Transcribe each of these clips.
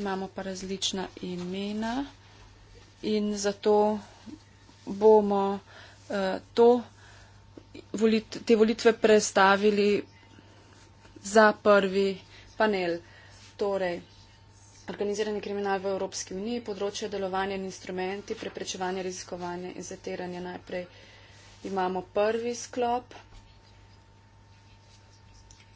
imamo pa različna imena in zato bomo uh, to, volit te volitve predstavili za prvi panel. Torej, organizirani kriminal v Evropski uniji, področje delovanja in instrumenti, preprečevanje, raziskovanje in zateranje najprej. Imamo prvi sklop.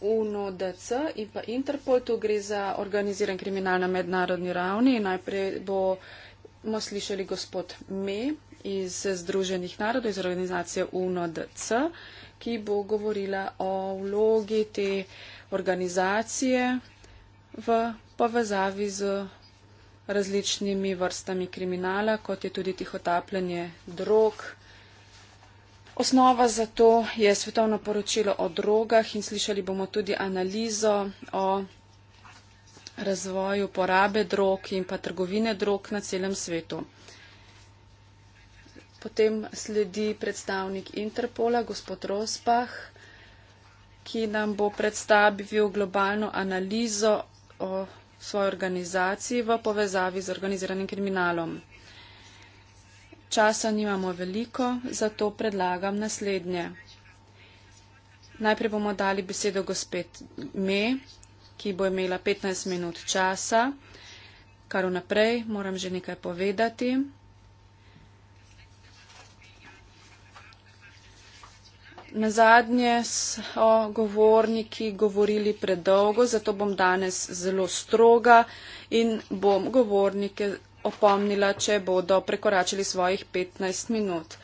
UNODC in pa Interpol. Tu gre za organiziran kriminal na mednarodni ravni. Najprej bomo slišali gospod Me iz Združenih narodov, iz organizacije UNODC, ki bo govorila o vlogi te organizacije v povezavi z različnimi vrstami kriminala, kot je tudi tihotapljanje drog Osnova za to je svetovno poročilo o drogah in slišali bomo tudi analizo o razvoju porabe drog in pa trgovine drog na celem svetu. Potem sledi predstavnik Interpola, gospod Rospah, ki nam bo predstavil globalno analizo o svoji organizaciji v povezavi z organiziranim kriminalom. Časa nimamo veliko, zato predlagam naslednje. Najprej bomo dali besedo gospet Me, ki bo imela 15 minut časa, kar vnaprej moram že nekaj povedati. Na zadnje so govorniki govorili predolgo, zato bom danes zelo stroga in bom govornike opomnila, če bodo prekoračili svojih 15 minut.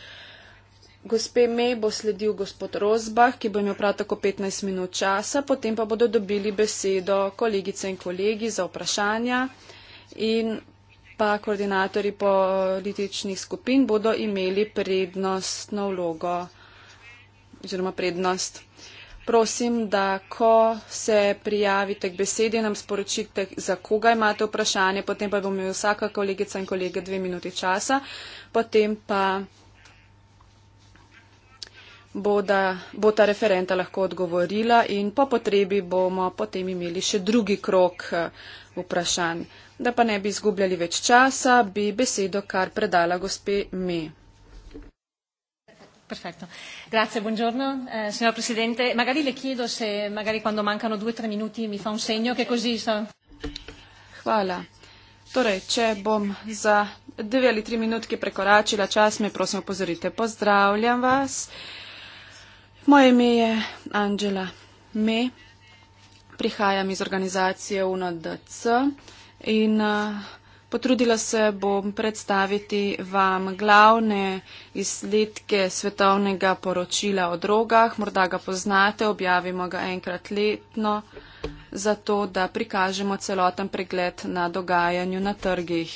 Gospe Mej bo sledil gospod Rozbah, ki bo imel prav tako 15 minut časa, potem pa bodo dobili besedo kolegice in kolegi za vprašanja in pa koordinatori političnih skupin bodo imeli prednostno vlogo oziroma prednost prosim, da ko se prijavite k besedi, nam sporočite, za koga imate vprašanje, potem pa bom imel vsaka kolegica in kolege dve minuti časa, potem pa bo, da, bo ta referenta lahko odgovorila in po potrebi bomo potem imeli še drugi krok eh, vprašanj. Da pa ne bi izgubljali več časa, bi besedo kar predala gospe Me. Perfetto. Grazie, buongiorno. Eh, signor Presidente, magari le chiedo se magari quando mancano due o tre minuti mi fa un segno che così so. Hvala. Torej, če bom za dve ali tri minutke prekoračila čas, me prosim upozorite. Pozdravljam vas. Moje ime je Angela Me. Prihajam iz organizacije UNODC in uh, Potrudila se bom predstaviti vam glavne izsledke svetovnega poročila o drogah. Morda ga poznate, objavimo ga enkrat letno, zato da prikažemo celoten pregled na dogajanju na trgih.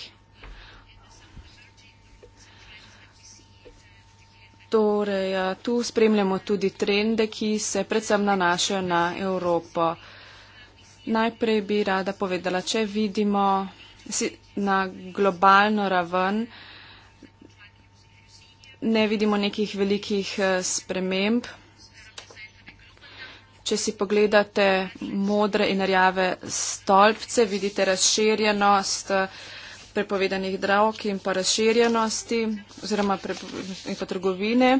Torej, eh, tu spremljamo tudi trende, ki se predvsem nanašajo na Evropo. Najprej bi rada povedala, če vidimo na globalno raven ne vidimo nekih velikih eh, sprememb. Če si pogledate modre in rjave stolpce, vidite razširjenost. Eh, prepovedanih drog in pa razširjenosti oziroma pa trgovine.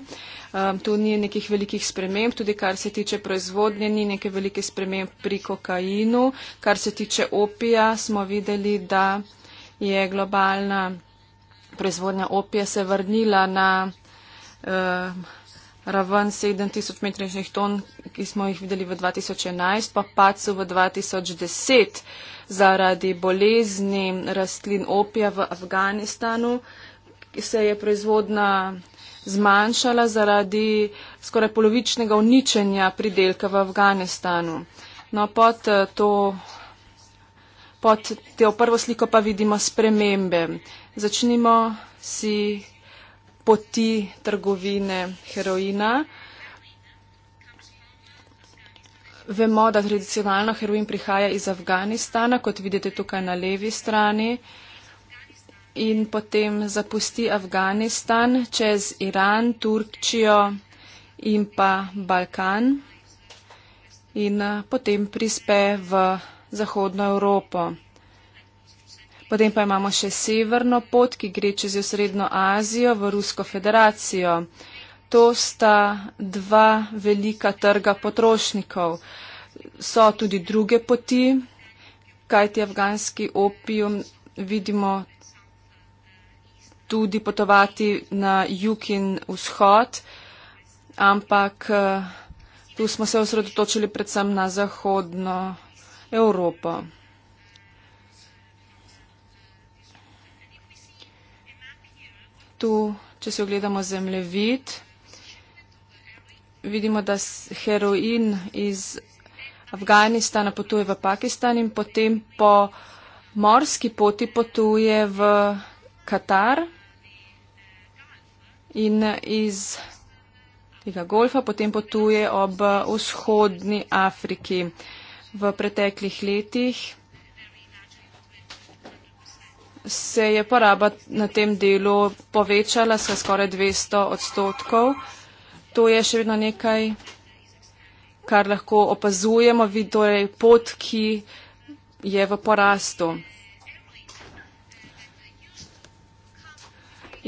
Um, tu ni nekih velikih sprememb, tudi kar se tiče proizvodnje, ni neke velike sprememb pri kokainu. Kar se tiče opija, smo videli, da je globalna proizvodnja opija se vrnila na um, raven 7000 metričnih ton, ki smo jih videli v 2011, pa pa pa so v 2010 zaradi bolezni rastlin opija v Afganistanu, ki se je proizvodna zmanjšala zaradi skoraj polovičnega uničenja pridelka v Afganistanu. No, pod eh, to. Pod to prvo sliko pa vidimo spremembe. Začnimo si poti trgovine heroina. Vemo, da tradicionalno heroin prihaja iz Afganistana, kot vidite tukaj na levi strani, in potem zapusti Afganistan čez Iran, Turčijo in pa Balkan in eh, potem prispe v Zahodno Evropo. Potem pa imamo še severno pot, ki gre čez osrednjo Azijo v Rusko federacijo. To sta dva velika trga potrošnikov. So tudi druge poti, kajti afganski opijum vidimo tudi potovati na jug in vzhod, ampak eh, tu smo se osredotočili predvsem na zahodno Evropo. Tu, če se ogledamo zemljevid, vidimo, da heroin iz Afganistana potuje v Pakistan in potem po morski poti potuje v Katar in iz tega golfa potem potuje ob vzhodni Afriki. V preteklih letih se je poraba na tem delu povečala skoraj 200 odstotkov to je še vedno nekaj, kar lahko opazujemo, vidi torej pot, ki je v porastu.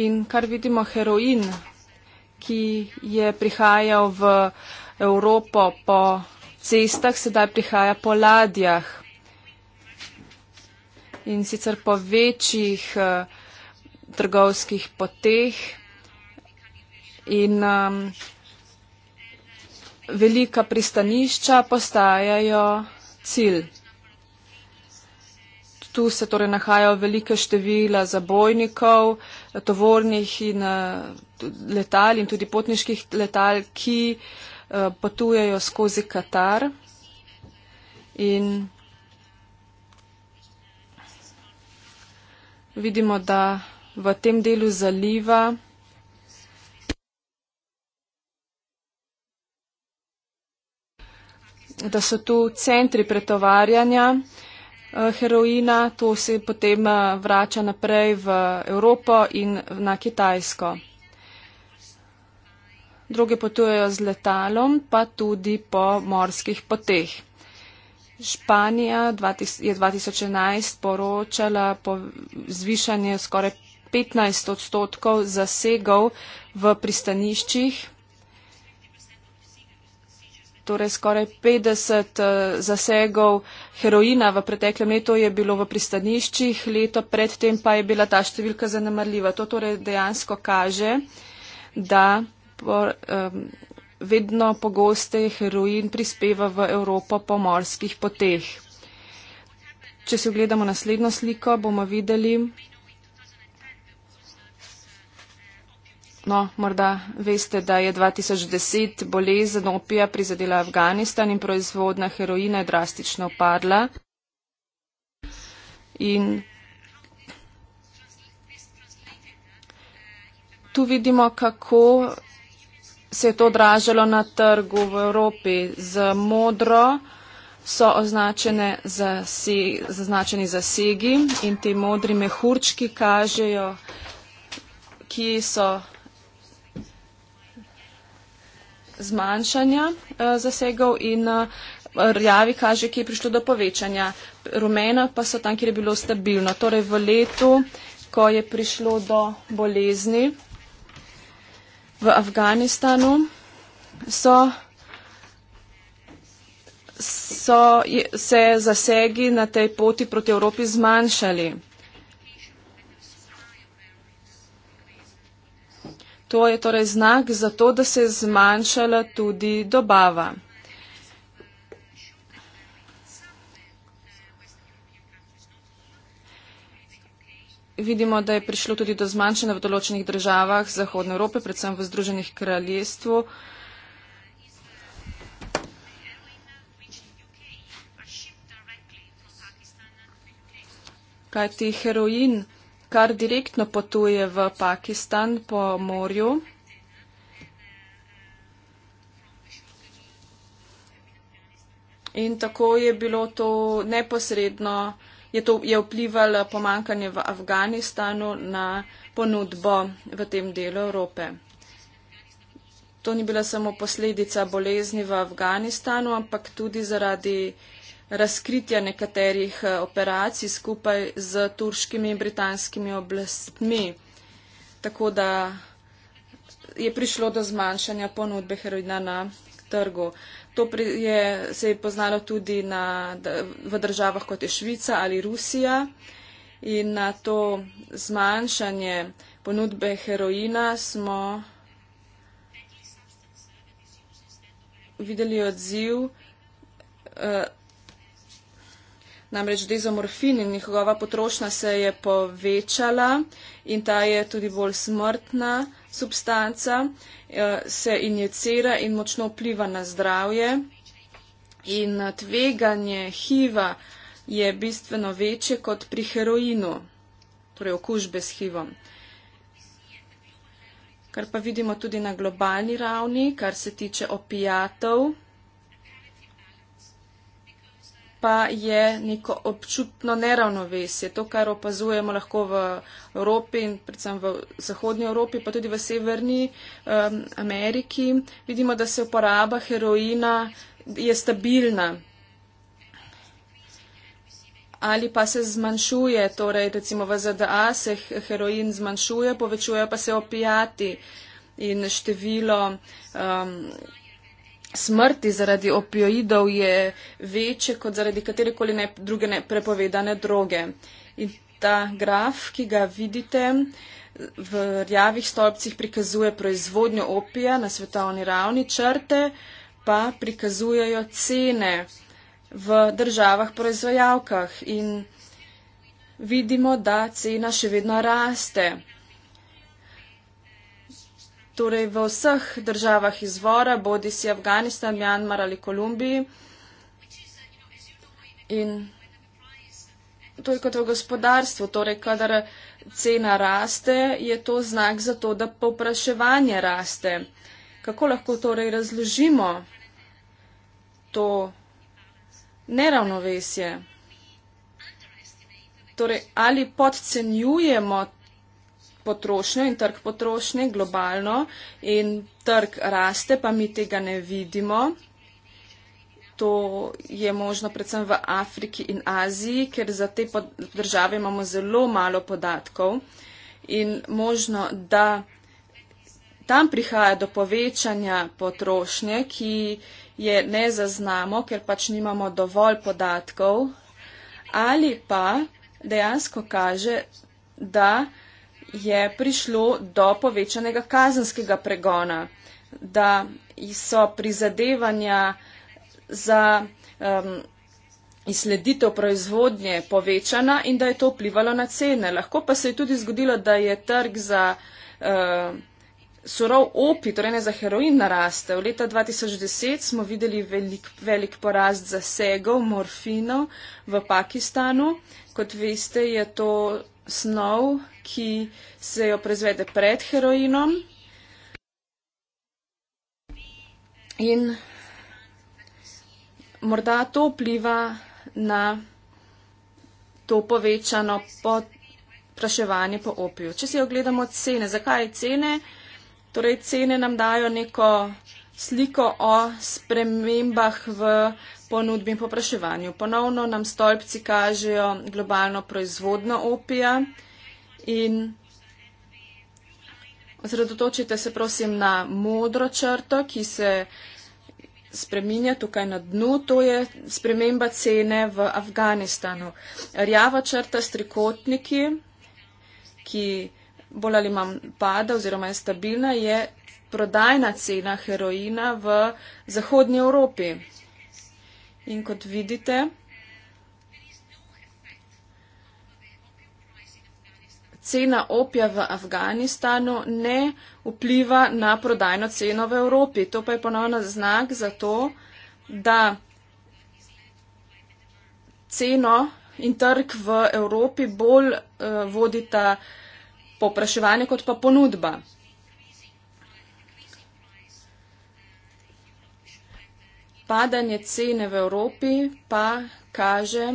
In kar vidimo, heroin, ki je prihajal v Evropo po cestah, sedaj prihaja po ladjah. In sicer po večjih uh, trgovskih poteh. In um, velika pristanišča postajajo cilj. Tu se torej nahajajo velike števila zabojnikov, tovornih in eh, letal in tudi potniških letal, ki eh, potujejo skozi Katar. In vidimo, da v tem delu zaliva da so tu centri pretovarjanja eh, heroina, to se potem eh, vrača naprej v Evropo in na Kitajsko. Druge potujejo z letalom, pa tudi po morskih poteh. Španija je 2011 poročala po zvišanje skoraj 15 odstotkov zasegov v pristaniščih torej skoraj 50 eh, zasegov heroina v preteklem letu je bilo v pristaniščih, leto predtem pa je bila ta številka zanemarljiva. To torej dejansko kaže, da po, um, vedno pogoste heroin prispeva v Evropo po morskih poteh. Če si ogledamo naslednjo sliko, bomo videli, No, morda veste, da je 2010 bolezen opija prizadela Afganistan in proizvodna heroina je drastično padla. In tu vidimo, kako se je to odražalo na trgu v Evropi. Z modro so označene zase, označeni zasegi in ti modri mehurčki kažejo, ki so zmanjšanja uh, zasegov in uh, rjavi kaže, ki je prišlo do povečanja. Rumena pa so tam, kjer je bilo stabilno. Torej v letu, ko je prišlo do bolezni v Afganistanu, so, so je, se zasegi na tej poti proti Evropi zmanjšali. To je torej znak za to, da se je zmanjšala tudi dobava. Vidimo, da je prišlo tudi do zmanjšanja v določenih državah Zahodne Evrope, predvsem v Združenih kraljestvu. Kajti heroin kar direktno potuje v Pakistan po morju. In tako je bilo to neposredno, je to je vplivalo pomankanje v Afganistanu na ponudbo v tem delu Evrope. To ni bila samo posledica bolezni v Afganistanu, ampak tudi zaradi razkritja nekaterih eh, operacij skupaj z turškimi in britanskimi oblastmi. Tako da je prišlo do zmanjšanja ponudbe heroina na trgu. To je, se je poznalo tudi na, v državah kot je Švica ali Rusija in na to zmanjšanje ponudbe heroina smo videli odziv eh, Namreč dezomorfin in njihova potrošnja se je povečala in ta je tudi bolj smrtna substanca, eh, se injicira in močno vpliva na zdravje. In eh, tveganje HIV-a je bistveno večje kot pri heroinu, torej okužbe s HIV-om. Kar pa vidimo tudi na globalni ravni, kar se tiče opijatov pa je neko občutno neravnovesje. To, kar opazujemo lahko v Evropi in predvsem v Zahodnji Evropi, pa tudi v Severni um, Ameriki, vidimo, da se uporaba heroina je stabilna ali pa se zmanjšuje, torej recimo v ZDA se heroin zmanjšuje, povečuje pa se opijati in število. Um, smrti zaradi opioidov je večje kot zaradi katerekoli ne, druge ne, prepovedane droge. In ta graf, ki ga vidite v rjavih stolpcih, prikazuje proizvodnjo opija na svetovni ravni, črte pa prikazujejo cene v državah proizvajalkah. In vidimo, da cena še vedno raste torej v vseh državah izvora, bodi si Afganistan, Mjanmar ali Kolumbiji. In to je kot v gospodarstvu, torej kadar cena raste, je to znak za to, da popraševanje raste. Kako lahko torej razložimo to neravnovesje? Torej, ali podcenjujemo potrošnjo in trg potrošnje globalno in trg raste, pa mi tega ne vidimo. To je možno predvsem v Afriki in Aziji, ker za te države imamo zelo malo podatkov in možno, da tam prihaja do povečanja potrošnje, ki je ne zaznamo, ker pač nimamo dovolj podatkov ali pa dejansko kaže, da je prišlo do povečanega kazenskega pregona, da so prizadevanja za um, izsleditev proizvodnje povečana in da je to vplivalo na cene. Lahko pa se je tudi zgodilo, da je trg za uh, surov opi, torej ne za heroin, narastel. Leta 2010 smo videli velik, velik porast zasegov morfino v Pakistanu. Kot veste, je to snov, ki se jo prezvede pred heroinom. In morda to vpliva na to povečano potraševanje po opiju. Če si ogledamo cene, zakaj cene? Torej, cene nam dajo neko sliko o spremembah v ponudbi in popraševanju. Ponovno nam stolpci kažejo globalno proizvodno opija in osredotočite se prosim na modro črto, ki se spreminja tukaj na dnu, to je sprememba cene v Afganistanu. Rjava črta s trikotniki, ki bolj ali manj pada oziroma je stabilna, je prodajna cena heroina v Zahodnji Evropi. In kot vidite, cena opija v Afganistanu ne vpliva na prodajno ceno v Evropi. To pa je ponovno znak za to, da ceno in trg v Evropi bolj uh, vodita popraševanje kot pa ponudba. Padanje cene v Evropi pa kaže,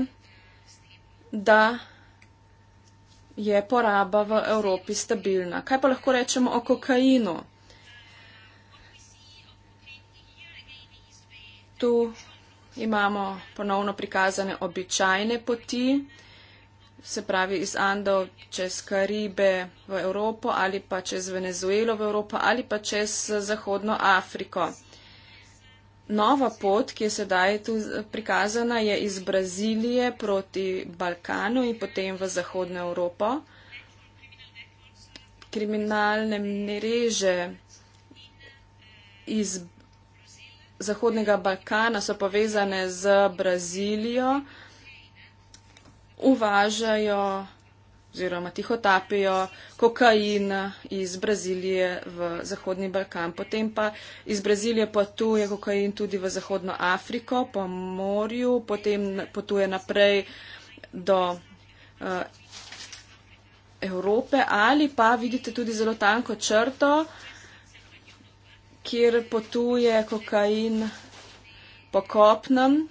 da je poraba v Evropi stabilna. Kaj pa lahko rečemo o kokainu? Tu imamo ponovno prikazane običajne poti, se pravi iz Andov čez Karibe v Evropo ali pa čez Venezuelo v Evropo ali pa čez Zahodno Afriko. Nova pot, ki je sedaj tu prikazana, je iz Brazilije proti Balkanu in potem v Zahodno Evropo. Kriminalne mreže iz Zahodnega Balkana so povezane z Brazilijo, uvažajo oziroma tiho tapijo kokain iz Brazilije v Zahodni Balkan. Potem pa iz Brazilije potuje kokain tudi v Zahodno Afriko po morju, potem potuje naprej do uh, Evrope ali pa vidite tudi zelo tanko črto, kjer potuje kokain po kopnem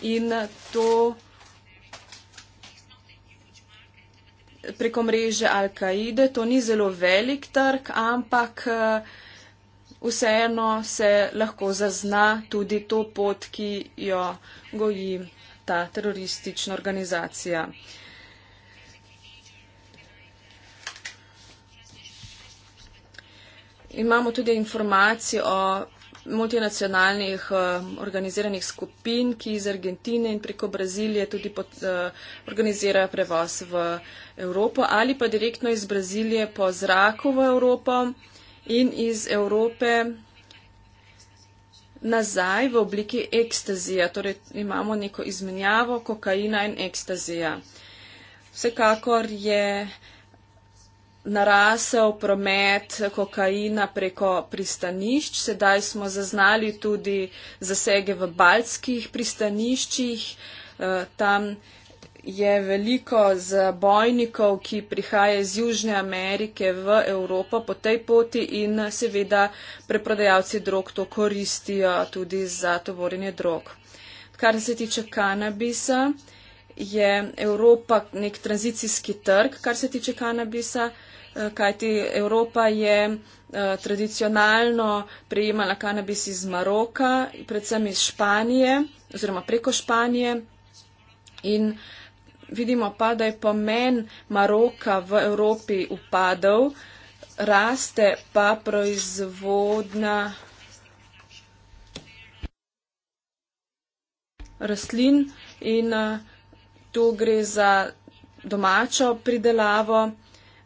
in to preko mreže Al-Kaide. To ni zelo velik trg, ampak eh, vseeno se lahko zazna tudi to pot, ki jo goji ta teroristična organizacija. Imamo tudi informacije o multinacionalnih uh, organiziranih skupin, ki iz Argentine in preko Brazilije tudi pot, uh, eh, organizirajo prevoz v Evropo ali pa direktno iz Brazilije po zraku v Evropo in iz Evrope nazaj v obliki ekstazija. Torej imamo neko izmenjavo kokaina in ekstazija. Vsekakor je uh, narasel promet kokaina preko pristanišč. Sedaj smo zaznali tudi zasege v baltskih pristaniščih. Eh, tam je veliko zabojnikov, ki prihaja iz Južne Amerike v Evropo po tej poti in seveda preprodajalci drog to koristijo tudi za tovorjenje drog. Kar se tiče kanabisa, je Evropa nek tranzicijski trg, kar se tiče kanabisa. Uh, kajti Evropa je eh, tradicionalno prejemala kanabis iz Maroka, predvsem iz Španije oziroma preko Španije. In vidimo pa, da je pomen Maroka v Evropi upadal, raste pa proizvodna rastlin in eh, tu gre za domačo pridelavo.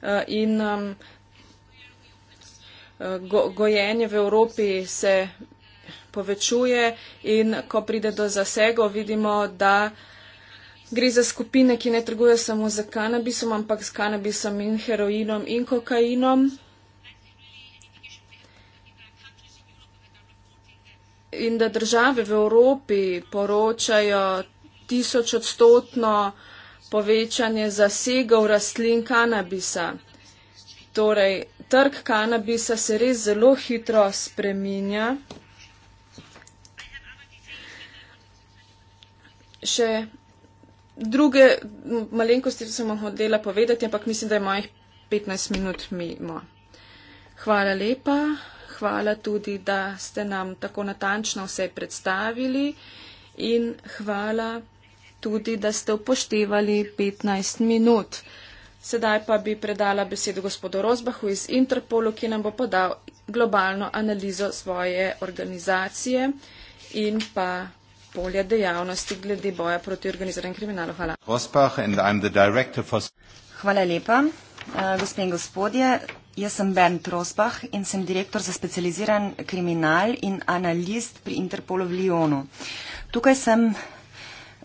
Eh, in um, eh, go, gojenje v Evropi se povečuje in ko pride do zasego, vidimo, da gre za skupine, ki ne trgujejo samo z kanabisom, ampak z kanabisom in heroinom in kokainom. In da države v Evropi poročajo tisoč odstotno uh, povečanje zasegov rastlin kanabisa. Torej, trg kanabisa se res zelo hitro spreminja. Še druge malenkosti sem vam hodila povedati, ampak mislim, da je mojih 15 minut mimo. Hvala lepa, hvala tudi, da ste nam tako natančno vse predstavili in hvala tudi, da ste upoštevali 15 minut. Sedaj pa bi predala besedo gospodu Rozbahu iz Interpolu, ki nam bo podal globalno analizo svoje organizacije in pa polje dejavnosti glede boja proti organiziranem kriminalu. Hvala. Hvala lepa, eh, gospe in gospodje. Jaz sem Bernd Rosbach in sem direktor za specializiran kriminal in analist pri Interpolu v Lyonu. Tukaj sem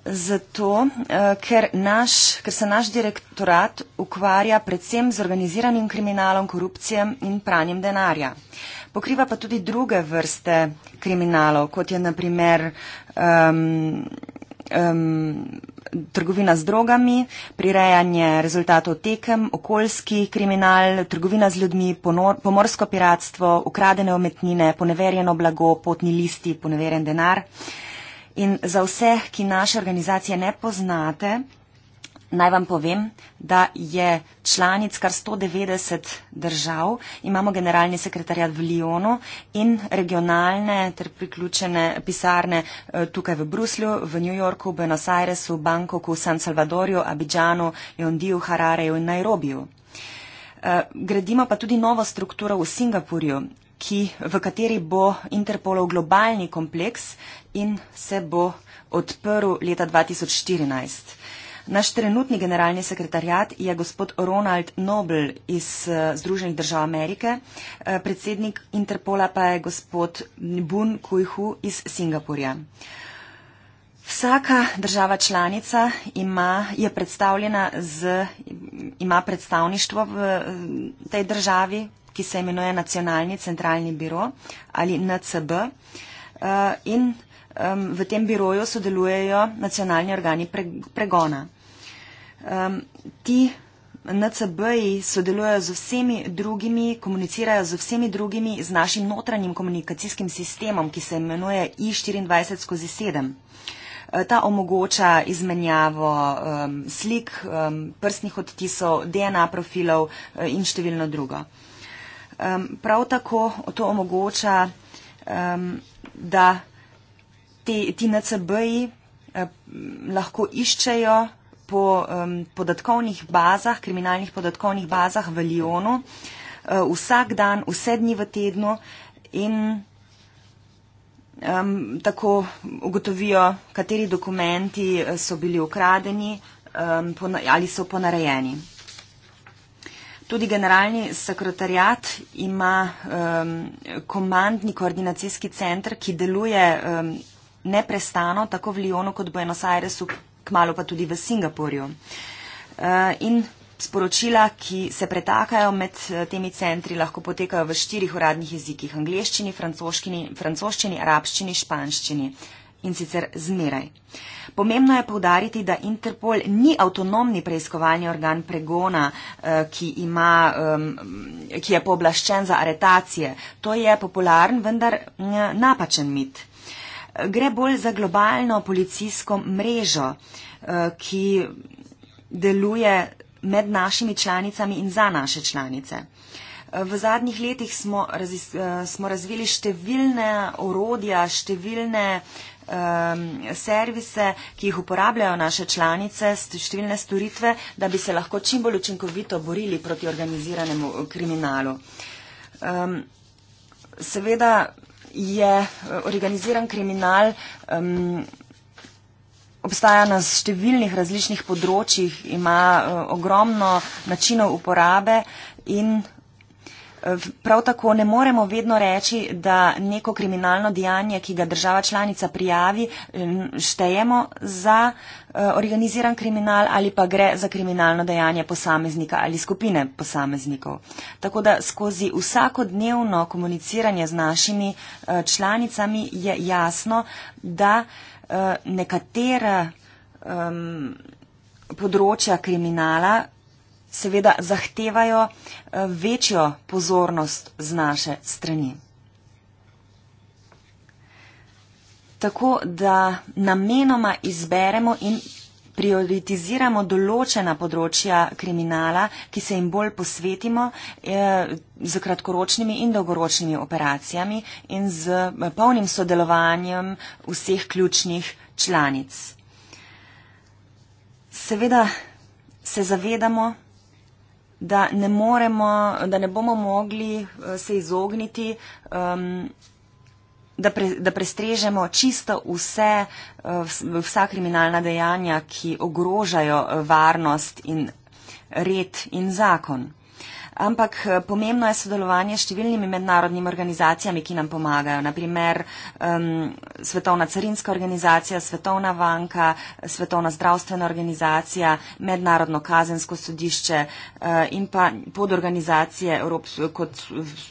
Zato, eh, ker, naš, ker se naš direktorat ukvarja predvsem z organiziranim kriminalom, korupcijem in pranjem denarja. Pokriva pa tudi druge vrste kriminalov, kot je naprimer um, um, trgovina z drogami, prirejanje rezultatov tekem, okoljski kriminal, trgovina z ljudmi, ponor, pomorsko piratstvo, ukradene umetnine, poneverjeno blago, potni listi, poneverjen denar. Uh, In za vse, ki naše organizacije ne poznate, naj vam povem, da je članic kar 190 držav, imamo generalni sekretarjat v Lijonu in regionalne ter priključene pisarne eh, tukaj v Bruslju, v New Yorku, Buenos Airesu, Bangkoku, San Salvadorju, Abidžanu, Jondiju, Harareju in Nairobiju. Eh, gradimo pa tudi novo strukturo v Singapurju, ki, v kateri bo Interpolov globalni kompleks in se bo odprl leta 2014. Naš trenutni generalni sekretarjat je gospod Ronald Nobel iz eh, Združenih držav Amerike, eh, predsednik Interpola pa je gospod Bun Kujhu iz Singapurja. Vsaka država članica ima, je predstavljena z, ima predstavništvo v eh, tej državi, ki se imenuje Nacionalni centralni biro ali NCB. Eh, in v tem biroju sodelujejo nacionalni organi pregona. Ti NCB-ji sodelujejo z vsemi drugimi, komunicirajo z vsemi drugimi z našim notranjim komunikacijskim sistemom, ki se imenuje I24 skozi 7. Eh, ta omogoča izmenjavo um, slik, um, prstnih odtisov, DNA profilov eh, in številno drugo. Um, prav tako to omogoča, um, da te, ti NCB-ji uh, eh, lahko iščejo po um, podatkovnih bazah, kriminalnih podatkovnih bazah v Lijonu uh, eh, vsak dan, vse dni v tednu in um, tako ugotovijo, kateri dokumenti eh, so bili ukradeni um, ali so ponarejeni. Tudi generalni sekretarjat ima um, komandni koordinacijski center, ki deluje um, neprestano tako v Lijonu kot v Buenos Airesu, kmalo pa tudi v Singapurju. Uh, in sporočila, ki se pretakajo med uh, temi centri, lahko potekajo v štirih uradnih jezikih - angliščini, francoščini, arabščini, španščini. Uh, in sicer zmeraj. Pomembno je povdariti, da Interpol ni avtonomni preiskovalni organ pregona, eh, ki, ima, ki je pooblaščen za aretacije. To je popularen, vendar napačen mit. Gre bolj za globalno policijsko mrežo, eh, ki deluje med našimi članicami in za naše članice. V zadnjih letih smo, eh, smo razvili številne orodja, številne uh, um, servise, ki jih uporabljajo naše članice, številne storitve, da bi se lahko čim bolj učinkovito borili proti organiziranemu uh, kriminalu. Um, seveda je uh, organiziran kriminal. Um, Obstaja na številnih različnih področjih, ima uh, ogromno načinov uporabe in uh, Prav tako ne moremo vedno reči, da neko kriminalno dejanje, ki ga država članica prijavi, štejemo za eh, organiziran kriminal ali pa gre za kriminalno dejanje posameznika ali skupine posameznikov. Tako da skozi vsakodnevno komuniciranje z našimi eh, članicami je jasno, da eh, nekatera um, področja kriminala seveda zahtevajo eh, večjo pozornost z naše strani. Tako da namenoma izberemo in prioritiziramo določena področja kriminala, ki se jim bolj posvetimo eh, z kratkoročnimi in dolgoročnimi operacijami in z eh, polnim sodelovanjem vseh ključnih članic. Seveda se zavedamo, da ne, moremo, da ne bomo mogli eh, se izogniti, um, da, pre, da prestrežemo čisto vse, eh, vsa kriminalna dejanja, ki ogrožajo eh, varnost in red in zakon ampak eh, pomembno je sodelovanje s številnimi mednarodnimi organizacijami, ki nam pomagajo. Naprimer um, Svetovna carinska organizacija, Svetovna banka, Svetovna zdravstvena organizacija, Mednarodno kazensko sodišče uh, in pa podorganizacije, kot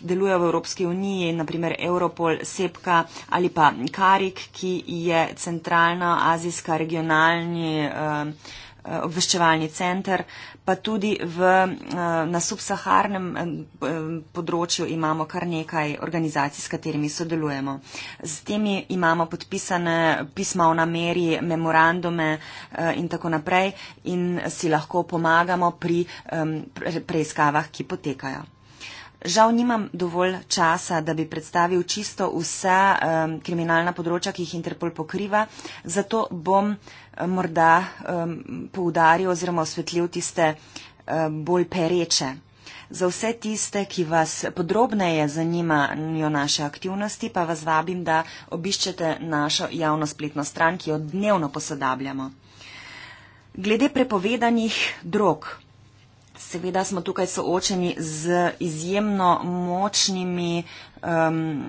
delujejo v Evropski uniji, naprimer Europol, SEPKA ali pa KARIK, ki je centralna azijska regionalni. Uh, obveščevalni center, pa tudi v, eh, na subsaharnem eh, področju imamo kar nekaj organizacij, s katerimi sodelujemo. Z temi imamo podpisane pisma o nameri, memorandume eh, in tako naprej in si lahko pomagamo pri preiskavah, ki potekajo. Žal nimam dovolj časa, da bi predstavil čisto vsa um, kriminalna področja, ki jih Interpol pokriva, zato bom uh, morda um, poudaril oziroma osvetlil tiste um, bolj pereče. Za vse tiste, ki vas podrobneje zanimajo naše aktivnosti, pa vas vabim, da obiščete našo javno spletno stran, ki jo dnevno posodabljamo. Glede prepovedanih drog. Seveda smo tukaj soočeni z izjemno močnimi um,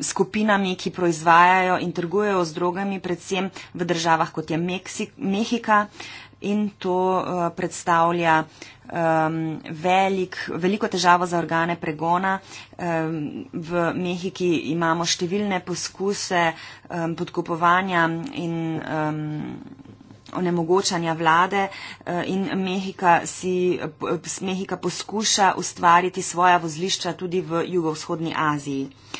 skupinami, ki proizvajajo in trgujejo z drogami, predvsem v državah kot je Meksik, Mehika. In to uh, predstavlja um, velik, veliko težavo za organe pregona. Um, v Mehiki imamo številne poskuse um, podkupovanja in um, onemogočanja vlade eh, in Mehika, si, Mehika poskuša ustvariti svoja vozlišča tudi v jugovzhodni Aziji. Um,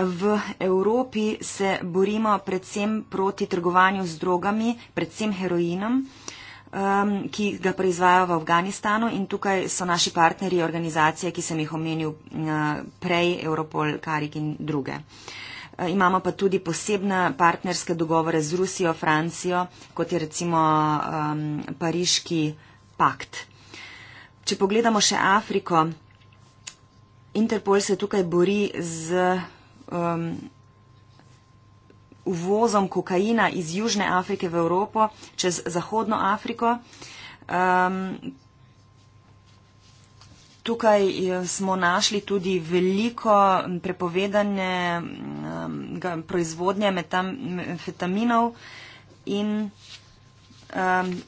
v Evropi se borimo predvsem proti trgovanju z drogami, predvsem heroinom, um, ki ga proizvajajo v Afganistanu in tukaj so naši partnerji organizacije, ki sem jih omenil uh, prej, Europol, Karik in druge. Uh, imamo pa tudi posebne partnerske dogovore z Rusijo, Francijo, kot je recimo um, Pariški pakt. Če pogledamo še Afriko, Interpol se tukaj bori z um, uvozom kokaina iz Južne Afrike v Evropo čez Zahodno Afriko. Um, tukaj eh, smo našli tudi veliko prepovedane um, proizvodnje metaminov in um,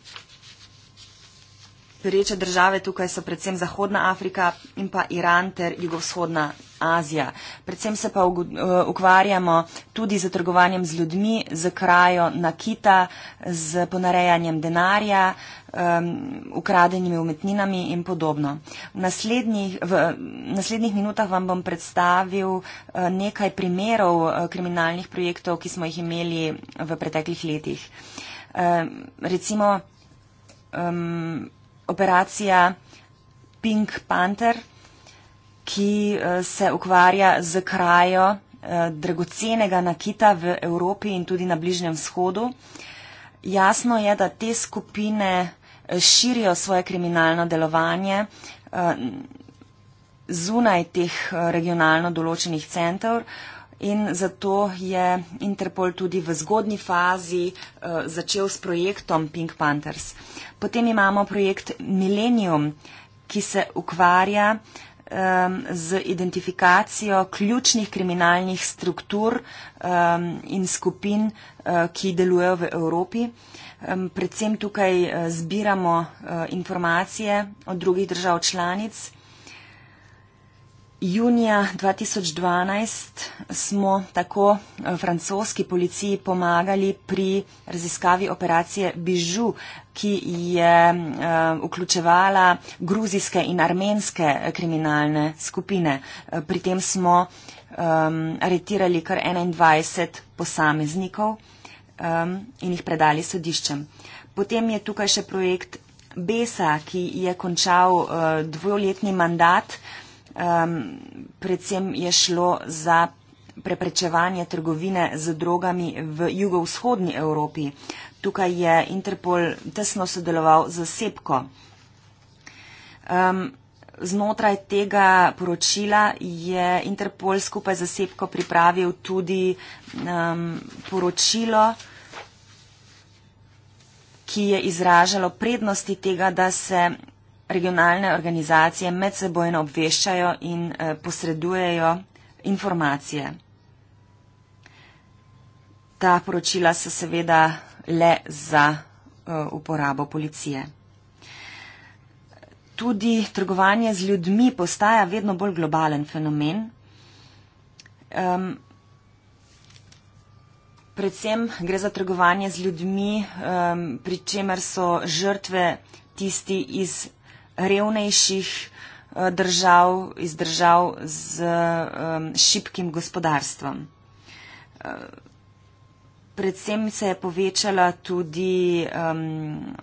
Pereče države tukaj so predvsem Zahodna Afrika in pa Iran ter jugovzhodna Azija. Predvsem se pa eh, ukvarjamo tudi z trgovanjem z ljudmi, z krajo nakita, z ponarejanjem denarja, um, ukradenimi umetninami in podobno. V naslednjih, v naslednjih minutah vam bom predstavil eh, nekaj primerov eh, kriminalnih projektov, ki smo jih imeli v preteklih letih. Um, recimo um, operacija Pink Panther, ki eh, se ukvarja z krajo eh, dragocenega nakita v Evropi in tudi na Bližnjem vzhodu. Jasno je, da te skupine eh, širijo svoje kriminalno delovanje zunaj teh regionalno določenih centrov in zato je Interpol tudi v zgodnji fazi začel s projektom Pink Panthers. Potem imamo projekt Millennium, ki se ukvarja um, z identifikacijo ključnih kriminalnih struktur um, in skupin, uh, ki delujejo v Evropi. Um, predvsem tukaj uh, zbiramo uh, informacije od drugih držav članic, Junija 2012 smo tako eh, francoski policiji pomagali pri raziskavi operacije Bižu, ki je eh, vključevala gruzijske in armenske eh, kriminalne skupine. Pri tem smo um, aretirali kar 21 posameznikov um, in jih predali sodiščem. Potem je tukaj še projekt Besa, ki je končal uh, dvoletni mandat um, predvsem je šlo za preprečevanje trgovine z drogami v jugovzhodni Evropi. Tukaj je Interpol tesno sodeloval z Sepko. Um, znotraj tega poročila je Interpol skupaj z Sepko pripravil tudi um, poročilo, ki je izražalo prednosti tega, da se regionalne organizacije medsebojno obveščajo in eh, posredujejo informacije. Ta poročila so seveda le za eh, uporabo policije. Tudi trgovanje z ljudmi postaja vedno bolj globalen fenomen. Um, predvsem gre za trgovanje z ljudmi, um, pri čemer so žrtve tisti iz revnejših eh, držav, iz držav z um, šipkim gospodarstvom. Eh, predvsem se je povečala tudi, um,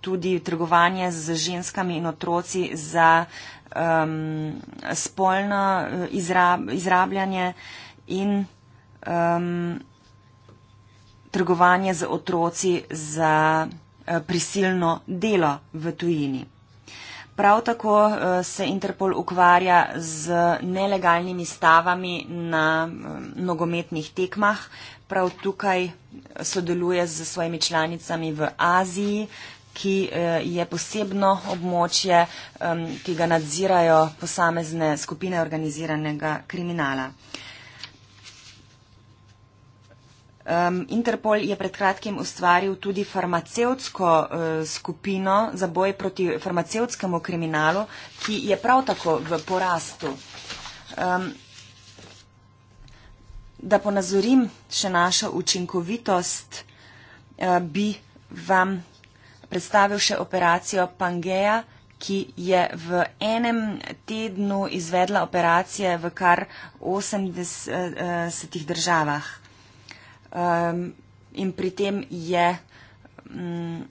tudi trgovanje z ženskami in otroci za um, spolno eh, izrab, izrabljanje in um, trgovanje z otroci za uh, prisilno delo v tujini. Prav tako eh, se Interpol ukvarja z nelegalnimi stavami na eh, nogometnih tekmah. Prav tukaj eh, sodeluje z svojimi članicami v Aziji, ki je posebno območje, ki ga nadzirajo posamezne skupine organiziranega kriminala. Um, Interpol je pred kratkim ustvaril tudi farmacevtsko uh, skupino za boj proti farmacevtskemu kriminalu, ki je prav tako v porastu. Um, da ponazorim še našo učinkovitost, uh, bi vam predstavil še operacijo Pangeja ki je v enem tednu izvedla operacije v kar 80 uh, uh, državah um, in pri tem je um,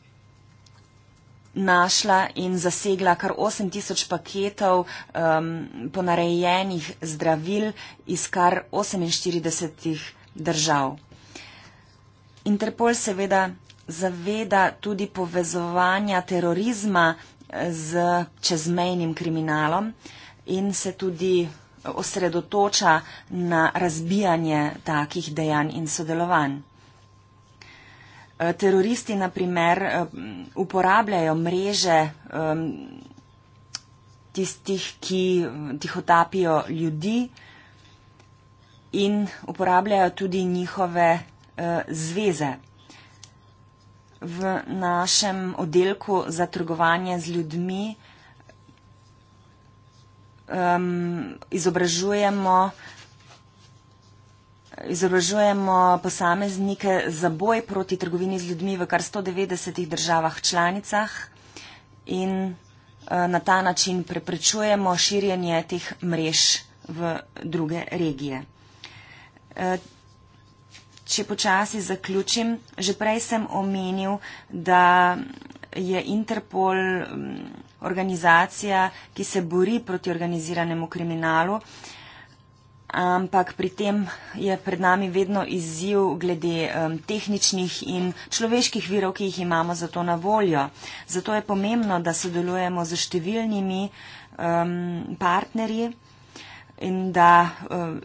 našla in zasegla kar 8000 paketov um, ponarejenih zdravil iz kar 48 držav. Interpol seveda zaveda tudi povezovanja terorizma eh, z čezmejnim kriminalom in se tudi osredotoča na razbijanje takih dejanj in sodelovanj. Eh, teroristi, na primer, eh, uporabljajo mreže tistih, ki jih eh, otapijo ljudi in uporabljajo tudi njihove zveze. V našem oddelku za trgovanje z ljudmi um, izobražujemo, izobražujemo posameznike za boj proti trgovini z ljudmi v kar 190 državah članicah in uh, na ta način preprečujemo širjenje teh mrež v druge regije. Uh, če počasi zaključim, že prej sem omenil, da je Interpol um, organizacija, ki se bori proti organiziranemu kriminalu, ampak pri tem je pred nami vedno izziv glede um, tehničnih in človeških virov, ki jih imamo za to na voljo. Zato je pomembno, da sodelujemo z številnimi um, partnerji in da um,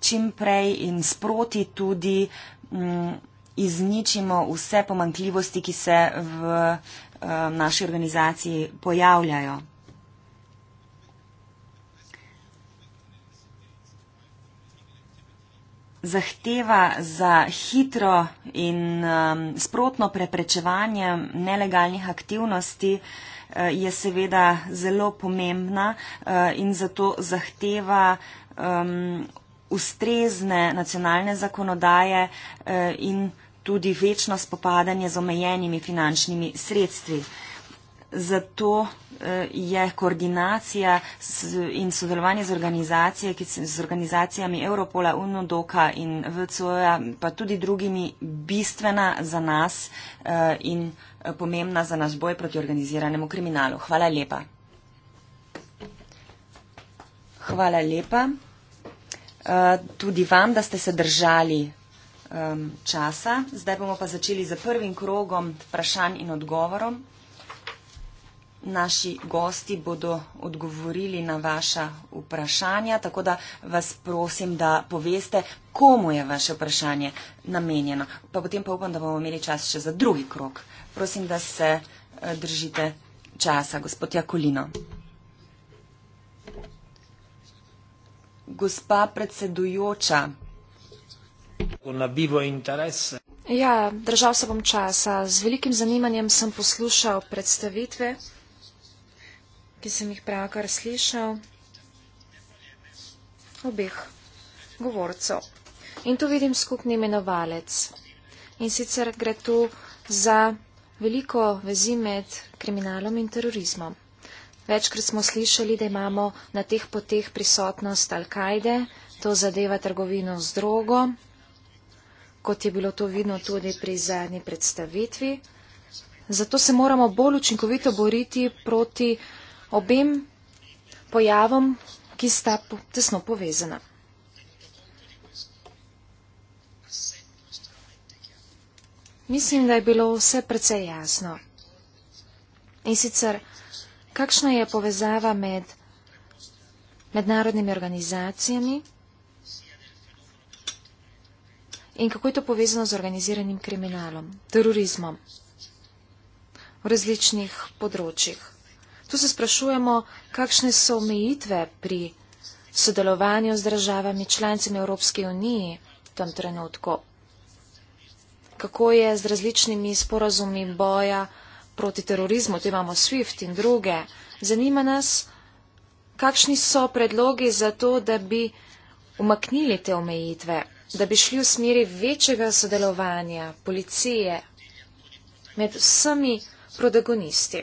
čim prej in sproti tudi um, izničimo vse pomankljivosti, ki se v uh, naši organizaciji pojavljajo. Zahteva za hitro in um, sprotno preprečevanje nelegalnih aktivnosti uh, je seveda zelo pomembna uh, in zato zahteva um, ustrezne nacionalne zakonodaje uh, in tudi večno spopadanje z omejenimi finančnimi sredstvi. Zato eh, je koordinacija in sodelovanje z, organizacije, z organizacijami Europola, UNODOKA in VCO-ja, pa tudi drugimi, bistvena za nas eh, in eh, pomembna za naš boj proti organiziranemu kriminalu. Hvala lepa. Hvala lepa tudi vam, da ste se držali um, časa. Zdaj bomo pa začeli z prvim krogom vprašanj in odgovorom. Naši gosti bodo odgovorili na vaša vprašanja, tako da vas prosim, da poveste, komu je vaše vprašanje namenjeno. Pa potem pa upam, da bomo imeli čas še za drugi krok. Prosim, da se eh, držite časa, gospod Jakolino. Gospa predsedujoča, Ja, držal se bom časa. Z velikim zanimanjem sem poslušal predstavitve, ki sem jih pravkar slišal obeh govorcev. In tu vidim skupni imenovalec. In sicer gre tu za veliko vezi med kriminalom in terorizmom. Večkrat smo slišali, da imamo na teh poteh prisotnost Al-Kaide, to zadeva trgovino z drogo kot je bilo to vidno tudi pri zadnji predstavitvi. Zato se moramo bolj učinkovito boriti proti obem pojavom, ki sta tesno povezana. Mislim, da je bilo vse precej jasno. In sicer, kakšna je povezava med mednarodnimi organizacijami, in kako je to povezano z organiziranim kriminalom, terorizmom v različnih področjih. Tu se sprašujemo, kakšne so omejitve pri sodelovanju z državami članicami Evropske unije v tem trenutku, kako je z različnimi sporazumi boja proti terorizmu, tu imamo SWIFT in druge. Zanima nas, kakšni so predlogi za to, da bi umaknili te omejitve da bi šli v smeri večjega sodelovanja policije med vsemi protagonisti,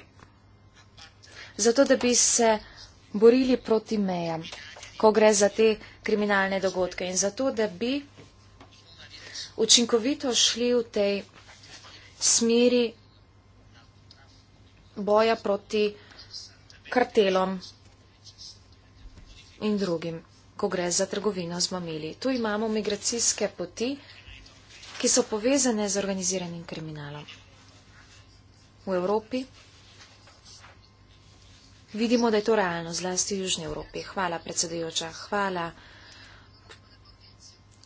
zato da bi se borili proti mejam, ko gre za te kriminalne dogodke in zato, da bi učinkovito šli v tej smeri boja proti kartelom in drugim ko gre za trgovino z mamili. Tu imamo migracijske poti, ki so povezane z organiziranim kriminalom. V Evropi vidimo, da je to realno, zlasti v Južni Evropi. Hvala, predsedujoča. Hvala,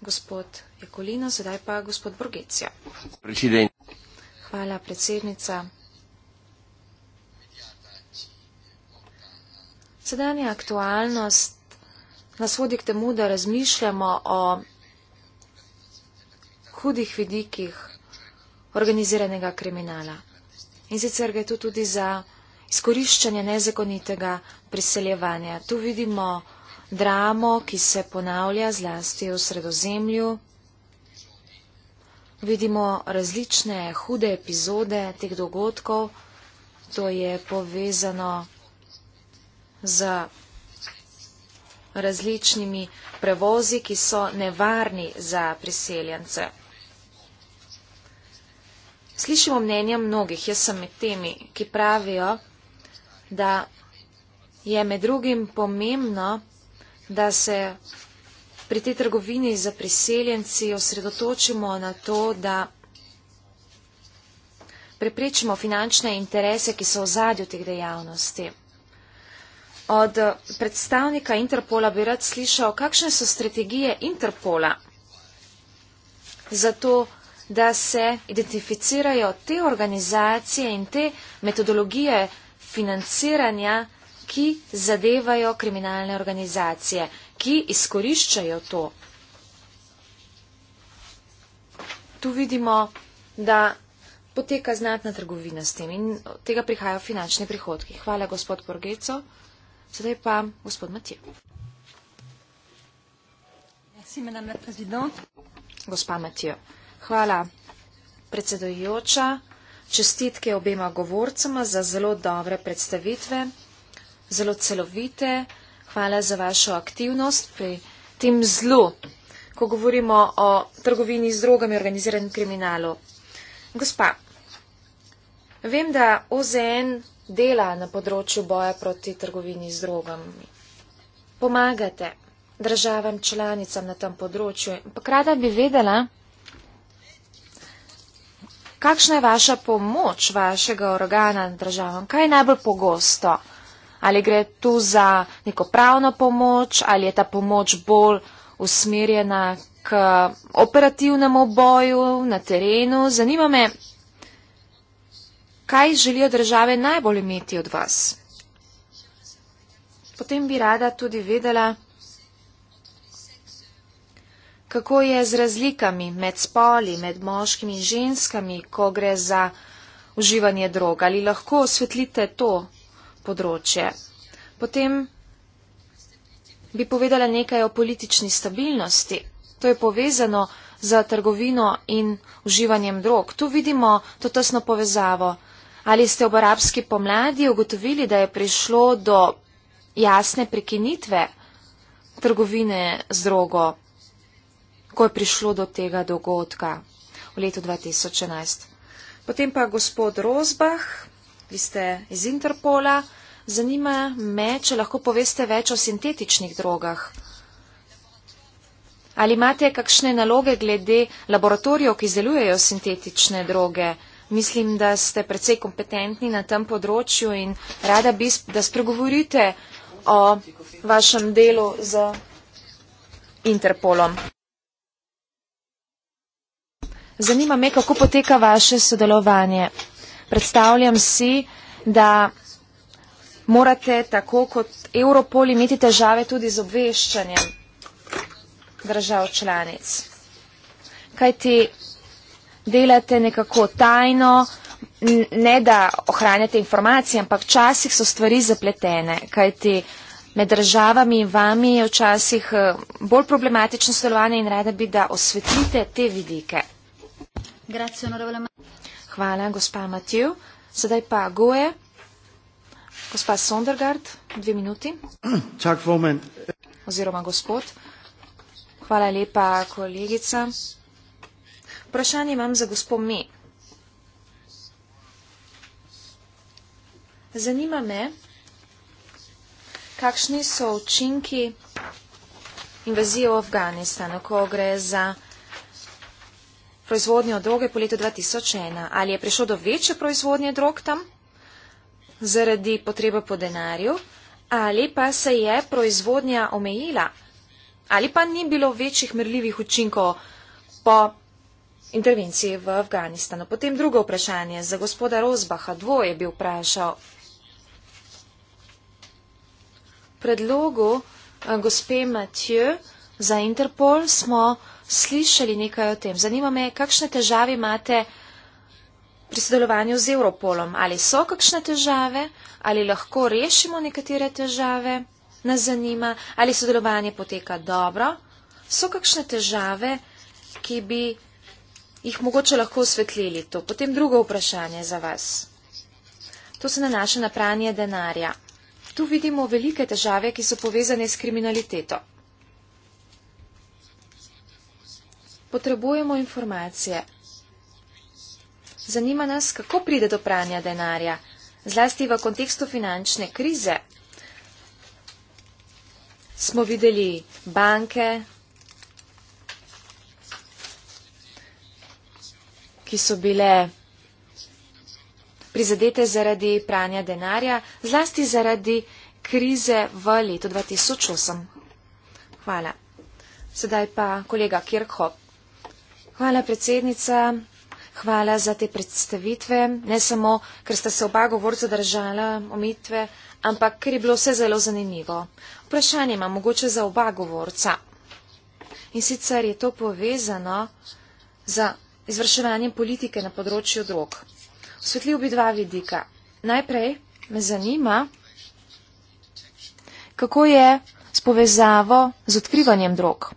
gospod Jekolino. Sedaj pa gospod Borgecija. Hvala, predsednica. Sedanja aktualnost nas vodi k temu, da razmišljamo o hudih vidikih organiziranega kriminala. In sicer gre tu tudi za izkoriščanje nezakonitega priseljevanja. Tu vidimo dramo, ki se ponavlja zlasti v sredozemlju. Vidimo različne hude epizode teh dogodkov. To je povezano z različnimi prevozi, ki so nevarni za priseljence. Slišimo mnenja mnogih, jaz sem med temi, ki pravijo, da je med drugim pomembno, da se pri tej trgovini za priseljenci osredotočimo na to, da preprečimo finančne interese, ki so v zadju teh dejavnosti. Od predstavnika Interpola bi rad slišal, kakšne so strategije Interpola za to, da se identificirajo te organizacije in te metodologije financiranja, ki zadevajo kriminalne organizacije, ki izkoriščajo to. Tu vidimo, da poteka znatna trgovina s tem in tega prihajajo finančni prihodki. Hvala, gospod Borgeco. Sedaj pa gospod Matje. Gospa Matijo, hvala predsedojoča, čestitke obema govorcama za zelo dobre predstavitve, zelo celovite, hvala za vašo aktivnost pri tem zlu, ko govorimo o trgovini z drogami organiziranem kriminalu. Gospa, vem, da OZN dela na področju boja proti trgovini z drogami. Pomagate državam članicam na tem področju. Ampak rada bi vedela, kakšna je vaša pomoč vašega organa državam, kaj je najbolj pogosto. Ali gre tu za neko pravno pomoč, ali je ta pomoč bolj usmerjena k operativnemu boju na terenu. Zanima me, kaj želijo države najbolj imeti od vas. Potem bi rada tudi vedela, kako je z razlikami med spoli, med moškimi in ženskami, ko gre za uživanje droga. Ali lahko osvetlite to področje? Potem bi povedala nekaj o politični stabilnosti. To je povezano za trgovino in uživanjem drog. Tu vidimo to tesno povezavo. Ali ste ob arabski pomladi ugotovili, da je prišlo do jasne prekinitve trgovine z drogo, ko je prišlo do tega dogodka v letu 2011? Potem pa gospod Rozbah, vi ste iz Interpola, zanima me, če lahko poveste več o sintetičnih drogah. Ali imate kakšne naloge glede laboratorijev, ki izdelujejo sintetične droge? Mislim, da ste precej kompetentni na tem področju in rada bi, da spregovorite o vašem delu z Interpolom. Zanima me, kako poteka vaše sodelovanje. Predstavljam si, da morate tako kot Europol imeti težave tudi z obveščanjem držav članic. Kaj ti delate nekako tajno, ne da ohranjate informacije, ampak včasih so stvari zapletene, kajti med državami in vami je včasih eh, bolj problematično sodelovanje in rada bi, da osvetlite te vidike. Hvala, gospa Matiju. Sedaj pa Goe. Gospa Sondergaard, dve minuti. Tak, Oziroma gospod. Hvala lepa, kolegica. Vprašanje imam za gospod Me. Zanima me, kakšni so učinki invazije v Afganistanu, ko gre za proizvodnjo droge po letu 2001. Ali je prišlo do večje proizvodnje drog tam zaradi potrebe po denarju, ali pa se je proizvodnja omejila, ali pa ni bilo večjih merljivih učinkov po intervenciji v Afganistanu. Potem drugo vprašanje za gospoda Rozbaha. Dvoje je bil vprašal. Predlogu eh, gospe Mathieu za Interpol smo slišali nekaj o tem. Zanima me, kakšne težave imate pri sodelovanju z Europolom. Ali so kakšne težave, ali lahko rešimo nekatere težave, nas zanima, ali sodelovanje poteka dobro. So kakšne težave, ki bi jih mogoče lahko osvetlili to. Potem drugo vprašanje za vas. To se nanaša na pranje denarja. Tu vidimo velike težave, ki so povezane s kriminaliteto. Potrebujemo informacije. Zanima nas, kako pride do pranja denarja, zlasti v kontekstu finančne krize. Smo videli banke, ki so bile prizadete zaradi pranja denarja, zlasti zaradi krize v letu 2008. Hvala. Sedaj pa kolega Kirkhop. Hvala, predsednica. Hvala za te predstavitve. Ne samo, ker sta se oba govorca držala omitve, ampak ker je bilo vse zelo zanimivo. Vprašanje imam mogoče za oba govorca. In sicer je to povezano za izvrševanjem politike na področju drog. Svetljiv bi dva vidika. Najprej me zanima, kako je s povezavo z odkrivanjem drog.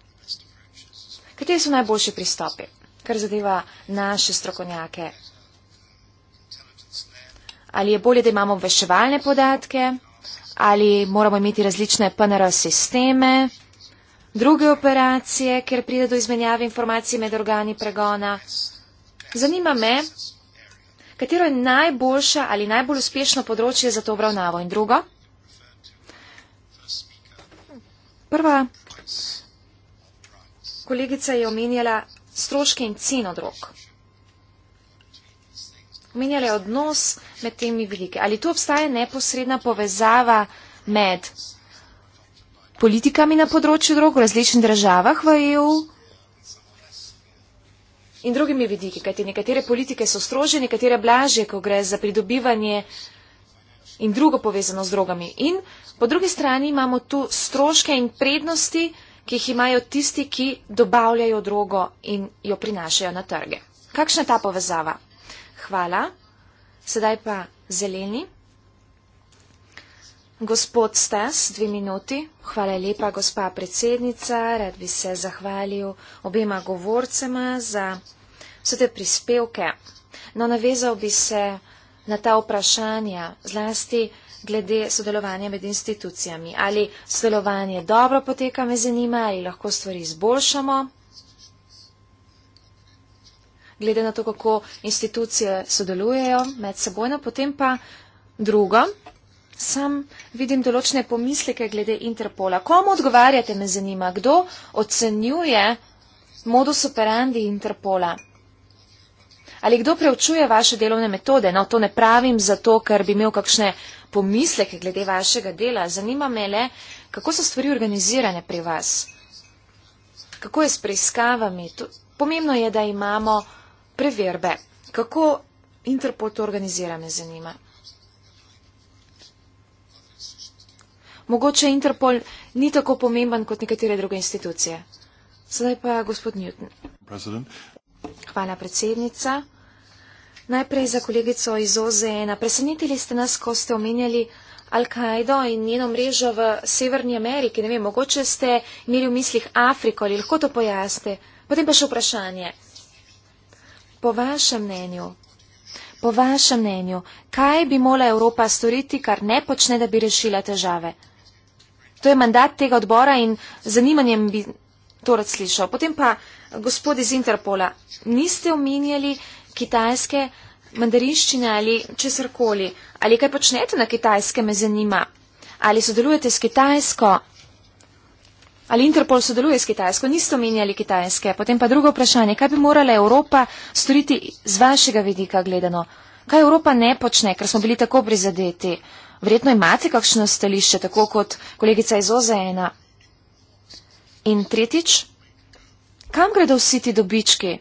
Kateri so najboljši pristopi, kar zadeva naše strokovnjake? Ali je bolje, da imamo obveščevalne podatke, ali moramo imeti različne PNR sisteme? druge operacije, ker pride do izmenjave informacij med organi pregona. Zanima me, katero je najboljša ali najbolj uspešno področje za to obravnavo. In drugo, prva kolegica je omenjala stroške in ceno drog. Omenjala je odnos med temi velike. Ali tu obstaja neposredna povezava med politikami na področju drog v različnih državah v EU in drugimi vidiki, kajti nekatere politike so strože, nekatere blažje, ko gre za pridobivanje in drugo povezano z drogami. In po drugi strani imamo tu stroške in prednosti, ki jih imajo tisti, ki dobavljajo drogo in jo prinašajo na trge. Kakšna je ta povezava? Hvala. Sedaj pa zeleni. Gospod Stas, dve minuti. Hvala lepa, gospa predsednica. Rad bi se zahvalil obema govorcema za vse te prispevke. No, navezal bi se na ta vprašanja, zlasti glede sodelovanja med institucijami. Ali sodelovanje dobro poteka, me zanima, ali lahko stvari izboljšamo. Glede na to, kako institucije sodelujejo med seboj, potem pa drugo sam vidim določene pomisleke glede Interpola. Komu odgovarjate, me zanima, kdo ocenjuje modus operandi Interpola? Ali kdo preučuje vaše delovne metode? No, to ne pravim zato, ker bi imel kakšne pomisleke glede vašega dela. Zanima me le, kako so stvari organizirane pri vas. Kako je s preiskavami? To, pomembno je, da imamo preverbe. Kako Interpol to organizira, me zanima. mogoče Interpol ni tako pomemben kot nekatere druge institucije. Sedaj pa gospod Newton. President. Hvala, predsednica. Najprej za kolegico iz OZN. Presenetili ste nas, ko ste omenjali Al-Kaido in njeno mrežo v Severni Ameriki. Ne vem, mogoče ste imeli v mislih Afriko ali lahko to pojaste. Potem pa še vprašanje. Po vašem mnenju, po vašem mnenju, kaj bi mola Evropa storiti, kar ne počne, da bi rešila težave? To je mandat tega odbora in zanimanjem bi to rad slišal. Potem pa, gospod iz Interpola, niste omenjali kitajske mandariščine ali česarkoli? Ali kaj počnete na kitajske, me zanima? Ali sodelujete s kitajsko? Ali Interpol sodeluje s kitajsko? Niste omenjali kitajske. Potem pa drugo vprašanje, kaj bi morala Evropa storiti z vašega vidika gledano? Kaj Evropa ne počne, ker smo bili tako prizadeti? Vredno imate kakšno stališče, tako kot kolegica iz OZN. -a. In tretjič, kam gredo vsi ti dobički?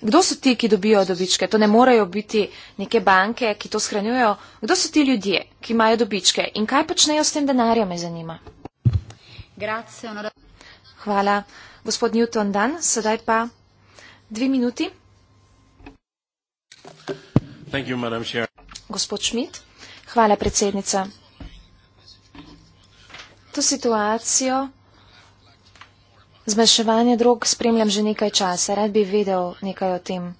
Kdo so ti, ki dobijo dobičke? To ne morejo biti neke banke, ki to shranjujejo. Kdo so ti ljudje, ki imajo dobičke in kaj počnejo s tem denarjem, me zanima. Hvala, gospod Newton Dan. Sedaj pa dve minuti. You, gospod Schmidt. Hvala, predsednica. To situacijo zmanjševanja drog spremljam že nekaj časa. Rad bi vedel nekaj o tem.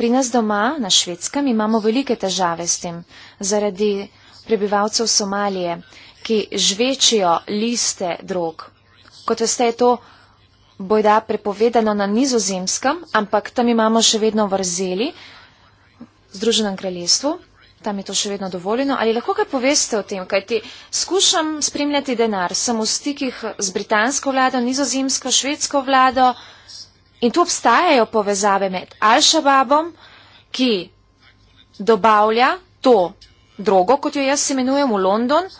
Pri nas doma, na švedskem, imamo velike težave s tem zaradi prebivalcev Somalije, ki žvečijo liste drog. Kot veste, je to bojda prepovedano na nizozemskem, ampak tam imamo še vedno vrzeli v Združenem kraljestvu tam je to še vedno dovoljeno. Ali lahko kaj poveste o tem, kajti skušam spremljati denar, sem v stikih z britansko vlado, nizozemsko, švedsko vlado in tu obstajajo povezave med Al-Shababom, ki dobavlja to drogo, kot jo jaz imenujem, v London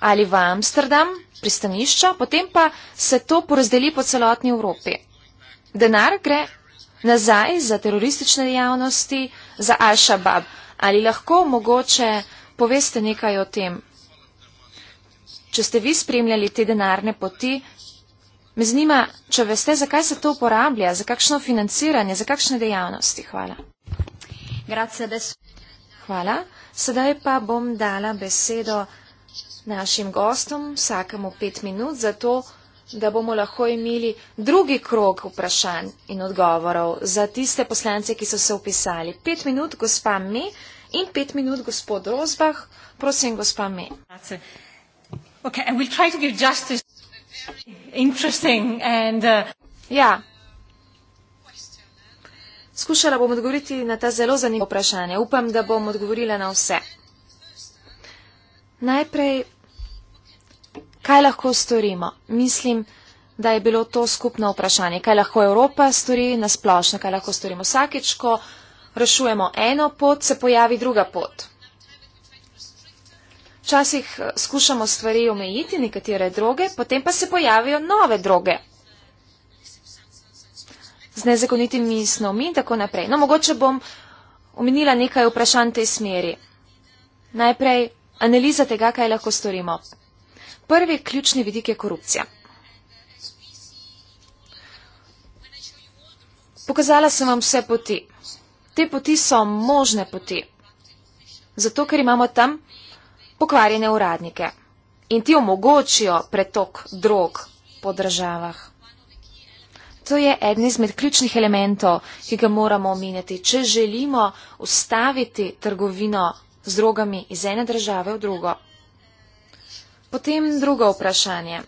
ali v Amsterdam, pristanišča, potem pa se to porazdeli po celotni Evropi. Denar gre nazaj za teroristične dejavnosti, za Al-Shabab. Ali lahko mogoče poveste nekaj o tem? Če ste vi spremljali te denarne poti, me zanima, če veste, zakaj se to uporablja, za kakšno financiranje, za kakšne dejavnosti. Hvala. Hvala. Sedaj pa bom dala besedo našim gostom, vsakemu pet minut, zato da bomo lahko imeli drugi krok vprašanj in odgovorov za tiste poslance, ki so se upisali. Pet minut, gospa Me, in pet minut, gospod Rozbah. Prosim, gospa Me. Okay, and, uh... Ja. Skušala bom odgovoriti na ta zelo zanimivo vprašanje. Upam, da bom odgovorila na vse. Najprej kaj lahko storimo? Mislim, da je bilo to skupno vprašanje. Kaj lahko Evropa stori nasplošno? Kaj lahko storimo vsakeč, ko rešujemo eno pot, se pojavi druga pot? Včasih eh, skušamo stvari omejiti, nekatere droge, potem pa se pojavijo nove droge z nezakonitimi snovmi in tako naprej. No, mogoče bom omenila nekaj vprašanj tej smeri. Najprej analiza tega, kaj lahko storimo. Prvi ključni vidik je korupcija. Pokazala sem vam vse poti. Te poti so možne poti. Zato, ker imamo tam pokvarjene uradnike in ti omogočijo pretok drog po državah. To je eden izmed ključnih elementov, ki ga moramo omeniti, če želimo ustaviti trgovino z drogami iz ene države v drugo. Potem drugo vprašanje.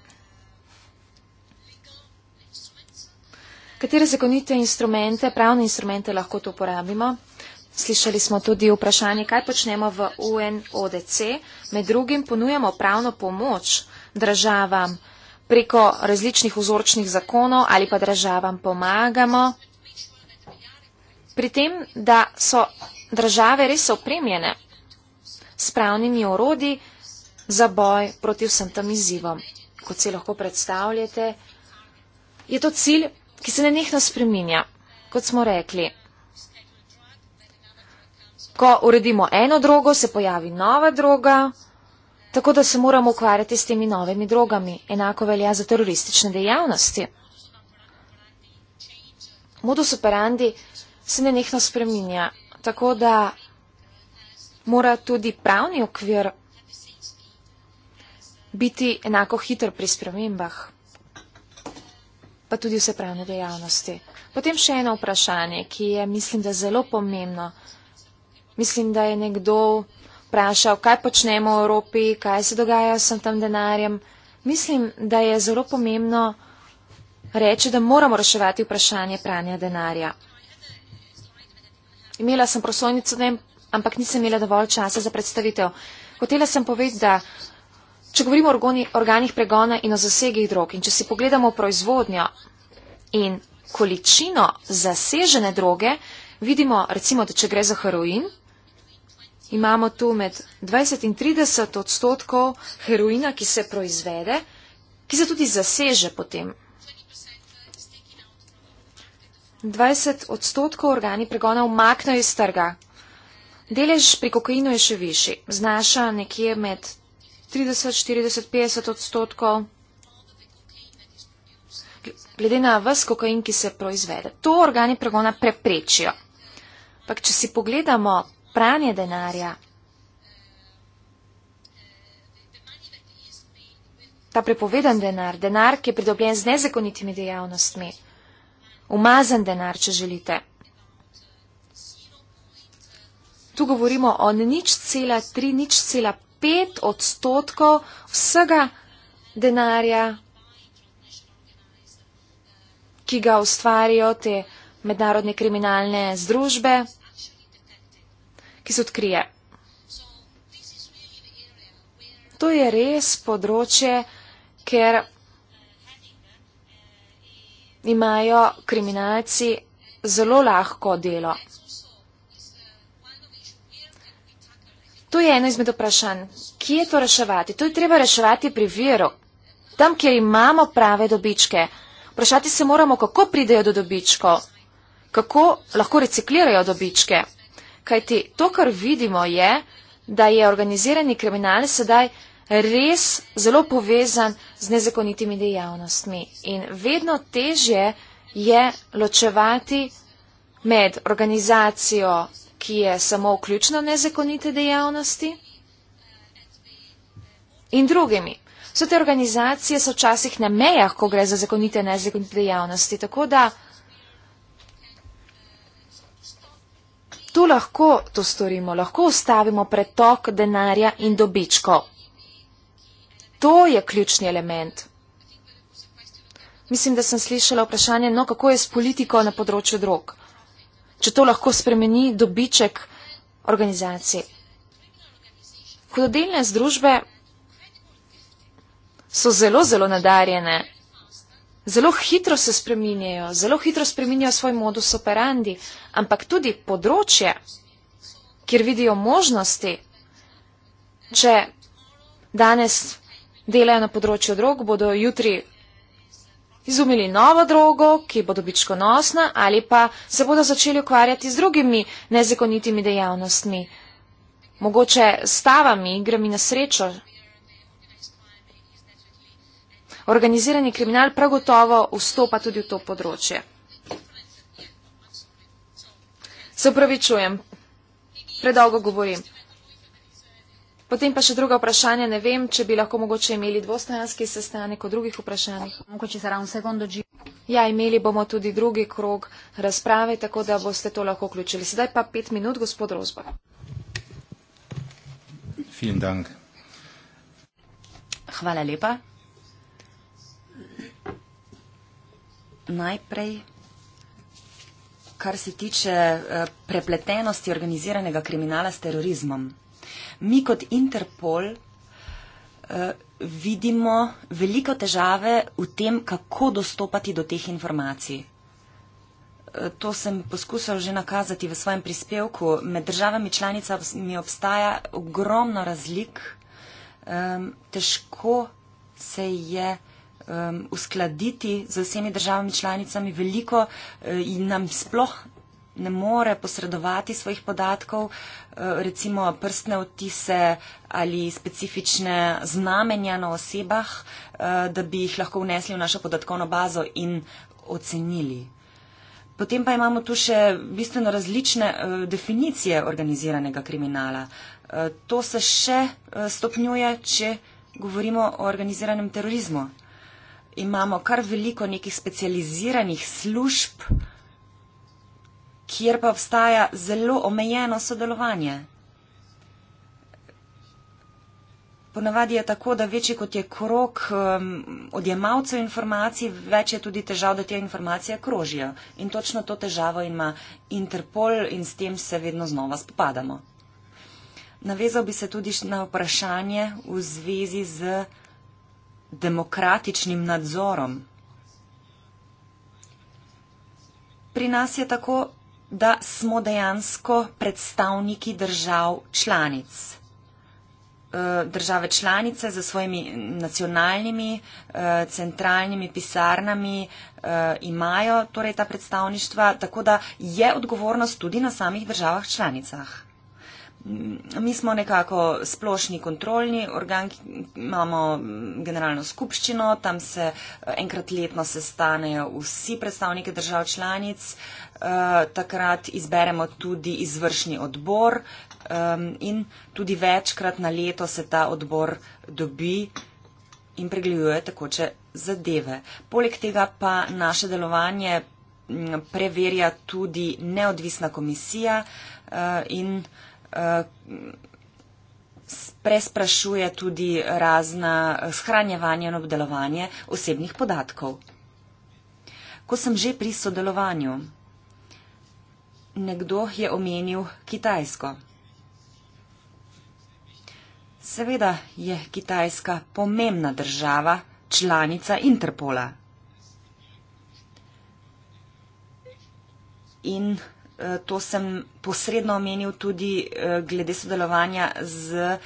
Katere zakonite instrumente, pravne instrumente lahko to uporabimo? Slišali smo tudi vprašanje, kaj počnemo v UNODC. Med drugim ponujamo pravno pomoč državam preko različnih vzorčnih zakonov ali pa državam pomagamo. Pri tem, da so države res opremljene s pravnimi orodji, za boj proti vsem tem izzivom. Kot si lahko predstavljate, je to cilj, ki se nenehno spreminja, kot smo rekli. Ko uredimo eno drogo, se pojavi nova droga, tako da se moramo ukvarjati s temi novimi drogami. Enako velja za teroristične dejavnosti. Modus operandi se nenehno spreminja, tako da mora tudi pravni okvir biti enako hiter pri spremembah, pa tudi vse pravne dejavnosti. Potem še eno vprašanje, ki je, mislim, da zelo pomembno. Mislim, da je nekdo vprašal, kaj počnemo v Evropi, kaj se dogaja s tem denarjem. Mislim, da je zelo pomembno reči, da moramo reševati vprašanje pranja denarja. Imela sem prosojnico, ampak nisem imela dovolj časa za predstavitev. Hotela sem povedati, da Če govorimo o organih pregona in o zasegih drog in če si pogledamo proizvodnjo in količino zasežene droge, vidimo recimo, da če gre za heroin, imamo tu med 20 in 30 odstotkov heroina, ki se proizvede, ki se tudi zaseže potem. 20 odstotkov organi pregona umaknejo iz trga. Delež pri kokainu je še višji, znaša nekje med 30, 40, 50 odstotkov. Glede na vse kokain, ki se proizvede. To organi pregona preprečijo. Pa če si pogledamo pranje denarja, ta prepovedan denar, denar, ki je pridobljen z nezakonitimi dejavnostmi, umazen denar, če želite. Tu govorimo o nič cela tri, nič cela pet odstotkov vsega denarja, ki ga ustvarijo te mednarodne kriminalne združbe, ki se odkrije. To je res področje, ker imajo kriminalci zelo lahko delo. To je eno izmed vprašanj. Kje je to reševati? To je treba reševati pri viru. Tam, kjer imamo prave dobičke. Vprašati se moramo, kako pridejo do dobičko. Kako lahko reciklirajo dobičke. Kajti to, kar vidimo, je, da je organizirani kriminal sedaj res zelo povezan z nezakonitimi dejavnostmi. In vedno težje je ločevati med organizacijo ki je samo vključna nezakonite dejavnosti. In drugimi. Vse te organizacije so včasih na mejah, ko gre za zakonite nezakonite dejavnosti. Tako da tu lahko to storimo, lahko ustavimo pretok denarja in dobičkov. To je ključni element. Mislim, da sem slišala vprašanje, no kako je s politiko na področju drog če to lahko spremeni dobiček organizacije. Hudodelne združbe so zelo, zelo nadarjene, zelo hitro se spreminjajo, zelo hitro spreminjajo svoj modus operandi, ampak tudi področje, kjer vidijo možnosti, če danes delajo na področju drog, bodo jutri izumili novo drogo, ki bo dobičkonosna, ali pa se bodo začeli ukvarjati z drugimi nezakonitimi dejavnostmi, mogoče stavami, igrami na srečo. Organizirani kriminal prav gotovo vstopa tudi v to področje. Se upravičujem, predolgo govorim. Potem pa še druga vprašanja. Ne vem, če bi lahko mogoče imeli dvostranski sestanek o drugih vprašanjih. Ja, imeli bomo tudi drugi krog razprave, tako da boste to lahko vključili. Sedaj pa pet minut, gospod Rozbar. Hvala lepa. Najprej. Kar se tiče eh, prepletenosti organiziranega kriminala s terorizmom, mi kot Interpol eh, vidimo veliko težave v tem, kako dostopati do teh informacij. Eh, to sem poskusil že nakazati v svojem prispevku. Med državami članicami obstaja ogromno razlik. Težko se je uskladiti z vsemi državami članicami. Veliko eh, nam sploh ne more posredovati svojih podatkov, eh, recimo prstne otise ali specifične znamenja na osebah, eh, da bi jih lahko vnesli v našo podatkovno bazo in ocenili. Potem pa imamo tu še bistveno različne eh, definicije organiziranega kriminala. To se še stopnjuje, če govorimo o organiziranem terorizmu. Imamo kar veliko nekih specializiranih služb, kjer pa obstaja zelo omejeno sodelovanje. Ponavadi je tako, da večji kot je krok um, odjemalcev informacij, več je tudi težav, da te informacije krožijo. In točno to težavo ima Interpol in s tem se vedno znova spopadamo. Navezal bi se tudi na vprašanje v zvezi z demokratičnim nadzorom. Pri nas je tako, da smo dejansko predstavniki držav članic. E, države članice za svojimi nacionalnimi e, centralnimi pisarnami e, imajo torej ta predstavništva, tako da je odgovornost tudi na samih državah članicah. Mi smo nekako splošni kontrolni organ, imamo mm, generalno skupščino, tam se eh, enkrat letno sestanejo vsi predstavniki držav članic, eh, takrat izberemo tudi izvršni odbor in tudi večkrat na leto se ta odbor dobi in pregleduje takoče zadeve. Poleg tega pa naše delovanje mm, preverja tudi neodvisna komisija eh, in vsega. Eh, presprašuje tudi razna shranjevanje in obdelovanje osebnih podatkov. Ko sem že pri sodelovanju, nekdo je omenil Kitajsko. Seveda je Kitajska pomembna država, članica Interpola. In Eh, to sem posredno omenil tudi eh, glede sodelovanja z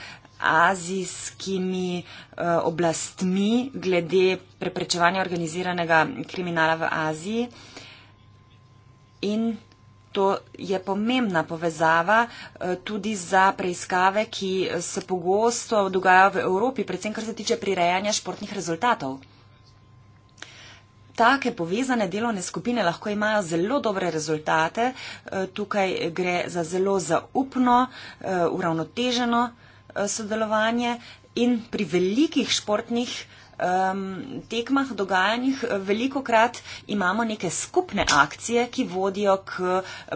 azijskimi eh, oblastmi, glede preprečevanja organiziranega kriminala v Aziji. In to je pomembna povezava tudi za preiskave, ki se pogosto dogajajo v Evropi, predvsem kar se tiče prirejanja športnih rezultatov take povezane delovne skupine lahko imajo zelo dobre rezultate. E, tukaj gre za zelo zaupno, e, uravnoteženo e, sodelovanje in pri velikih športnih tekmah, dogajanjih, veliko krat imamo neke skupne akcije, ki vodijo k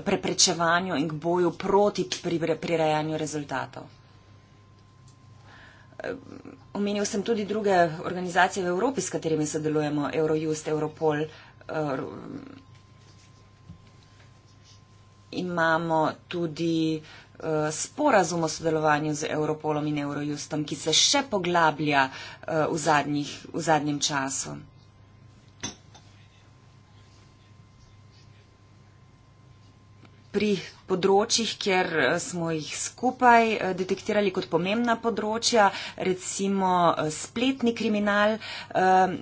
preprečevanju in k boju proti prirejanju rezultatov. Eh, omenil sem tudi druge organizacije v Evropi, s katerimi sodelujemo, Eurojust, Europol. Eh, imamo tudi eh, sporazum o sodelovanju z Europolom in Eurojustom, ki se še poglablja v, zadnjih, v zadnjem času. Pri področjih, kjer eh, smo jih skupaj eh, detektirali kot pomembna področja, recimo eh, spletni kriminal,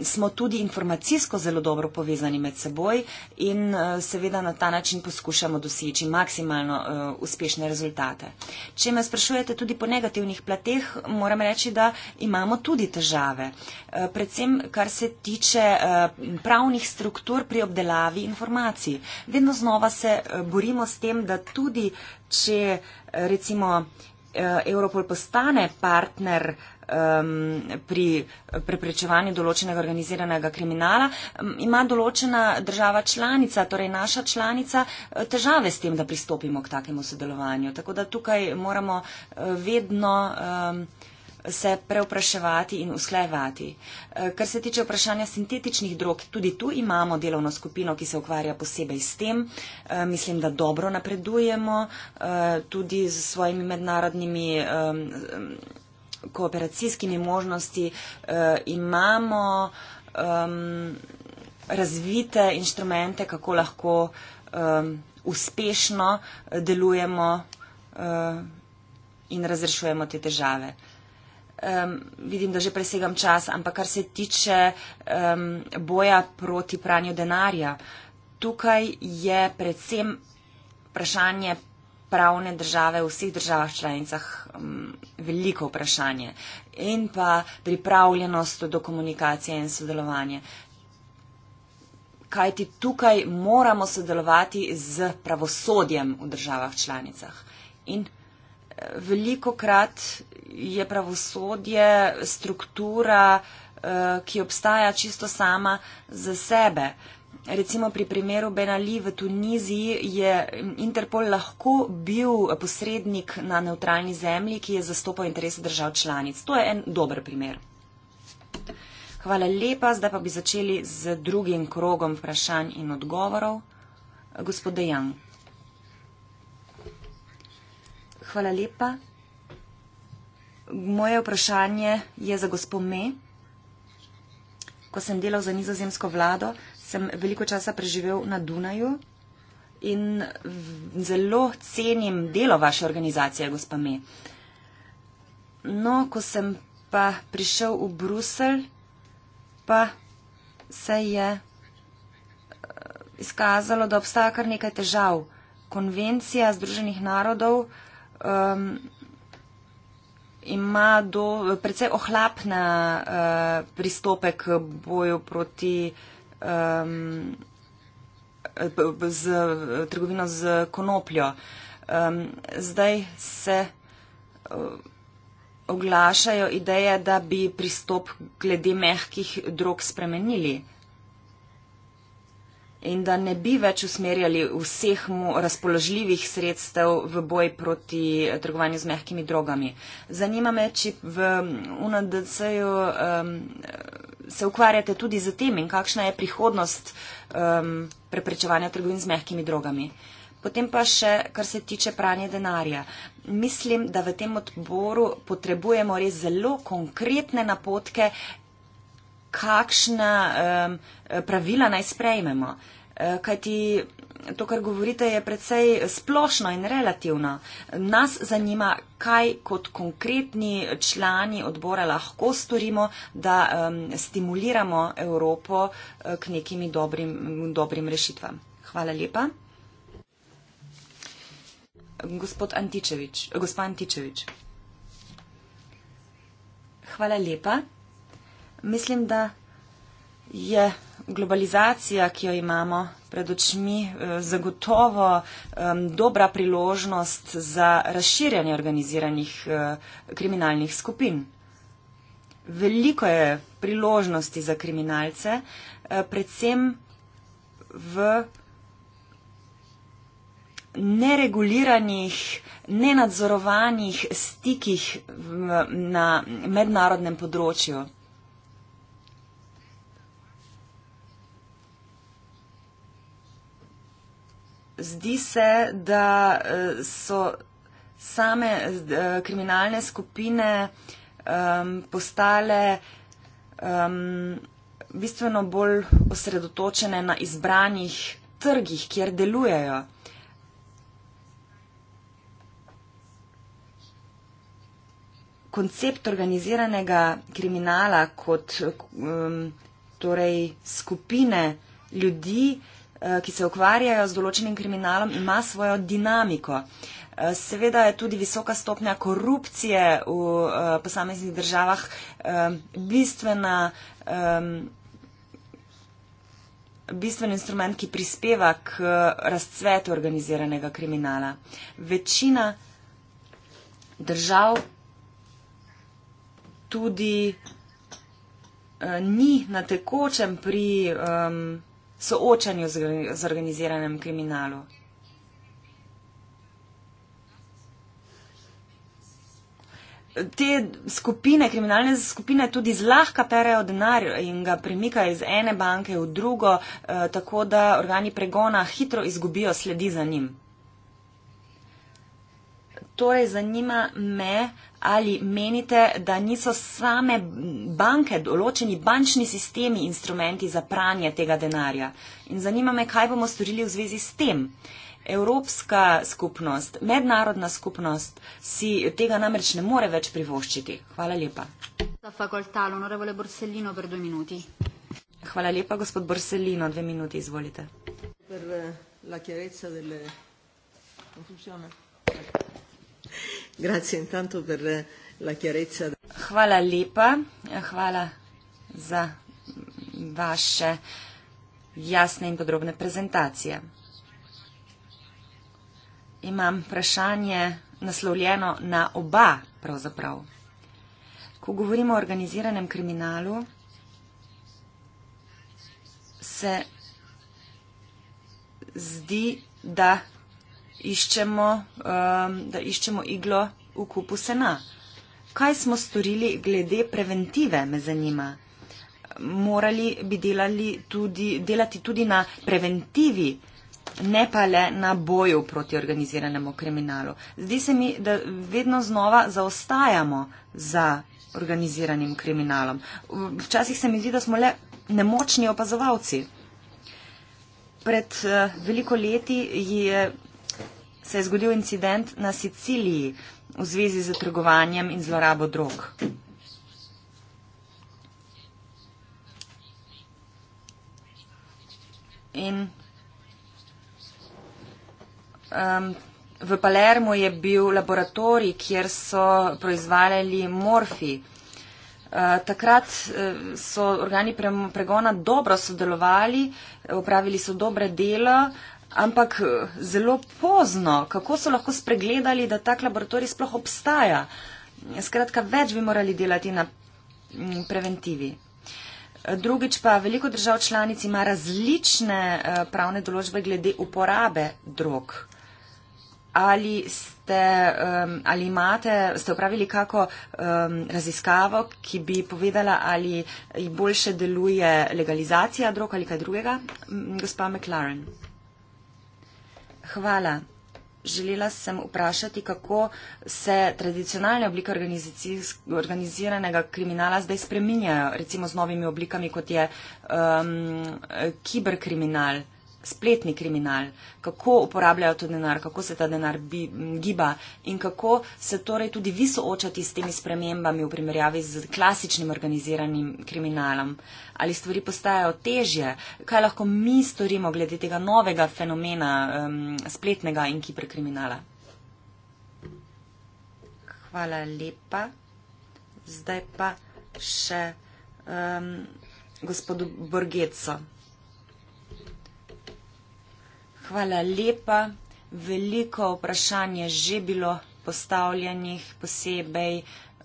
smo tudi informacijsko zelo dobro povezani med seboj in seveda na ta način poskušamo doseči maksimalno uspešne rezultate. Če me sprašujete tudi po negativnih plateh, moram reči, da imamo tudi težave. Predvsem, kar se tiče pravnih struktur pri obdelavi informacij. Vedno znova se borimo s tem, da tudi, če eh, recimo eh, Europol postane partner pri preprečevanju določenega organiziranega kriminala, ima določena država članica, torej naša članica, eh, težave s tem, da pristopimo k takemu sodelovanju. Tako da tukaj moramo vedno. Um, se preopraševati in usklajevati. E, kar se tiče vprašanja sintetičnih drog, tudi tu imamo delovno skupino, ki se ukvarja posebej s tem. E, mislim, da dobro napredujemo e, tudi z svojimi mednarodnimi kooperacijskimi možnosti. Imamo razvite inštrumente, kako lahko uspešno delujemo in razrešujemo te težave um, vidim, da že presegam čas, ampak kar se tiče um, boja proti pranju denarja, tukaj je predvsem vprašanje pravne države v vseh državah članicah um, veliko vprašanje in pa pripravljenost do komunikacije in sodelovanja. Kajti tukaj moramo sodelovati z pravosodjem v državah članicah. In eh, veliko krat je pravosodje struktura, eh, ki obstaja čisto sama za sebe. Recimo pri primeru Benali v Tuniziji je Interpol lahko bil posrednik na neutralni zemlji, ki je zastopal interese držav članic. To je en dober primer. Hvala lepa, zdaj pa bi začeli z drugim krogom vprašanj in odgovorov. Gospod Dejan. Hvala lepa. Moje vprašanje je za gospod Me. Ko sem delal za nizozemsko vlado, sem veliko časa preživel na Dunaju in zelo cenim delo vaše organizacije, gospod Me. No, ko sem pa prišel v Bruselj, pa se je eh, izkazalo, da obstaja kar nekaj težav. Konvencija Združenih narodov. Um, ima do, predvsej ohlapna uh, eh, pristope k boju proti um, z, trgovino z konopljo. Um, zdaj se uh, oglašajo ideje, da bi pristop glede mehkih drog spremenili in da ne bi več usmerjali vseh mu razpoložljivih sredstev v boj proti trgovanju z mehkimi drogami. Zanima me, če v UNDC-ju um, se ukvarjate tudi z tem in kakšna je prihodnost um, preprečevanja trgovin z mehkimi drogami. Potem pa še, kar se tiče pranja denarja. Mislim, da v tem odboru potrebujemo res zelo konkretne napotke kakšna um, pravila naj sprejmemo. Uh, kajti to, kar govorite, je predvsej splošno in relativno. Nas zanima, kaj kot konkretni člani odbora lahko storimo, da um, stimuliramo Evropo uh, k nekimi dobrim, dobrim rešitvam. Hvala lepa. Gospod Antičevič, gospod Antičevič. Hvala lepa. Mislim, da je globalizacija, ki jo imamo pred očmi, eh, zagotovo um, dobra priložnost za razširjanje organiziranih uh, kriminalnih skupin. Veliko je priložnosti za kriminalce, eh, predvsem v nereguliranih, nenadzorovanih stikih na mednarodnem področju. zdi se, da eh, so same eh, kriminalne skupine um, postale um, bistveno bolj osredotočene na izbranih trgih, kjer delujejo. Koncept organiziranega kriminala kot um, torej skupine ljudi, Eh, ki se ukvarjajo z določenim kriminalom, ima svojo dinamiko. Eh, seveda je tudi visoka stopnja korupcije v eh, posameznih državah bistvena, bistven instrument, ki prispeva k razcvetu organiziranega kriminala. Večina držav tudi ni na tekočem pri. Um, soočanju z, z organiziranem kriminalu. Te skupine, kriminalne skupine tudi zlahka perejo denar in ga premikajo iz ene banke v drugo, eh, tako da organi pregona hitro izgubijo sledi za njim. Torej, zanima me, ali menite, da niso same banke, določeni bančni sistemi, instrumenti za pranje tega denarja. In zanima me, kaj bomo storili v zvezi s tem. Evropska skupnost, mednarodna skupnost si tega namreč ne more več privoščiti. Hvala lepa. Hvala lepa, gospod Borselino. Dve minuti, izvolite. Per eh, la chiarezza delle confusioni. Grazie intanto per la chiarezza. Hvala lepa, hvala za vaše jasne in podrobne prezentacije. Imam vprašanje naslovljeno na oba pravzaprav. Ko govorimo o organiziranem kriminalu, se zdi, da iščemo, um, da iščemo iglo v kupu sena. Kaj smo storili glede preventive, me zanima. Morali bi delali tudi, delati tudi na preventivi, ne pa le na boju proti organiziranemu kriminalu. Zdi se mi, da vedno znova zaostajamo za organiziranim kriminalom. Včasih se mi zdi, da smo le nemočni opazovalci. Pred uh, veliko leti je se je zgodil incident na Siciliji v zvezi z trgovanjem in zlorabo drog. In, um, v Palermo je bil laboratorij, kjer so proizvajali morfi. Uh, takrat uh, so organi pregona dobro sodelovali, upravili so dobre delo, uh, Ampak eh, zelo pozno, kako so lahko spregledali, da tak laboratorij sploh obstaja. Skratka, več bi morali delati na mm, preventivi. Eh, drugič pa, veliko držav članic ima različne eh, pravne določbe glede uporabe drog. Ali, ste, ali imate, ste upravili kako um, raziskavo, ki bi povedala, ali boljše deluje legalizacija drog ali kaj drugega? Gospa McLaren. Hvala. Želela sem vprašati, kako se tradicionalne oblike organiziranega kriminala zdaj spreminjajo, recimo z novimi oblikami, kot je um, kiberkriminal. Uh, spletni kriminal, kako uporabljajo to denar, kako se ta denar bi, giba in kako se torej tudi vi soočati s temi spremembami v primerjavi z klasičnim organiziranim kriminalom. Ali stvari postajajo težje, kaj lahko mi storimo glede tega novega fenomena um, spletnega in kiberkriminala? Hvala lepa. Zdaj pa še um, gospodu Borgeco. Hvala lepa. Veliko vprašanj je že bilo postavljenih, posebej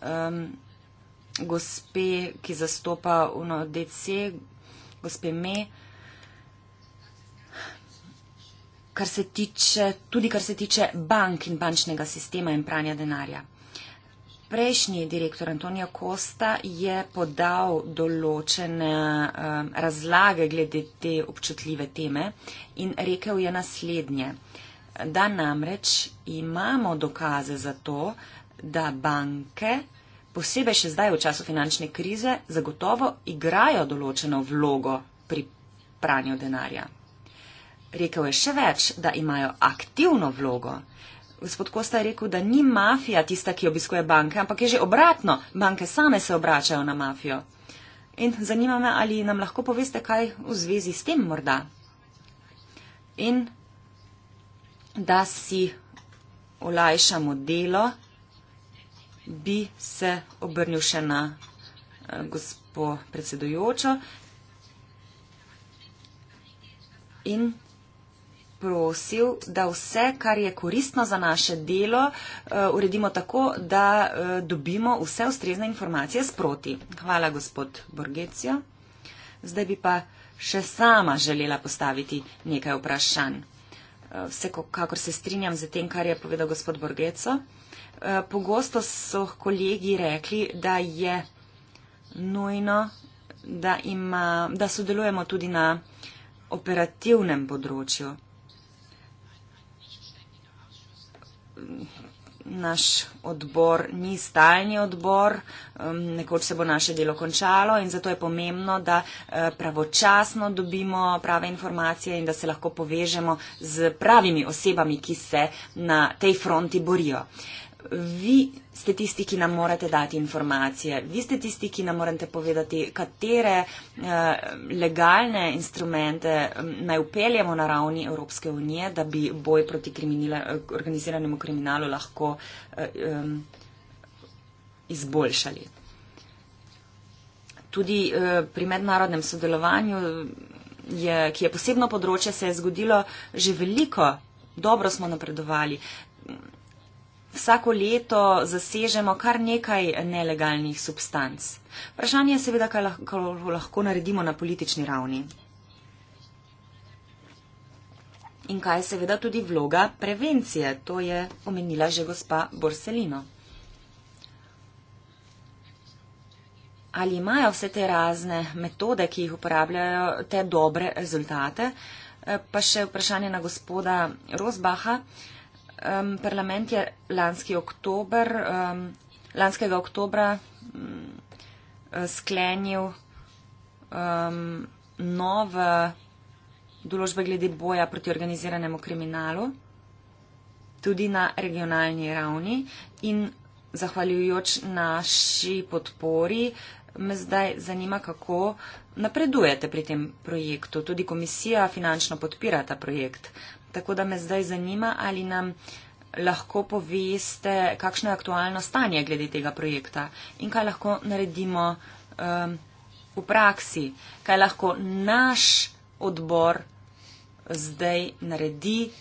um, gospe, ki zastopa UNODC, gospe Me. Kar se tiče, tudi kar se tiče bank in bančnega sistema in pranja denarja prejšnji direktor Antonija Kosta je podal določene um, razlage glede te občutljive teme in rekel je naslednje, da namreč imamo dokaze za to, da banke, posebej še zdaj v času finančne krize, zagotovo igrajo določeno vlogo pri pranju denarja. Rekel je še več, da imajo aktivno vlogo gospod Kosta je rekel, da ni mafija tista, ki obiskuje banke, ampak je že obratno, banke same se obračajo na mafijo. In zanima me, ali nam lahko poveste kaj v zvezi s tem morda. In da si olajšamo delo, bi se obrnil še na eh, gospod predsedujočo. In prosil, da vse, kar je koristno za naše delo, eh, uredimo tako, da eh, dobimo vse ustrezne informacije sproti. Hvala, gospod Borgecijo. Zdaj bi pa še sama želela postaviti nekaj vprašanj. Vse, eh, kakor se strinjam z tem, kar je povedal gospod Borgeco. Pogosto so kolegi rekli, da je nujno, da, ima, da sodelujemo tudi na operativnem področju. naš odbor ni stalni odbor, nekoč se bo naše delo končalo in zato je pomembno, da eh, pravočasno dobimo prave informacije in da se lahko povežemo z pravimi osebami, ki se na tej fronti borijo vi ste tisti, ki nam morate dati informacije, vi ste tisti, ki nam morate povedati, katere eh, legalne instrumente naj upeljamo na ravni Evropske unije, da bi boj proti organiziranemu kriminalu lahko eh, izboljšali. Tudi eh, pri mednarodnem sodelovanju, ki je posebno področje, se je zgodilo že veliko, dobro smo napredovali. Vsako leto zasežemo kar nekaj nelegalnih substanc. Vprašanje je seveda, kaj lahko naredimo na politični ravni. In kaj je seveda tudi vloga prevencije, to je omenila že gospa Borselino. Ali imajo vse te razne metode, ki jih uporabljajo, te dobre rezultate? Eh, pa še vprašanje na gospoda Rosbaha. Um, parlament je lanski oktober, um, lanskega oktobra um, sklenil um, nove določbe glede boja proti organiziranemu kriminalu tudi na regionalni ravni in zahvaljujoč naši podpori me zdaj zanima, kako napredujete pri tem projektu. Tudi komisija finančno podpira ta projekt. Tako da me zdaj zanima, ali nam lahko poveste, kakšno je aktualno stanje glede tega projekta in kaj lahko naredimo um, v praksi, kaj lahko naš odbor zdaj naredi,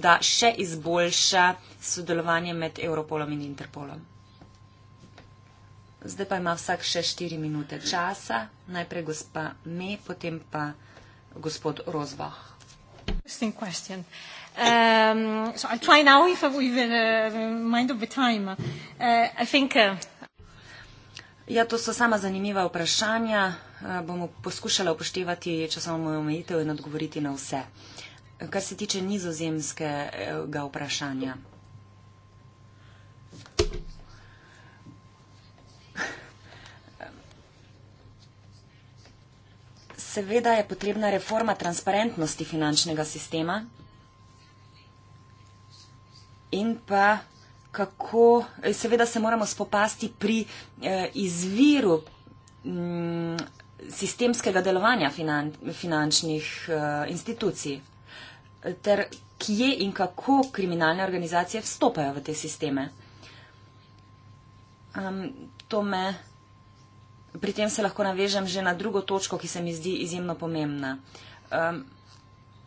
da še izboljša sodelovanje med Europolom in Interpolom. Zdaj pa ima vsak še štiri minute časa, najprej gospa me, potem pa gospod Rozbah. Interesting question. Um, so I'll try now if we have uh, mind of the time. Uh, I think. Uh, Ja, to so sama zanimiva vprašanja. Uh, bomo poskušali upoštevati časovno omejitev in odgovoriti na vse. Kar se tiče nizozemskega vprašanja. seveda je potrebna reforma transparentnosti finančnega sistema in pa kako, eh, seveda se moramo spopasti pri eh, izviru mm, sistemskega delovanja finan, finančnih eh, institucij ter kje in kako kriminalne organizacije vstopajo v te sisteme. Um, to me pri tem se lahko navežem že na drugo točko, ki se mi zdi izjemno pomembna. Um,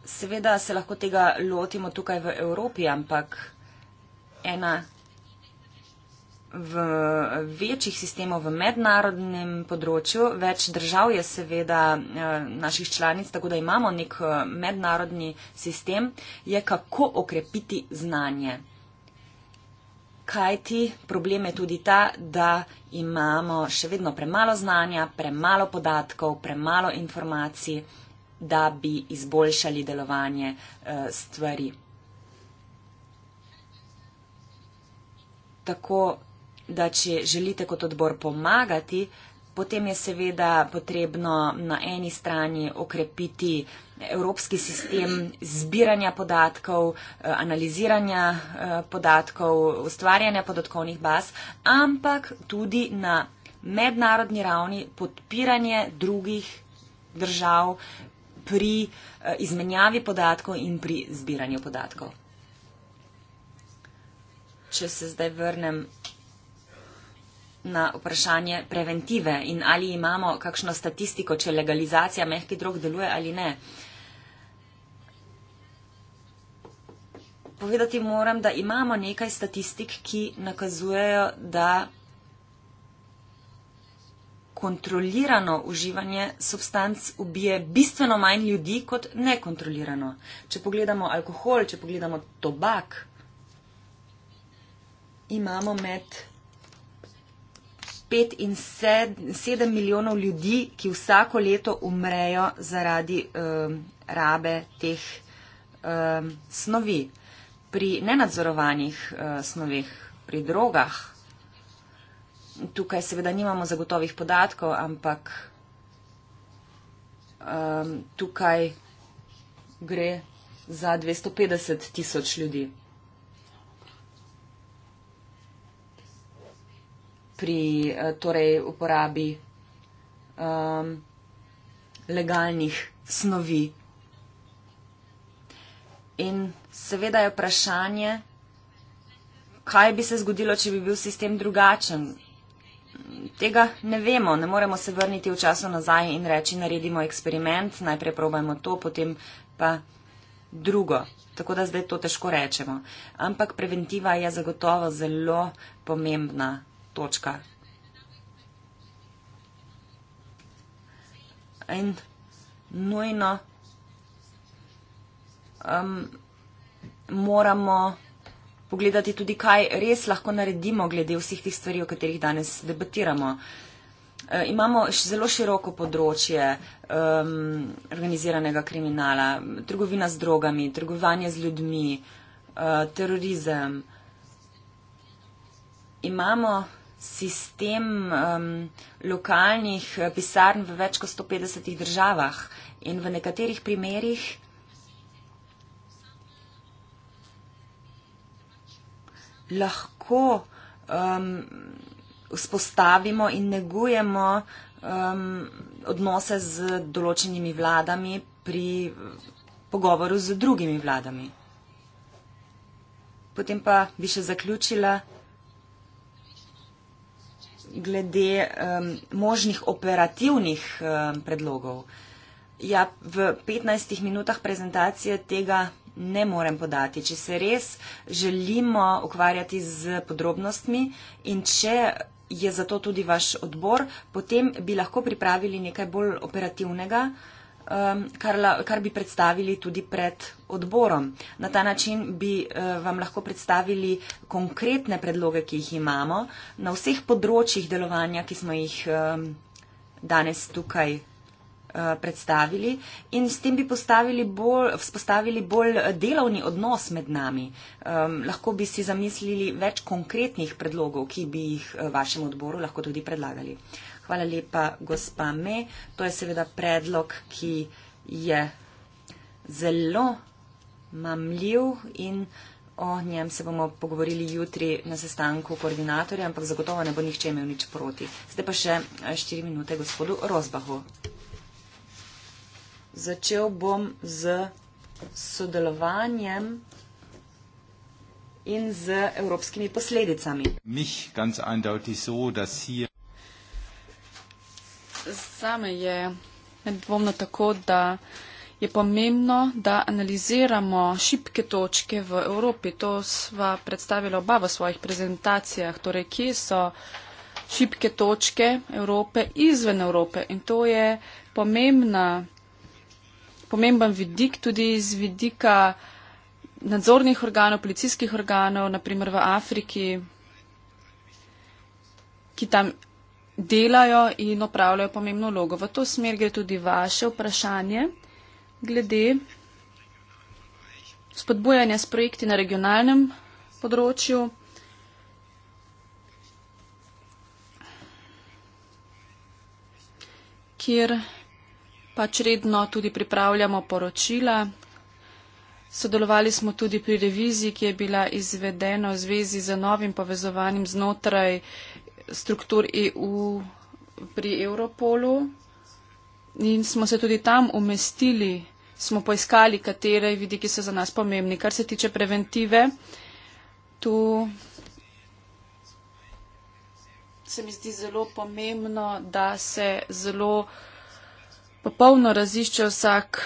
seveda se lahko tega lotimo tukaj v Evropi, ampak ena v večjih sistemov v mednarodnem področju, več držav je seveda eh, naših članic, tako da imamo nek eh, mednarodni sistem, je kako okrepiti znanje kajti problem je tudi ta, da imamo še vedno premalo znanja, premalo podatkov, premalo informacij, da bi izboljšali delovanje eh, stvari. Tako da, če želite kot odbor pomagati, potem je seveda potrebno na eni strani okrepiti evropski sistem zbiranja podatkov, eh, analiziranja eh, podatkov, ustvarjanja podatkovnih baz, ampak tudi na mednarodni ravni podpiranje drugih držav pri eh, izmenjavi podatkov in pri zbiranju podatkov. Če se zdaj vrnem na vprašanje preventive in ali imamo kakšno statistiko, če legalizacija mehkih drog deluje ali ne. Uh, Povedati moram, da imamo nekaj statistik, ki nakazujejo, da kontrolirano uživanje substanc ubije bistveno manj ljudi kot nekontrolirano. Če pogledamo alkohol, če pogledamo tobak, imamo med 5 in 7 milijonov ljudi, ki vsako leto umrejo zaradi um, rabe teh um, snovi pri nenadzorovanih eh, snoveh, pri drogah. Tukaj seveda nimamo zagotovih podatkov, ampak um, tukaj gre za 250 tisoč ljudi. Pri eh, torej, uporabi um, legalnih snovi In seveda je vprašanje, kaj bi se zgodilo, če bi bil sistem drugačen. Tega ne vemo, ne moremo se vrniti v času nazaj in reči, naredimo eksperiment, najprej probajmo to, potem pa drugo. Tako da zdaj to težko rečemo. Ampak preventiva je zagotovo zelo pomembna točka. In nujno um, moramo pogledati tudi, kaj res lahko naredimo glede vseh tih stvari, o katerih danes debatiramo. E, imamo zelo široko področje um, organiziranega kriminala, trgovina z drogami, trgovanje z ljudmi, uh, terorizem. Imamo sistem um, lokalnih e, pisarn v več kot 150 državah in v nekaterih primerjih lahko um, vzpostavimo in negujemo um, odnose z določenimi vladami pri pogovoru z drugimi vladami. Potem pa bi še zaključila glede um, možnih operativnih um, predlogov. Ja, v 15 minutah prezentacije tega ne morem podati. Če se res želimo ukvarjati z podrobnostmi in če je za to tudi vaš odbor, potem bi lahko pripravili nekaj bolj operativnega, um, kar, la, kar bi predstavili tudi pred odborom. Na ta način bi uh, vam lahko predstavili konkretne predloge, ki jih imamo na vseh področjih delovanja, ki smo jih um, danes tukaj Eh, predstavili in s tem bi bolj, vzpostavili bolj delovni odnos med nami. Um, lahko bi si zamislili več konkretnih predlogov, ki bi jih eh, vašem odboru lahko tudi predlagali. Hvala lepa, gospa Me. To je seveda predlog, ki je zelo mamljiv in o njem se bomo pogovorili jutri na sestanku koordinatorja, ampak zagotovo ne bo nihče imel nič proti. Zdaj pa še eh, štiri minute gospodu Rozbahu začel bom z sodelovanjem in z evropskimi posledicami. Mich ganz eindeutig so, dass hier Zame je nedvomno tako, da je pomembno, da analiziramo šibke točke v Evropi. To sva predstavila oba v svojih prezentacijah. Torej, kje so šibke točke Evrope izven Evrope. In to je pomembna pomemben vidik tudi z vidika nadzornih organov, policijskih organov, naprimer v Afriki, ki tam delajo in opravljajo pomembno vlogo. V to smer gre tudi vaše vprašanje glede spodbujanja s projekti na regionalnem področju. kjer pač redno tudi pripravljamo poročila. Sodelovali smo tudi pri reviziji, ki je bila izvedena v zvezi z novim povezovanjem znotraj struktur EU pri Europolu in smo se tudi tam umestili, smo poiskali, katere vidiki so za nas pomembni. Kar se tiče preventive, tu se mi zdi zelo pomembno, da se zelo popolno razišče vsak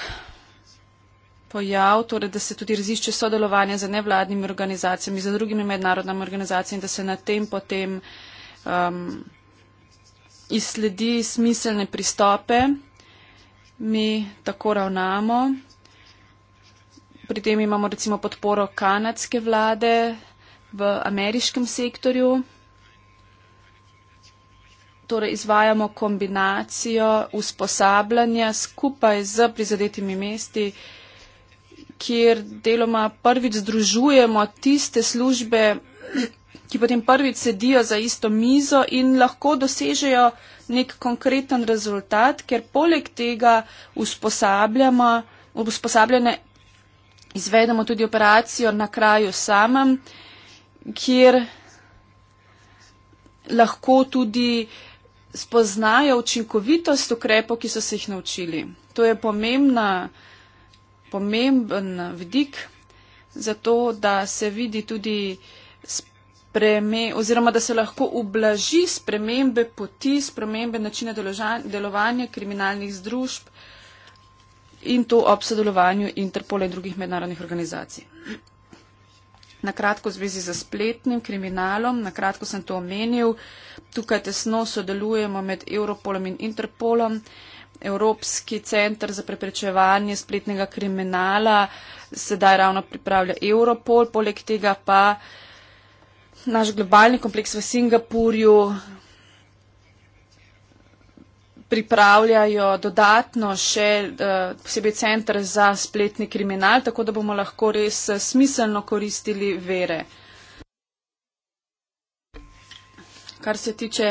pojav, torej da se tudi razišče sodelovanje za nevladnimi organizacijami, za drugimi mednarodnimi organizacijami, da se na tem potem um, izsledi smiselne pristope. Mi tako ravnamo. Pri tem imamo recimo podporo kanadske vlade v ameriškem sektorju torej izvajamo kombinacijo usposabljanja skupaj z prizadetimi mesti, kjer deloma prvič združujemo tiste službe, ki potem prvič sedijo za isto mizo in lahko dosežejo nek konkreten rezultat, ker poleg tega usposabljanje izvedemo tudi operacijo na kraju samem, kjer lahko tudi uh, spoznajo učinkovitost ukrepov, ki so se jih naučili. To je pomembna, pomemben vidik za to, da se vidi tudi spreme, oziroma da se lahko ublaži spremembe poti, spremembe načine deložan, delovanja kriminalnih združb in to ob sodelovanju Interpola in drugih mednarodnih organizacij. Na kratko v zvezi z spletnim kriminalom, na kratko sem to omenil. Uh, Tukaj tesno sodelujemo med Europolom in Interpolom. Evropski centr za preprečevanje spletnega kriminala sedaj ravno pripravlja Europol, poleg tega pa naš globalni kompleks v Singapurju pripravljajo dodatno še eh, posebej centr za spletni kriminal, tako da bomo lahko res smiselno koristili vere. Kar se tiče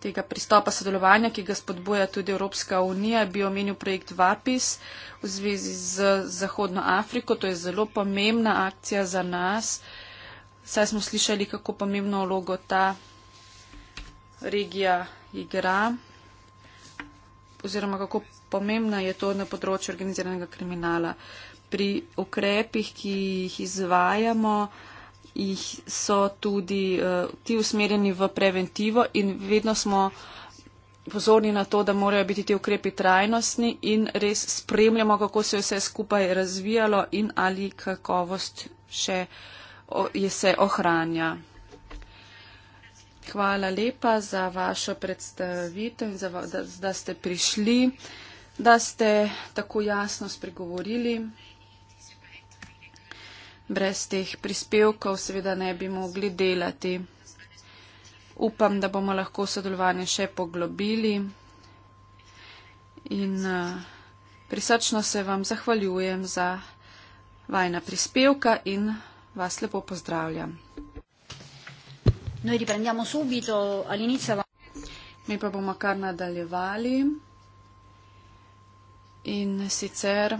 tega pristopa sodelovanja, ki ga spodboja tudi Evropska unija, bi omenil projekt VAPIS v zvezi z Zahodno Afriko. To je zelo pomembna akcija za nas. Saj smo slišali, kako pomembno vlogo ta regija igra oziroma kako pomembna je to na področju organiziranega kriminala. Pri ukrepih, ki jih izvajamo, jih so tudi uh, ti usmerjeni v preventivo in vedno smo pozorni na to, da morajo biti ti ukrepi trajnostni in res spremljamo, kako se je vse skupaj razvijalo in ali kakovost še je se ohranja. Hvala lepa za vašo predstavitev in za, da, da ste prišli, da ste tako jasno spregovorili brez teh prispevkov seveda ne bi mogli delati. Upam, da bomo lahko sodelovanje še poglobili in eh, prisrčno se vam zahvaljujem za vajna prispevka in vas lepo pozdravljam. Noi riprendiamo subito all'inizio. Mi pa bomo kar nadaljevali. In sicer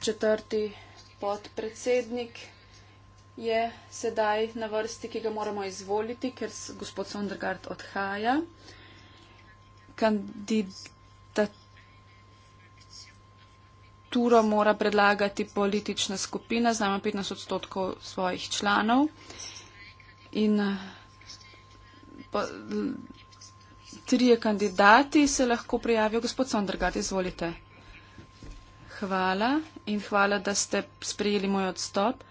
četrti podpredsednik je sedaj na vrsti, ki ga moramo izvoliti, ker gospod Sondergaard odhaja. Kandidaturo mora predlagati politična skupina, znamo 15 odstotkov svojih članov. In pa, trije kandidati se lahko prijavijo. Gospod Sondergaard, izvolite hvala in hvala, da ste sprejeli moj odstop.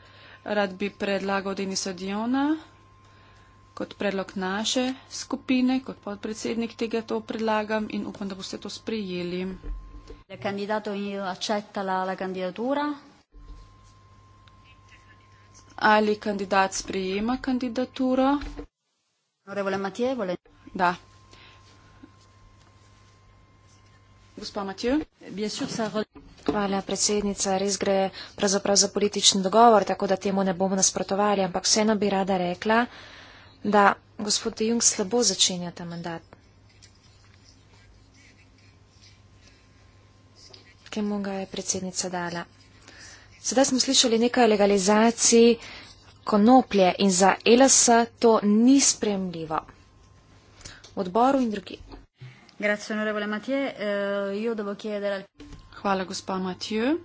Rad bi predlagal Denisa Diona kot predlog naše skupine, kot podpredsednik tega to predlagam in upam, da boste to sprejeli. Ali kandidat sprejema kandidaturo? Da. Gospa Matjo. Hvala, predsednica. Res gre pravzaprav za politični dogovor, tako da temu ne bomo nasprotovali, ampak vseeno bi rada rekla, da gospod Jung slabo začenja ta mandat. Kemu ga je predsednica dala? Sedaj smo slišali nekaj legalizacij konoplje in za LS to ni spremljivo. Odboru in drugi. Grazie, onorevole Matije. Uh, eh, io devo chiedere al... Hvala, gospa Matjo.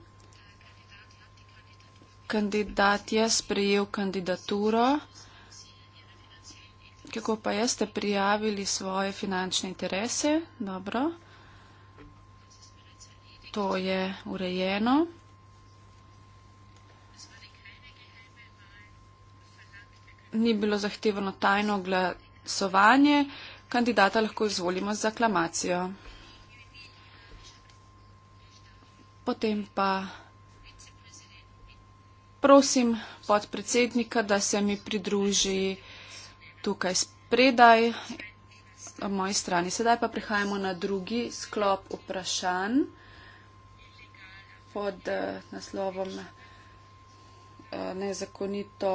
Kandidat je sprejel kandidaturo. Kako pa jeste prijavili svoje finančne interese? Dobro. To je urejeno. Ni bilo zahtevano tajno glasovanje. Kandidata lahko izvolimo z aklamacijo. Potem pa prosim podpredsednika, da se mi pridruži tukaj spredaj na moji strani. Sedaj pa prihajamo na drugi sklop vprašanj pod eh, naslovom eh, nezakonito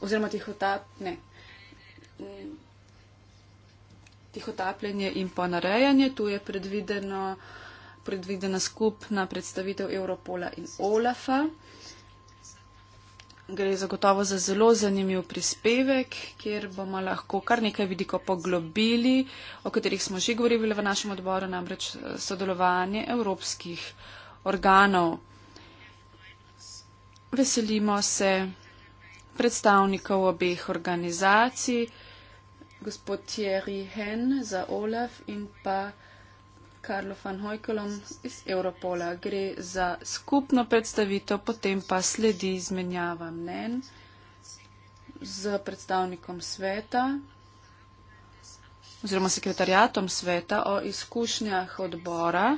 oziroma tihotapne. Tihotapljenje in ponarejanje, tu je predvideno predvidena skupna predstavitev Europola in Olafa. Gre zagotovo za zelo zanimiv prispevek, kjer bomo lahko kar nekaj vidiko poglobili, o katerih smo že govorili v našem odboru, namreč eh, sodelovanje evropskih organov. Veselimo se predstavnikov obeh organizacij, gospod Thierry Hen za OLAF in pa. Karlo van Hojkolom iz Europola. Gre za skupno predstavitev, potem pa sledi izmenjava mnen z predstavnikom sveta oziroma sekretarjatom sveta o izkušnjah odbora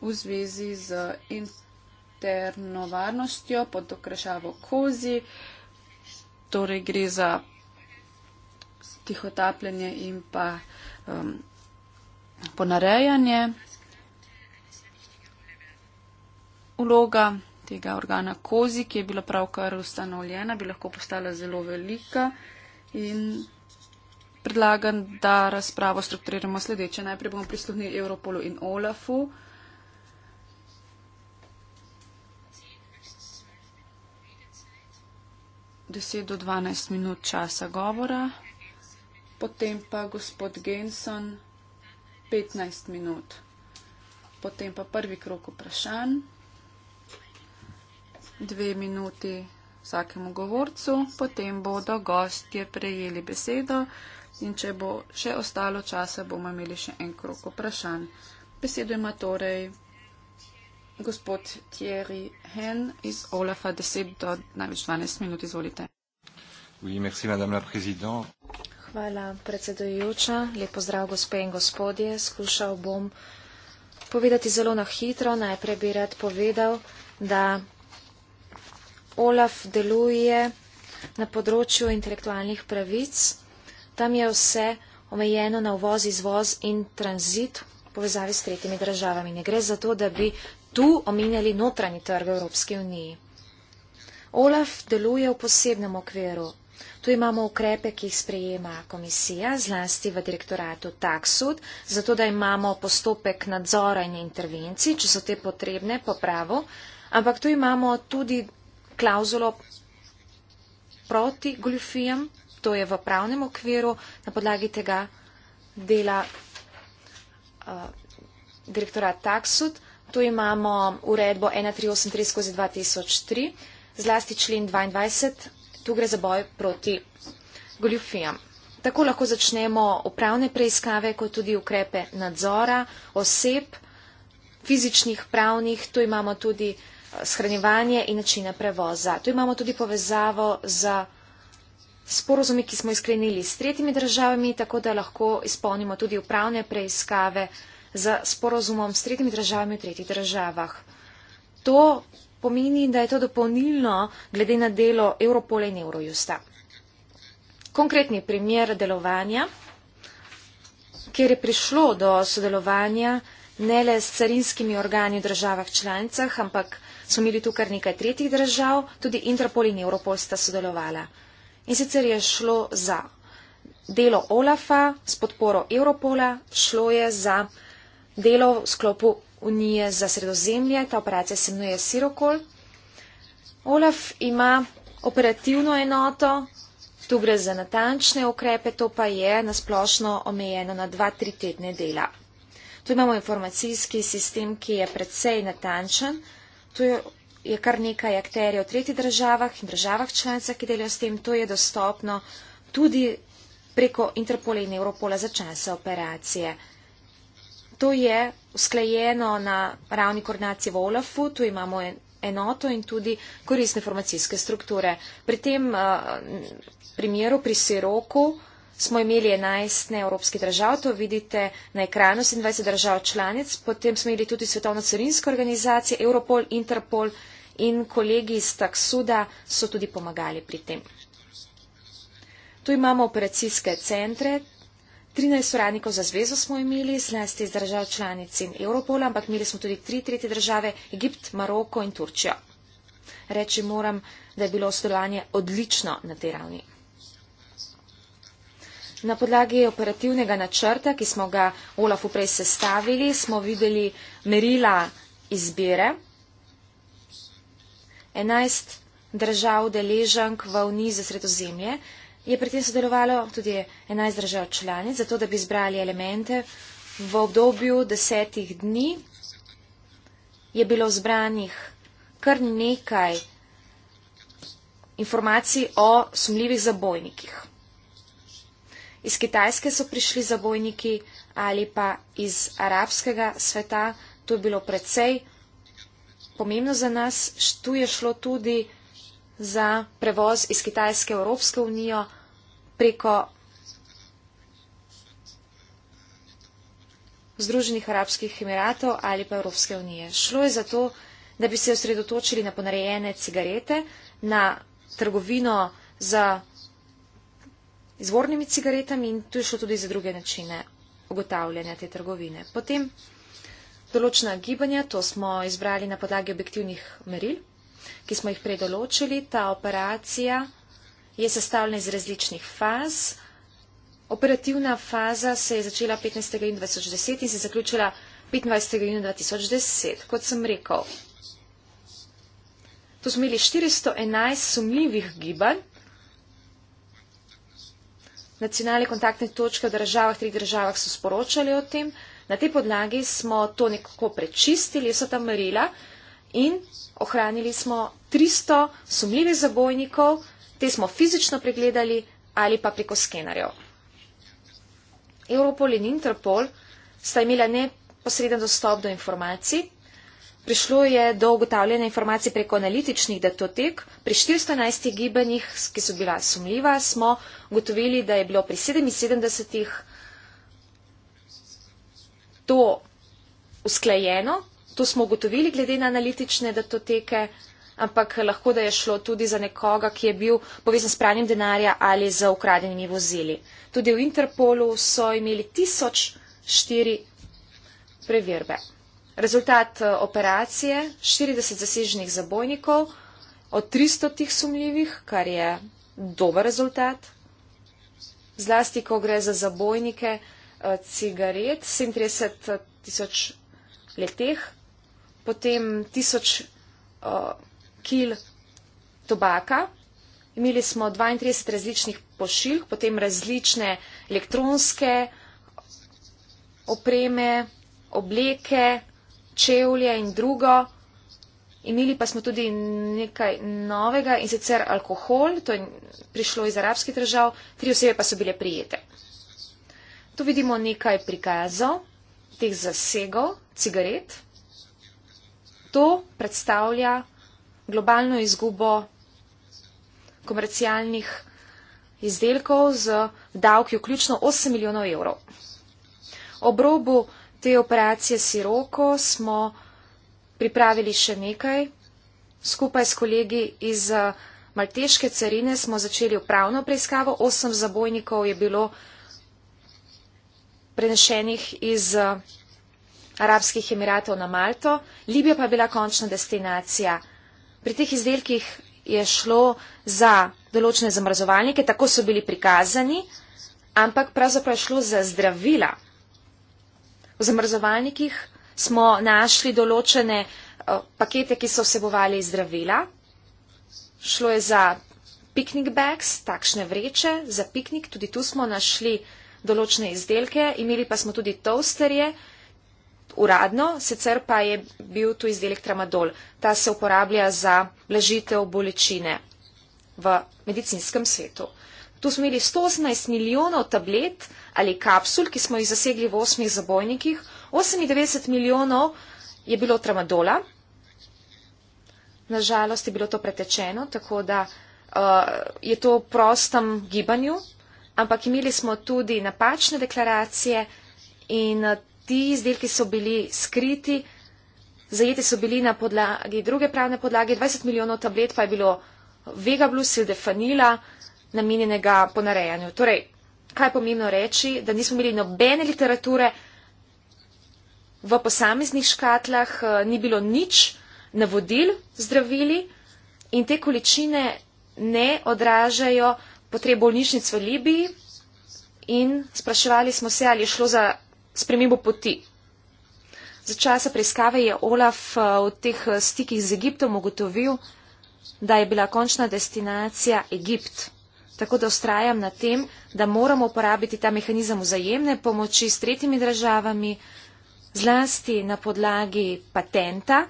v zvezi z interno varnostjo pod okrešavo kozi. Torej gre za tihotapljenje in pa uh, um, ponarejanje, uloga tega organa kozi, ki je bila pravkar ustanovljena, bi lahko postala zelo velika in predlagam, da razpravo strukturiramo sledeče. Najprej bomo prisluhnili Europolu in Olafu. Deset do dvanajst minut časa govora potem pa gospod Genson 15 minut, potem pa prvi krok vprašanj, dve minuti vsakemu govorcu, potem bodo gostje prejeli besedo in če bo še ostalo časa, bomo imeli še en krok vprašanj. Besedo ima torej gospod Thierry Hen iz Olafa 10 do največ 12 minut, izvolite. Oui, merci, madame la présidente. Hvala, predsedujoča. Lep pozdrav, gospe in gospodje. Skušal bom povedati zelo na hitro. Najprej bi rad povedal, da OLAF deluje na področju intelektualnih pravic. Tam je vse omejeno na uvoz, izvoz in tranzit v povezavi s tretjimi državami. Ne gre za to, da bi tu omenjali notranji trg Evropske unije. OLAF deluje v posebnem okviru. Tu imamo ukrepe, ki jih sprejema komisija, zlasti v direktoratu TAXUD, zato da imamo postopek nadzora in intervencij, če so te potrebne, popravo, ampak tu imamo tudi klauzulo proti goljufijam, to je v pravnem okviru, na podlagi tega dela uh, direktorat TAXUD. Tu imamo uredbo 1383 skozi 2003, zlasti člen 22 tu gre za boj proti goljufijam. Tako lahko začnemo upravne preiskave, kot tudi ukrepe nadzora oseb, fizičnih, pravnih, tu imamo tudi eh, shranjevanje in načine prevoza. Tu imamo tudi povezavo z sporozumi, ki smo izklenili s tretjimi državami, tako da lahko izpolnimo tudi upravne preiskave z sporozumom s tretjimi državami v tretjih državah. To pomeni, da je to dopolnilno glede na delo Europola in Eurojusta. Konkretni primer delovanja, kjer je prišlo do sodelovanja ne le s carinskimi organi v državah članicah, ampak smo imeli tukaj nekaj tretjih držav, tudi Interpol in Europol sta sodelovala. In sicer je šlo za delo OLAFA s podporo Europola, šlo je za delo v sklopu unije za sredozemlje. Ta operacija se imenuje Sirokol. Olaf ima operativno enoto, tu gre za natančne ukrepe, to pa je nasplošno omejeno na 2-3 tedne dela. Tu imamo informacijski sistem, ki je predvsej natančen. Tu je kar nekaj akterjev v tretjih državah in državah članicah, ki delajo s tem. To je dostopno tudi preko Interpola in Europola za čase operacije. To je usklajeno na ravni koordinacije v OLAF-u, tu imamo enoto in tudi koristne informacijske strukture. Pri tem eh, primeru, pri Siroku, smo imeli 11 evropskih držav, to vidite na ekranu 27 držav članic, potem smo imeli tudi svetovno carinsko organizacijo, Europol, Interpol in kolegi iz Taksuda so tudi pomagali pri tem. Tu imamo operacijske centre, 13 uradnikov za zvezo smo imeli, zlasti iz držav članic in Europola, ampak imeli smo tudi tri tretje države, Egipt, Maroko in Turčijo. Reči moram, da je bilo sodelovanje odlično na tej ravni. Na podlagi operativnega načrta, ki smo ga Olafu prej sestavili, smo videli merila izbire. 11 držav deležank v Uniji za sredozemlje, je pri tem sodelovalo tudi 11 držav članic, zato da bi zbrali elemente. V obdobju desetih dni je bilo zbranih kar nekaj informacij o sumljivih zabojnikih. Iz Kitajske so prišli zabojniki ali pa iz arabskega sveta, to je bilo precej pomembno za nas, tu je šlo tudi za prevoz iz Kitajske v Evropsko unijo preko Združenih arabskih emiratov ali pa Evropske unije. Šlo je za to, da bi se osredotočili na ponarejene cigarete, na trgovino z izvornimi cigaretami in tu je šlo tudi za druge načine ugotavljanja te trgovine. Potem določena gibanja, to smo izbrali na podlagi objektivnih meril, ki smo jih predoločili. Ta operacija je sestavljena iz različnih faz. Operativna faza se je začela 15. junija 2010 in se je zaključila 25. junija 2010. Kot sem rekel, tu smo imeli 411 sumljivih gibanj, nacionalne kontaktne točke v državah, treh državah so sporočali o tem. Na tej podlagi smo to nekako prečistili, vsa ta merila in ohranili smo 300 sumljivih zabojnikov, te smo fizično pregledali ali pa preko skenerjev. Europol in Interpol sta imela neposreden dostop do informacij. Prišlo je do ugotavljanja informacij preko analitičnih datotek. Pri 411 gibanjih, ki so bila sumljiva, smo ugotovili, da je bilo pri 77 to usklajeno. To smo ugotovili glede na analitične datoteke ampak lahko da je šlo tudi za nekoga, ki je bil povezan s pranjem denarja ali z ukradenimi vozili. Tudi v Interpolu so imeli 1004 preverbe. Rezultat eh, operacije 40 zasežnih zabojnikov od 300 tih sumljivih, kar je dober rezultat. Zlasti, ko gre za zabojnike eh, cigaret, 37 eh, tisoč leteh, potem tisoč kil tobaka. Imeli smo 32 različnih pošiljk, potem različne elektronske opreme, obleke, čevlje in drugo. Imeli pa smo tudi nekaj novega in sicer alkohol, to je prišlo iz arabskih držav, tri osebe pa so bile prijete. Tu vidimo nekaj prikazov teh zasegov cigaret. To predstavlja globalno izgubo komercialnih izdelkov z davki vključno 8 milijonov evrov. Ob robu te operacije Siroko smo pripravili še nekaj. Skupaj s kolegi iz eh, Malteške carine smo začeli upravno preiskavo. Osem zabojnikov je bilo prenešenih iz eh, Arabskih Emiratov na Malto. Libija pa je bila končna destinacija. Pri teh izdelkih je šlo za določene zamrzovalnike, tako so bili prikazani, ampak pravzaprav je šlo za zdravila. V zamrzovalnikih smo našli določene eh, pakete, ki so vsebovali zdravila. Šlo je za piknik bags, takšne vreče za piknik, tudi tu smo našli določene izdelke, imeli pa smo tudi toasterje, uradno, sicer pa je bil tu izdelek tramadol. Ta se uporablja za blažitev bolečine v medicinskem svetu. Tu smo imeli 118 milijonov tablet ali kapsul, ki smo jih zasegli v osmih zabojnikih, 98 milijonov je bilo tramadola. Nažalost je bilo to pretečeno, tako da uh, je to v prostem gibanju, ampak imeli smo tudi napačne deklaracije in uh, ti izdelki so bili skriti, zajeti so bili na podlagi druge pravne podlage, 20 milijonov tablet pa je bilo Vegablus, Sildefanila, namenjenega ponarejanju. Torej, kaj je pomembno reči, da nismo imeli nobene literature v posameznih škatlah, eh, ni bilo nič navodil zdravili in te količine ne odražajo potreb bolnišnic v Libiji in spraševali smo se, ali je šlo za spremembo poti. Za časa preiskave je Olaf eh, v teh eh, stikih z Egiptom ugotovil, da je bila končna destinacija Egipt. Tako da ustrajam na tem, da moramo uporabiti ta mehanizem vzajemne pomoči s tretjimi državami, zlasti na podlagi patenta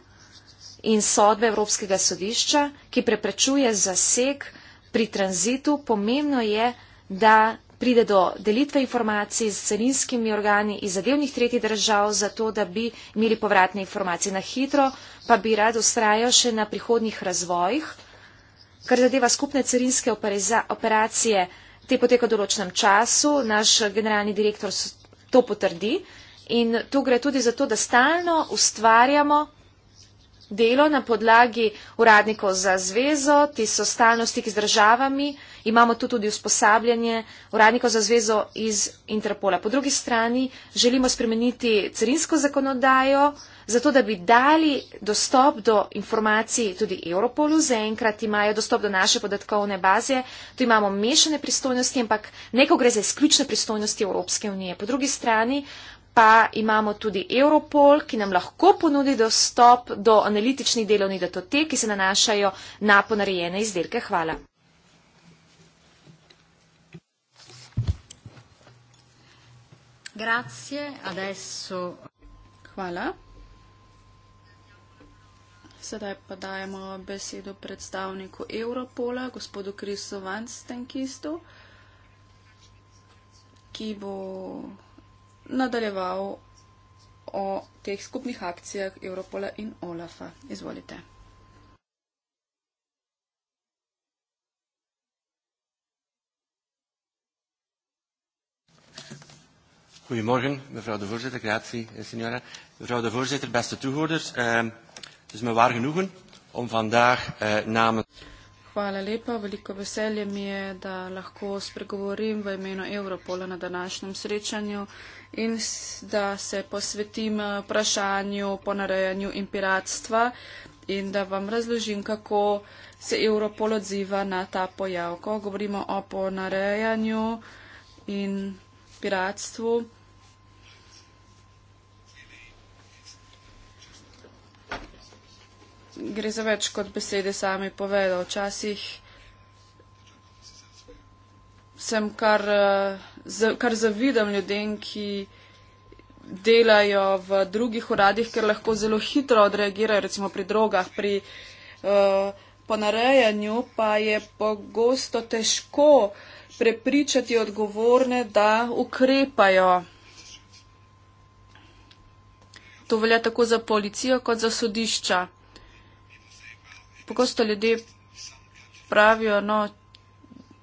in sodbe Evropskega sodišča, ki preprečuje zaseg pri tranzitu. Pomembno je, da pride do delitve informacij z celinskimi organi iz zadevnih tretjih držav, zato da bi imeli povratne informacije na hitro, pa bi rad ustrajal še na prihodnih razvojih, kar zadeva skupne celinske operacije, te poteka v določenem času, naš generalni direktor to potrdi in tu gre tudi za to, da stalno ustvarjamo delo na podlagi uradnikov za zvezo, ti so stalno stiki z državami, imamo tu tudi usposabljanje uradnikov za zvezo iz Interpola. Po drugi strani želimo spremeniti carinsko zakonodajo, zato da bi dali dostop do informacij tudi Europolu. Zaenkrat imajo dostop do naše podatkovne baze, tu imamo mešane pristojnosti, ampak neko gre za izključne pristojnosti Evropske unije. Po drugi strani pa imamo tudi Europol, ki nam lahko ponudi dostop do analitičnih delovnih datotek, ki se nanašajo na ponarejene izdelke. Hvala. Grazie, adesso. Hvala. Sedaj pa dajemo besedo predstavniku Europola, gospodu Krisu Vanstenkistu, ki bo nadaljeval o teh skupnih akcijah Europola in Olafa. Izvolite. Goedemorgen, mevrouw de voorzitter, gratie, eh, signora. Mevrouw de voorzitter, beste toehoorders, uh, het is me waar genoegen om vandaag uh, namens... Hvala lepa, veliko veselje mi je, da lahko spregovorim v imenu Evropola na današnjem srečanju in da se posvetim eh, vprašanju ponarejanju in piratstva in da vam razložim, kako se Evropol odziva na ta pojav. Ko govorimo o ponarejanju in piratstvu, gre za več kot besede sami povedal. Včasih sem kar, eh, kar zavidam ljudem, ki delajo v drugih uradih, ker lahko zelo hitro odreagirajo, recimo pri drogah, pri eh, ponarejanju, pa je pogosto težko prepričati odgovorne, da ukrepajo. To velja tako za policijo kot za sodišča pogosto ljudje pravijo, no,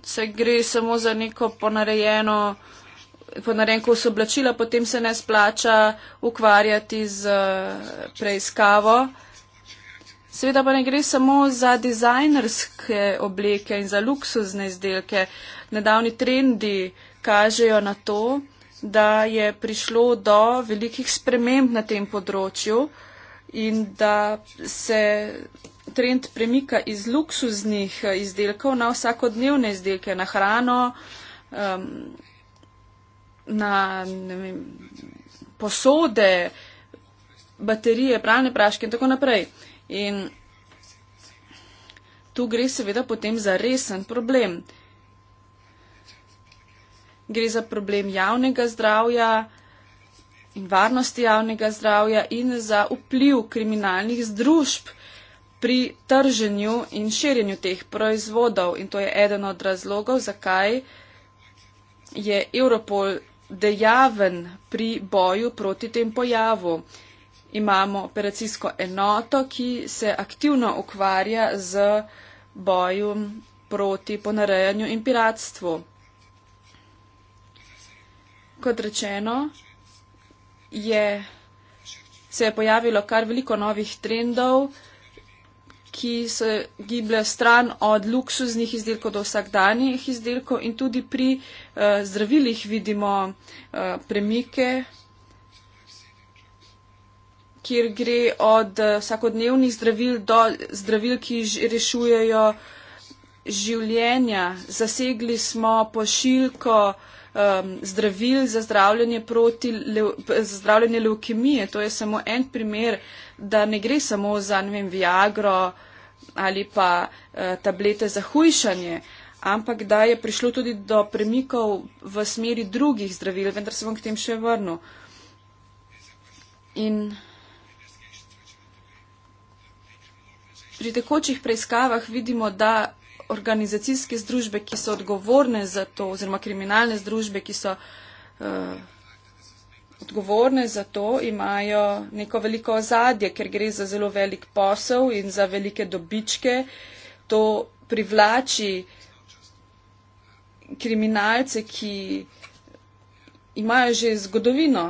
se gre samo za neko ponarejeno, ponarejen kos oblačila, potem se ne splača ukvarjati z eh, preiskavo. Seveda pa ne gre samo za dizajnerske obleke in za luksuzne izdelke. Nedavni trendi kažejo na to, da je prišlo do velikih sprememb na tem področju in da se trend premika iz luksuznih eh, izdelkov na vsakodnevne izdelke, na hrano, um, na vem, posode, baterije, pralne praške in tako naprej. In tu gre seveda potem za resen problem. Gre za problem javnega zdravja in varnosti javnega zdravja in za vpliv kriminalnih združb pri trženju in širjenju teh proizvodov. In to je eden od razlogov, zakaj je Europol dejaven pri boju proti tem pojavu. Imamo operacijsko enoto, ki se aktivno ukvarja z bojem proti ponarejanju in piratstvu. Kot rečeno, je, se je pojavilo kar veliko novih trendov, ki se giblje stran od luksuznih izdelkov do vsakdanjih izdelkov in tudi pri uh, zdravilih vidimo uh, premike, kjer gre od uh, vsakodnevnih zdravil do zdravil, ki rešujejo življenja. Zasegli smo pošiljko uh, um, zdravil za zdravljenje, proti, le, za zdravljenje leukemije. To je samo en primer, da ne gre samo za vem, viagro ali pa uh, tablete za hujšanje, ampak da je prišlo tudi do premikov v smeri drugih zdravil, vendar se bom k tem še vrnil. In pri tekočih preiskavah vidimo, da organizacijske združbe, ki so odgovorne za to, oziroma kriminalne združbe, ki so uh, odgovorne za to, imajo neko veliko ozadje, ker gre za zelo velik posel in za velike dobičke. To privlači kriminalce, ki imajo že zgodovino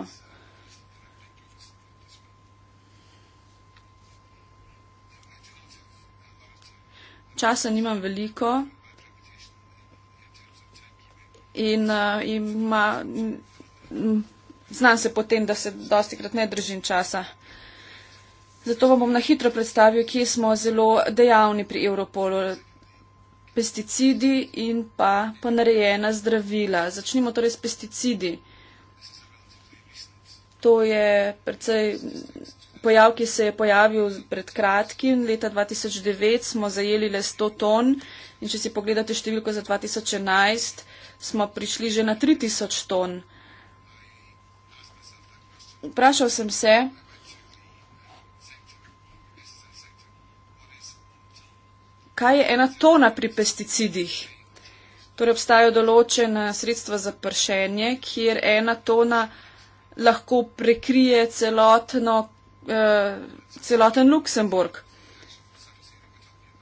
časa nimam veliko in uh, ima, znam se potem, da se dosti krat ne držim časa. Zato vam bom na hitro predstavil, kje smo zelo dejavni pri Evropolu. Pesticidi in pa ponarejena zdravila. Začnimo torej s pesticidi. To je precej pojav, ki se je pojavil pred kratkim, leta 2009 smo zajeli le 100 ton in če si pogledate številko za 2011, smo prišli že na 3000 ton. Vprašal sem se, kaj je ena tona pri pesticidih. Torej obstajajo določena sredstva za pršenje, kjer ena tona lahko prekrije celotno eh, celoten Luksemburg.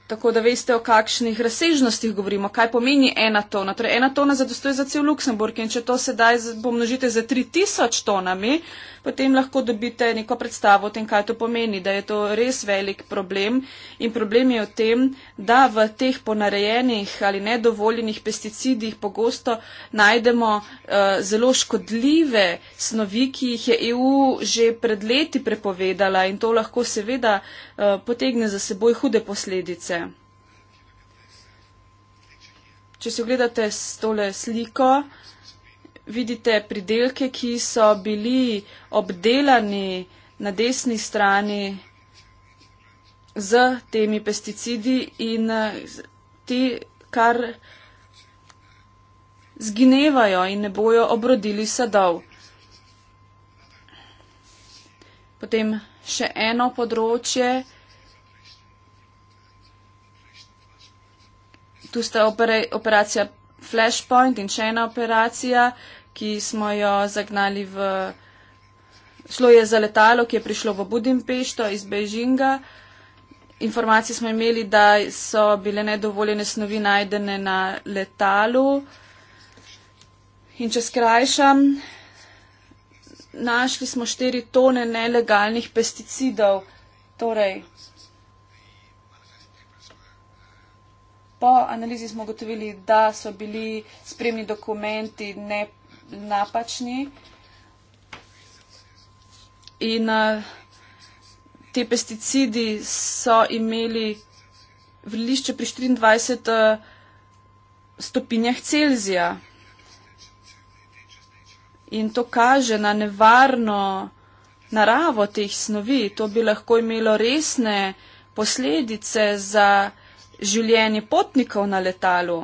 Tako da veste, o kakšnih razsežnostih govorimo, kaj pomeni ena tona. Torej, ena tona zadostuje za cel Luksemburg in če to sedaj pomnožite za 3000 tonami, eh, potem lahko dobite neko predstavo o tem, kaj to pomeni, da je to res velik problem in problem je v tem, da v teh ponarejenih ali nedovoljenih pesticidih pogosto najdemo uh, zelo škodljive snovi, ki jih je EU že pred leti prepovedala in to lahko seveda uh, potegne za seboj hude posledice. Če si ogledate s tole sliko, vidite pridelke, ki so bili obdelani na desni strani z temi pesticidi in eh, ti kar zginevajo in ne bojo obrodili sadov. Potem še eno področje. Tu sta operacija Flashpoint in še ena operacija, ki smo jo zagnali v. Šlo je za letalo, ki je prišlo v Budimpešto iz Beijinga. Informacije smo imeli, da so bile nedovoljene snovi najdene na letalu. In če skrajšam, našli smo 4 tone nelegalnih pesticidov. Torej, Po analizi smo ugotovili, da so bili spremni dokumenti ne, napačni in a, eh, te pesticidi so imeli vrlišče pri 24 a, eh, stopinjah Celzija. In to kaže na nevarno naravo teh snovi. To bi lahko imelo resne posledice za življenje potnikov na letalu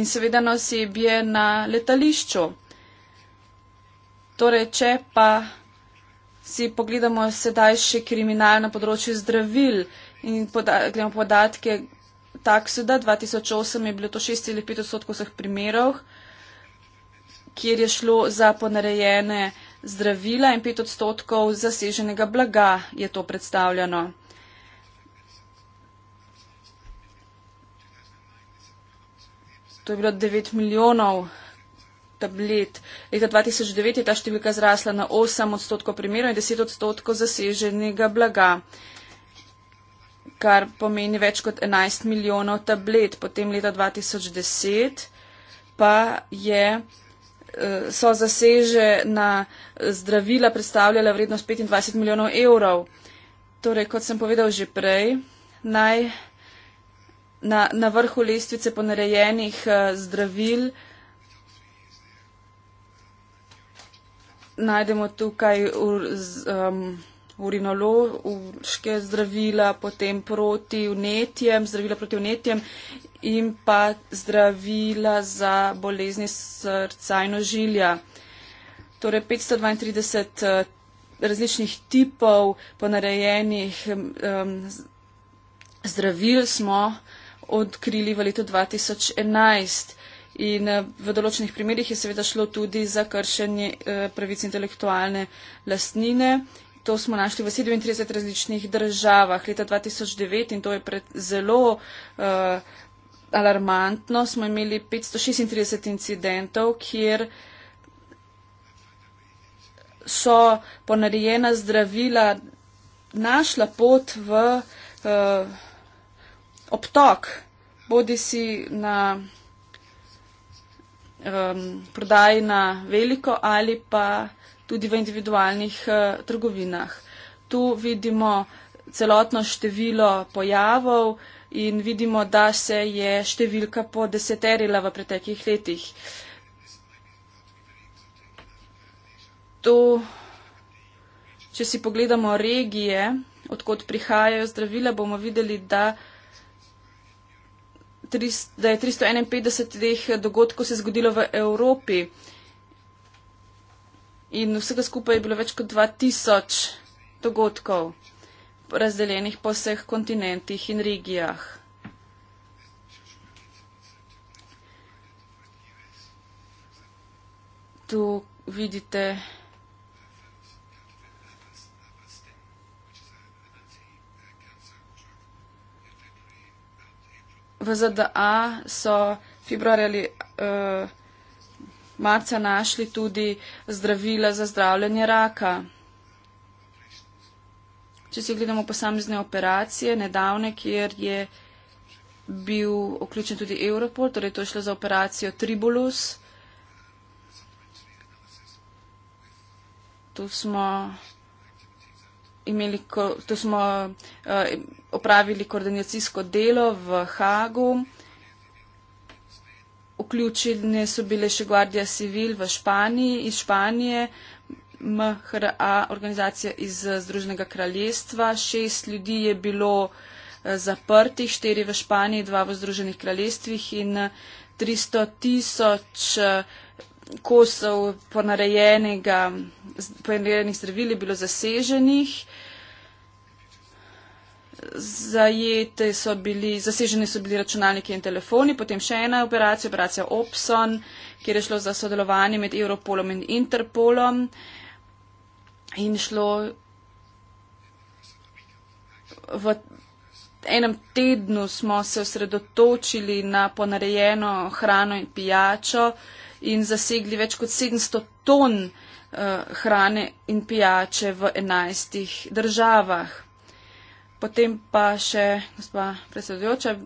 in seveda na osebje na letališču. Torej, če pa si pogledamo sedaj še kriminal na področju zdravil in poda gledamo podatke taksida, 2008 je bilo to 6,5 odstotkov vseh primerov, kjer je šlo za ponarejene zdravila in 5 odstotkov zaseženega blaga je to predstavljeno. to je bilo 9 milijonov tablet. Leta 2009 je ta številka zrasla na 8 odstotkov primerov in 10 odstotkov zaseženega blaga, kar pomeni več kot 11 milijonov tablet. Potem leta 2010 pa je, eh, so zasežena zdravila predstavljala vrednost 25 milijonov evrov. Torej, kot sem povedal že prej, naj na, na vrhu lestvice ponarejenih eh, zdravil. Najdemo tukaj ur, z, um, urinološke zdravila, potem proti unetjem, zdravila proti unetjem in pa zdravila za bolezni srca in ožilja. Torej 532 eh, različnih tipov ponarejenih um, zdravil smo odkrili v letu 2011. In eh, v določenih primerjih je seveda šlo tudi za kršenje eh, pravic intelektualne lastnine. To smo našli v 37 različnih državah. Leta 2009, in to je pred zelo uh, alarmantno, smo imeli 536 incidentov, kjer so ponarejena zdravila našla pot v. Uh, obtok, bodi si na um, prodaji na veliko ali pa tudi v individualnih uh, trgovinah. Tu vidimo celotno število pojavov in vidimo, da se je številka podeseterila v preteklih letih. To, če si pogledamo regije, odkot prihajajo zdravila, bomo videli, da trist, da je 351 teh dogodkov se zgodilo v Evropi in vsega skupaj je bilo več kot 2000 dogodkov razdeljenih po vseh kontinentih in regijah. Tu vidite v ZDA so februarja ali uh, marca našli tudi zdravila za zdravljenje raka. Če si gledamo posamezne operacije, nedavne, kjer je bil vključen tudi Europol, torej to je šlo za operacijo Tribulus. Tu smo imeli, to smo eh, opravili koordinacijsko delo v Hagu. Vključene so bile še Guardia Civil v Španiji, iz Španije, MHRA, organizacija iz eh, Združenega kraljestva. Šest ljudi je bilo eh, zaprtih, štiri v Španiji, dva v Združenih kraljestvih in 300 tisoč kosov ponarejenega, ponarejenih zdravil je bilo zaseženih. Zajete so bili, zaseženi so bili računalniki in telefoni, potem še ena operacija, operacija Opson, kjer je šlo za sodelovanje med Europolom in Interpolom in šlo v enem tednu smo se osredotočili na ponarejeno hrano in pijačo in zasegli več kot 700 ton uh, hrane in pijače v 11 državah. Potem pa še, gospa predsedujoča,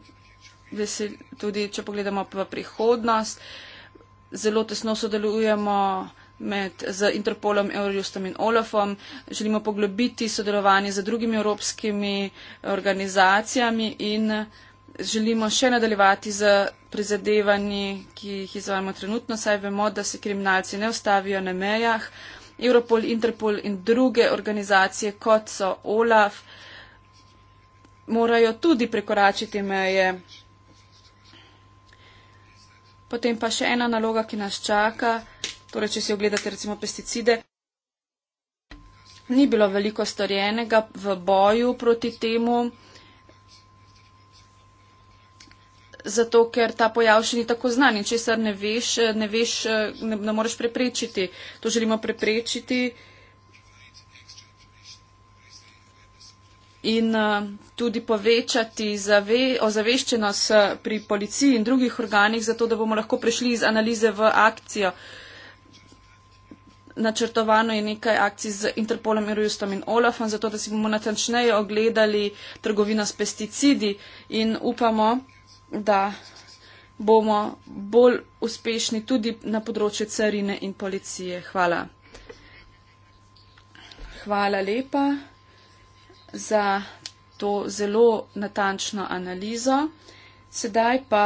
tudi če pogledamo v prihodnost, zelo tesno sodelujemo med, z Interpolom, Eurojustom in Olofom. Želimo poglobiti sodelovanje z drugimi evropskimi organizacijami in. Uh, želimo še nadaljevati z prizadevanji, ki jih izvajamo trenutno, saj vemo, da se kriminalci ne ustavijo na mejah. Europol, Interpol in druge organizacije, kot so OLAF, morajo tudi prekoračiti meje. Potem pa še ena naloga, ki nas čaka, torej če si ogledate recimo pesticide. Ni bilo veliko storjenega v boju proti temu. zato ker ta pojav še ni tako znan in česar ne veš, ne, veš eh, ne, ne moreš preprečiti. To želimo preprečiti. In eh, tudi povečati zave, ozaveščenost eh, pri policiji in drugih organih, zato da bomo lahko prišli iz analize v akcijo. Načrtovano je nekaj akcij z Interpolom, Rujustom in Olafom, zato da si bomo natančneje ogledali trgovino s pesticidi in upamo, da bomo bolj uspešni tudi na področju carine in policije. Hvala. Hvala lepa za to zelo natančno analizo. Sedaj pa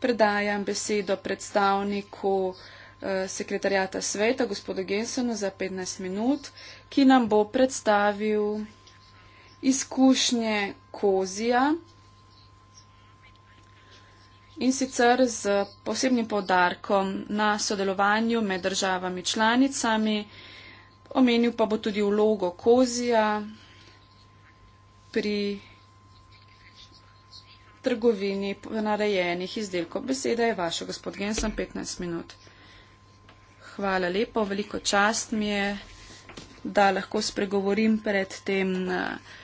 predajam besedo predstavniku eh, sekretarjata sveta, gospodu Gensonu, za 15 minut, ki nam bo predstavil izkušnje kozija in sicer z posebnim povdarkom na sodelovanju med državami članicami, omenil pa bo tudi vlogo kozija pri trgovini narejenih izdelkov. Beseda je vaša, gospod Gensen, 15 minut. Hvala lepo, veliko čast mi je, da lahko spregovorim pred tem. Uh,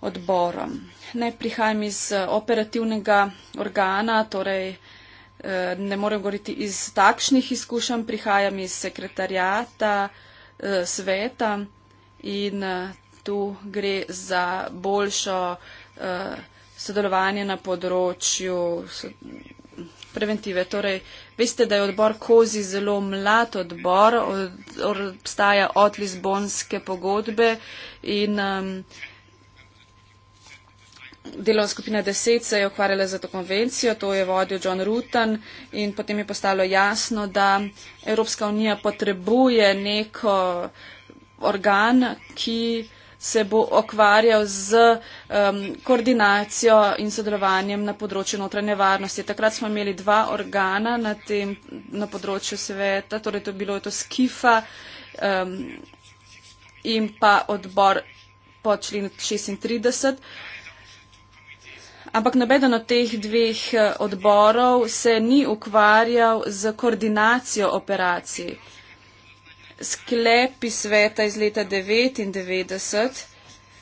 odborom. Naj prihajam iz eh, operativnega organa, torej eh, ne morem govoriti iz takšnih izkušenj, prihajam iz sekretarijata eh, sveta in tu gre za boljšo sodelovanje na področju preventive. Torej, veste, da je odbor Kozi zelo mlad odbor, obstaja od Lizbonske pogodbe in um, delovna skupina deset se je ukvarjala za to konvencijo, to je vodil John Rutan in potem je postalo jasno, da Evropska unija potrebuje neko organ, ki se bo okvarjal z um, koordinacijo in sodelovanjem na področju notranje varnosti. Takrat smo imeli dva organa na, tem, na področju sveta, torej to bilo je to Skifa um, in pa odbor po členu 36 ampak nobeden od teh dveh eh, odborov se ni ukvarjal z koordinacijo operacij. Sklepi sveta iz leta 1999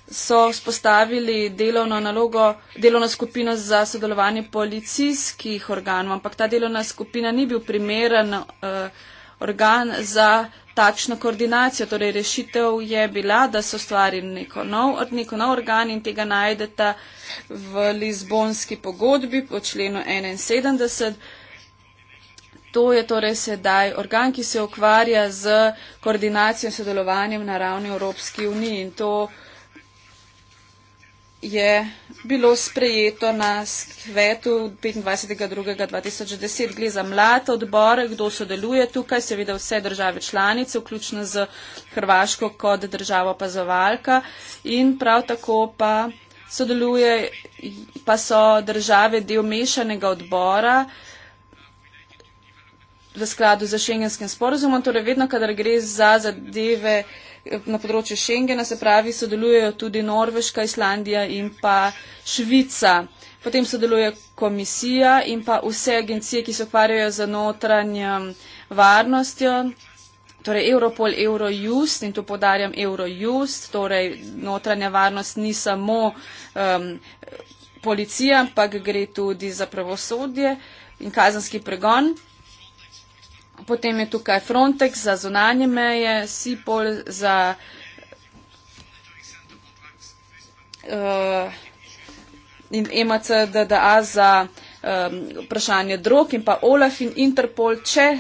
so spostavili delovno nalogo, delovno skupino za sodelovanje policijskih organov, ampak ta delovna skupina ni bil primeren. Uh, organ za takšno koordinacijo. Torej, rešitev je bila, da se ustvari neko nov, neko nov organ in tega najdete v Lizbonski pogodbi po členu 71. To je torej sedaj organ, ki se ukvarja z koordinacijo in sodelovanjem na ravni Evropske unije in to je bilo sprejeto na skvetu 25.2.2010. Gle za mlad odbor, kdo sodeluje tukaj, seveda vse države članice, vključno z Hrvaško kot država opazovalka in prav tako pa sodeluje, pa so države del mešanega odbora, v skladu z šengenskim sporozumom, torej vedno, kadar gre za zadeve eh, na področju Šengena, se pravi, sodelujejo tudi Norveška, Islandija in pa Švica. Potem sodeluje komisija in pa vse agencije, ki se ukvarjajo z notranjo varnostjo, torej Europol, Eurojust in tu podarjam Eurojust, torej notranja varnost ni samo um, policija, ampak gre tudi za pravosodje in kazanski pregon. Potem je tukaj Frontex za zunanje meje, SIPOL za uh, in e MCDDA za um, vprašanje drog in pa OLAF in Interpol, če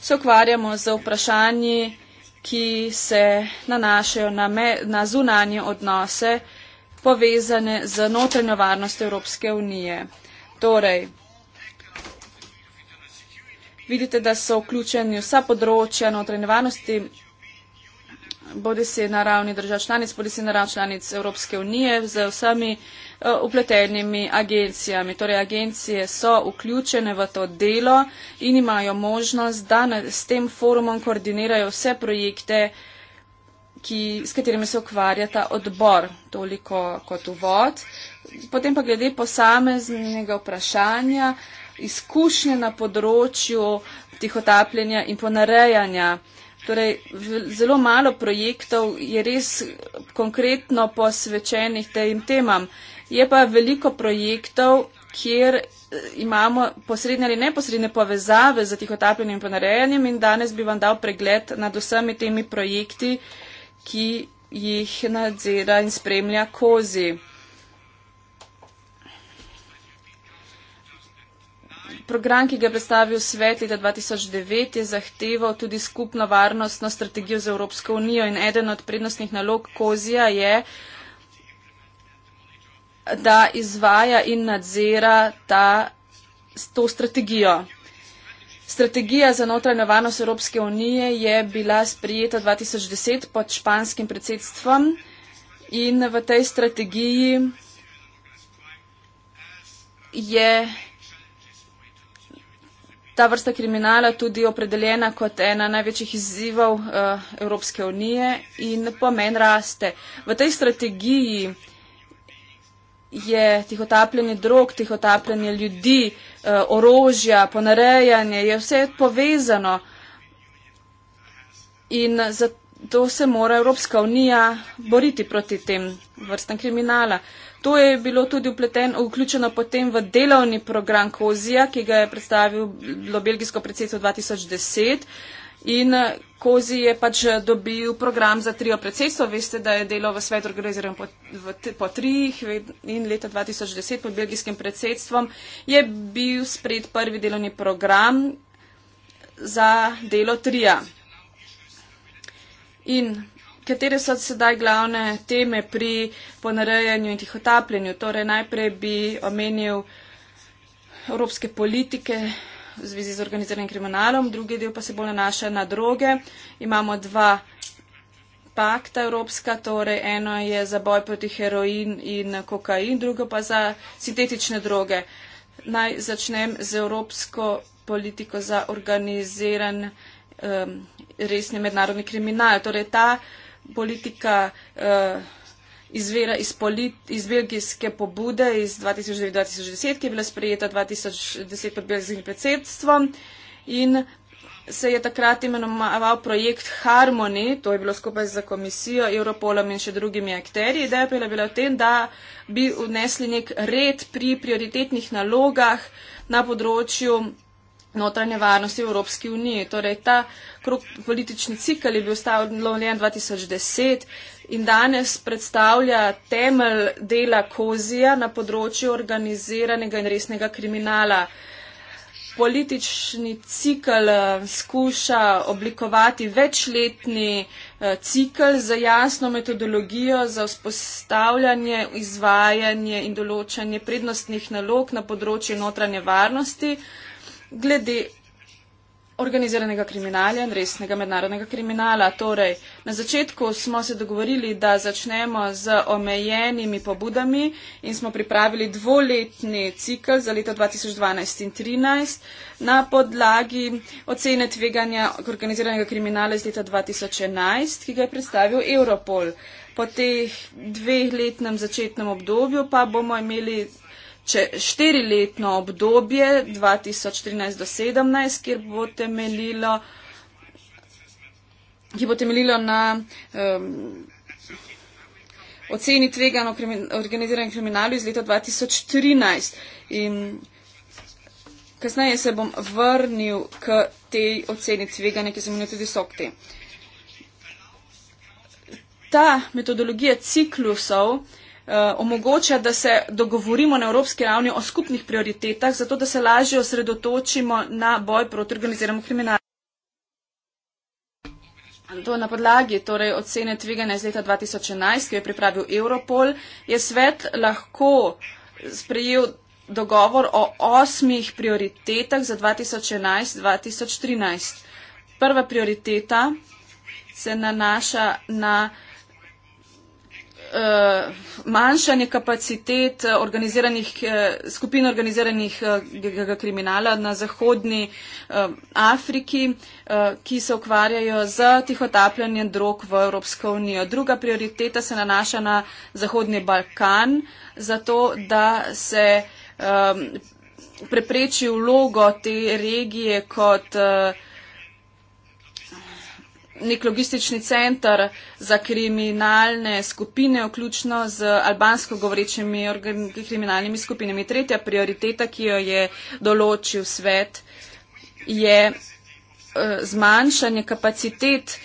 se ukvarjamo z vprašanji, ki se nanašajo na, me, na zunanje odnose povezane z notranjo varnost Evropske unije. Torej, Vidite, da so vključeni vsa področja notranje varnosti, bodi si na ravni držav članic, bodi si na ravni članic Evropske unije z vsemi eh, upletenimi agencijami. Torej, agencije so vključene v to delo in imajo možnost, da s tem forumom koordinirajo vse projekte, ki, s katerimi se ukvarja ta odbor, toliko kot uvod. Potem pa glede posameznega vprašanja izkušnje na področju tihotapljenja in ponarejanja. Torej, zelo malo projektov je res konkretno posvečenih tem temam. Je pa veliko projektov, kjer eh, imamo posredne ali neposredne povezave z tihotapljenjem in ponarejanjem in danes bi vam dal pregled nad vsemi temi projekti, ki jih nadzira in spremlja kozi. Program, ki ga je predstavil svet leta 2009, je zahteval tudi skupno varnostno strategijo z Evropsko unijo in eden od prednostnih nalog Kozija je, da izvaja in nadzira ta, to strategijo. Strategija za notranjo varnost Evropske unije je bila sprijeta 2010 pod španskim predsedstvom in v tej strategiji je ta vrsta kriminala tudi opredeljena kot ena največjih izzivov uh, Evropske unije in pomen raste. V tej strategiji je tihotapljanje drog, tihotapljanje ljudi, uh, orožja, ponarejanje, je vse povezano. In zato to se mora Evropska unija boriti proti tem vrstam kriminala. To je bilo tudi upleten, vključeno potem v delovni program Kozija, ki ga je predstavilo belgijsko predsedstvo 2010. In eh, Kozi je pač eh, dobil program za trio predsedstvo. Veste, da je delo v svet organiziran po, v, po trih in leta 2010 pod belgijskim predsedstvom je bil spred prvi delovni program za delo trija. In katere so sedaj glavne teme pri ponarejanju in tihotapljenju? Torej, najprej bi omenil evropske politike v zvezi z organiziranim kriminalom, drugi del pa se bolj nanaša na droge. Imamo dva pakta evropska, torej eno je za boj proti heroin in kokain, drugo pa za sintetične droge. Naj začnem z evropsko politiko za organiziran kriminal um, resni mednarodni kriminal. Torej, ta politika uh, izvira iz, polit, iz belgijske pobude iz 2009-2010, ki je bila sprejeta 2010 pod belgijskim predsedstvom in se je takrat imenoval projekt Harmony, to je bilo skupaj za komisijo, Europolom in še drugimi akterji. Ideja pa je bila v tem, da bi vnesli nek red pri prioritetnih nalogah na področju notranje varnosti v Evropski uniji. Torej, ta krug politični cikl je bil ustavljen 2010 in danes predstavlja temelj dela kozija na področju organiziranega in resnega kriminala. Politični cikl eh, skuša oblikovati večletni eh, cikl za jasno metodologijo za vzpostavljanje, izvajanje in določanje prednostnih nalog na področju notranje varnosti glede organiziranega kriminala in resnega mednarodnega kriminala. Torej, na začetku smo se dogovorili, da začnemo z omejenimi pobudami in smo pripravili dvoletni cikl za leto 2012 in 2013 na podlagi ocene tveganja organiziranega kriminala iz leta 2011, ki ga je predstavil Europol. Po teh dveh letnem začetnem obdobju pa bomo imeli če štiriletno obdobje 2013-2017, kjer bo temeljilo ki bo temeljilo na um, oceni tveganja krimi, organiziranem kriminalu iz leta 2013. In kasneje se bom vrnil k tej oceni tveganja, ki se imenuje tudi SOKTE. Ta metodologija ciklusov uh, Eh, omogoča, da se dogovorimo na evropski ravni o skupnih prioritetah, zato da se lažje osredotočimo na boj proti organiziranemu kriminalu. To na podlagi torej, ocene tveganja iz leta 2011, ki jo je pripravil Europol, je svet lahko sprejel dogovor o osmih prioritetah za 2011-2013. Prva prioriteta se nanaša na Eh, manjšanje kapacitet eh, organiziranih, eh, skupin organiziranih kriminala na zahodni Afriki, ki se ukvarjajo z tihotapljanjem drog v Evropsko unijo. Druga prioriteta se nanaša na zahodni Balkan, zato da se prepreči vlogo te regije kot nek logistični center za kriminalne skupine, vključno z albansko govorečimi kriminalnimi skupinami. Tretja prioriteta, ki jo je določil svet, je eh, zmanjšanje kapacitet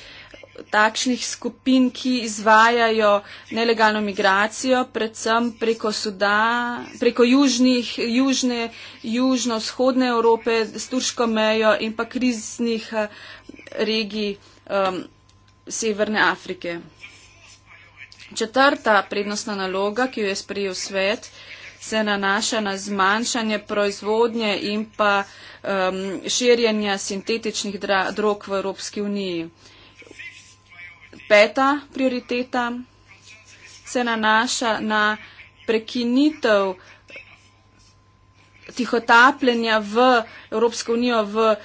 takšnih skupin, ki izvajajo nelegalno migracijo, predvsem preko, Suda, preko južnih, južne, južno-vzhodne Evrope s turško mejo in pa kriznih eh, regij um, Severne Afrike. Četrta prednostna naloga, ki jo je sprejel svet, se nanaša na zmanjšanje proizvodnje in pa um, širjenja sintetičnih drog v Evropski uniji. Peta prioriteta se nanaša na prekinitev tihotapljenja v Evropsko unijo v uh,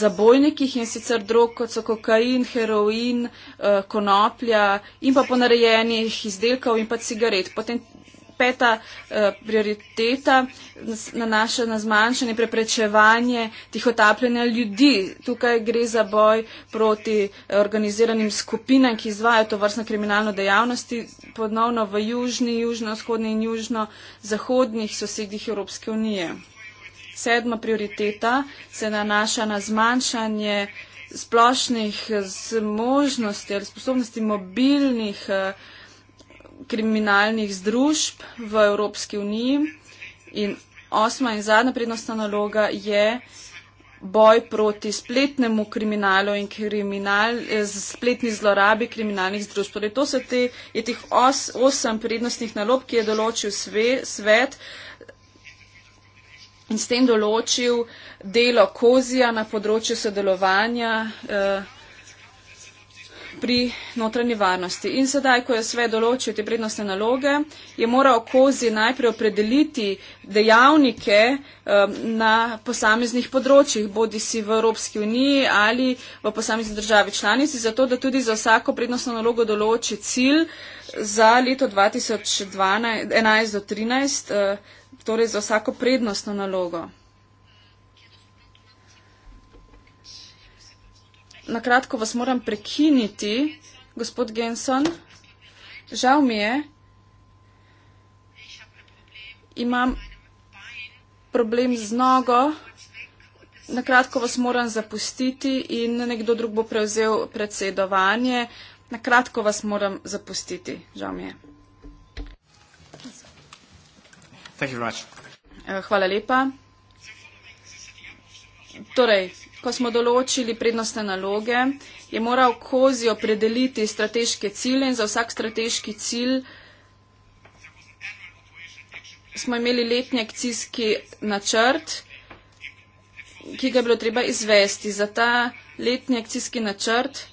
zabojnikih in sicer drog, kot so kokain, heroin, uh, konoplja in pa ponarejenih izdelkov in pa cigaret. Potem peta eh, prioriteta nanaša na zmanjšanje, preprečevanje tihotapljenja ljudi. Tukaj gre za boj proti eh, organiziranim skupinam, ki izvajo to vrstno kriminalno dejavnosti ponovno v južni, južno-vzhodni in južno-zahodnih sosedih Evropske unije. Sedma prioriteta se nanaša na zmanjšanje splošnih eh, zmožnosti ali sposobnosti mobilnih uh, kriminalnih združb v Evropski uniji. In osma in zadnja prednostna naloga je boj proti spletnemu kriminalu in kriminal, eh, spletni zlorabi kriminalnih združb. Torej, to so te, je teh os, osem prednostnih nalog, ki je določil sve, svet in s tem določil delo kozija na področju sodelovanja. Eh, pri notranji varnosti. In sedaj, ko je sve določil te prednostne naloge, je moral kozi najprej opredeliti dejavnike um, na posameznih področjih, bodi si v Evropski uniji ali v posamezni državi članici, zato da tudi za vsako prednostno nalogo določi cilj za leto 2011-2013, uh, eh, torej za vsako prednostno nalogo. na kratko vas moram prekiniti, gospod Genson. Žal mi je. Imam problem z nogo. Na kratko vas moram zapustiti in nekdo drug bo prevzel predsedovanje. Na kratko vas moram zapustiti. Žal mi je. Eh, hvala lepa. Torej, ko smo določili prednostne naloge, je moral Kozi opredeliti strateške cilje in za vsak strateški cilj smo imeli letni akcijski načrt, ki ga je bilo treba izvesti. Za ta letni akcijski načrt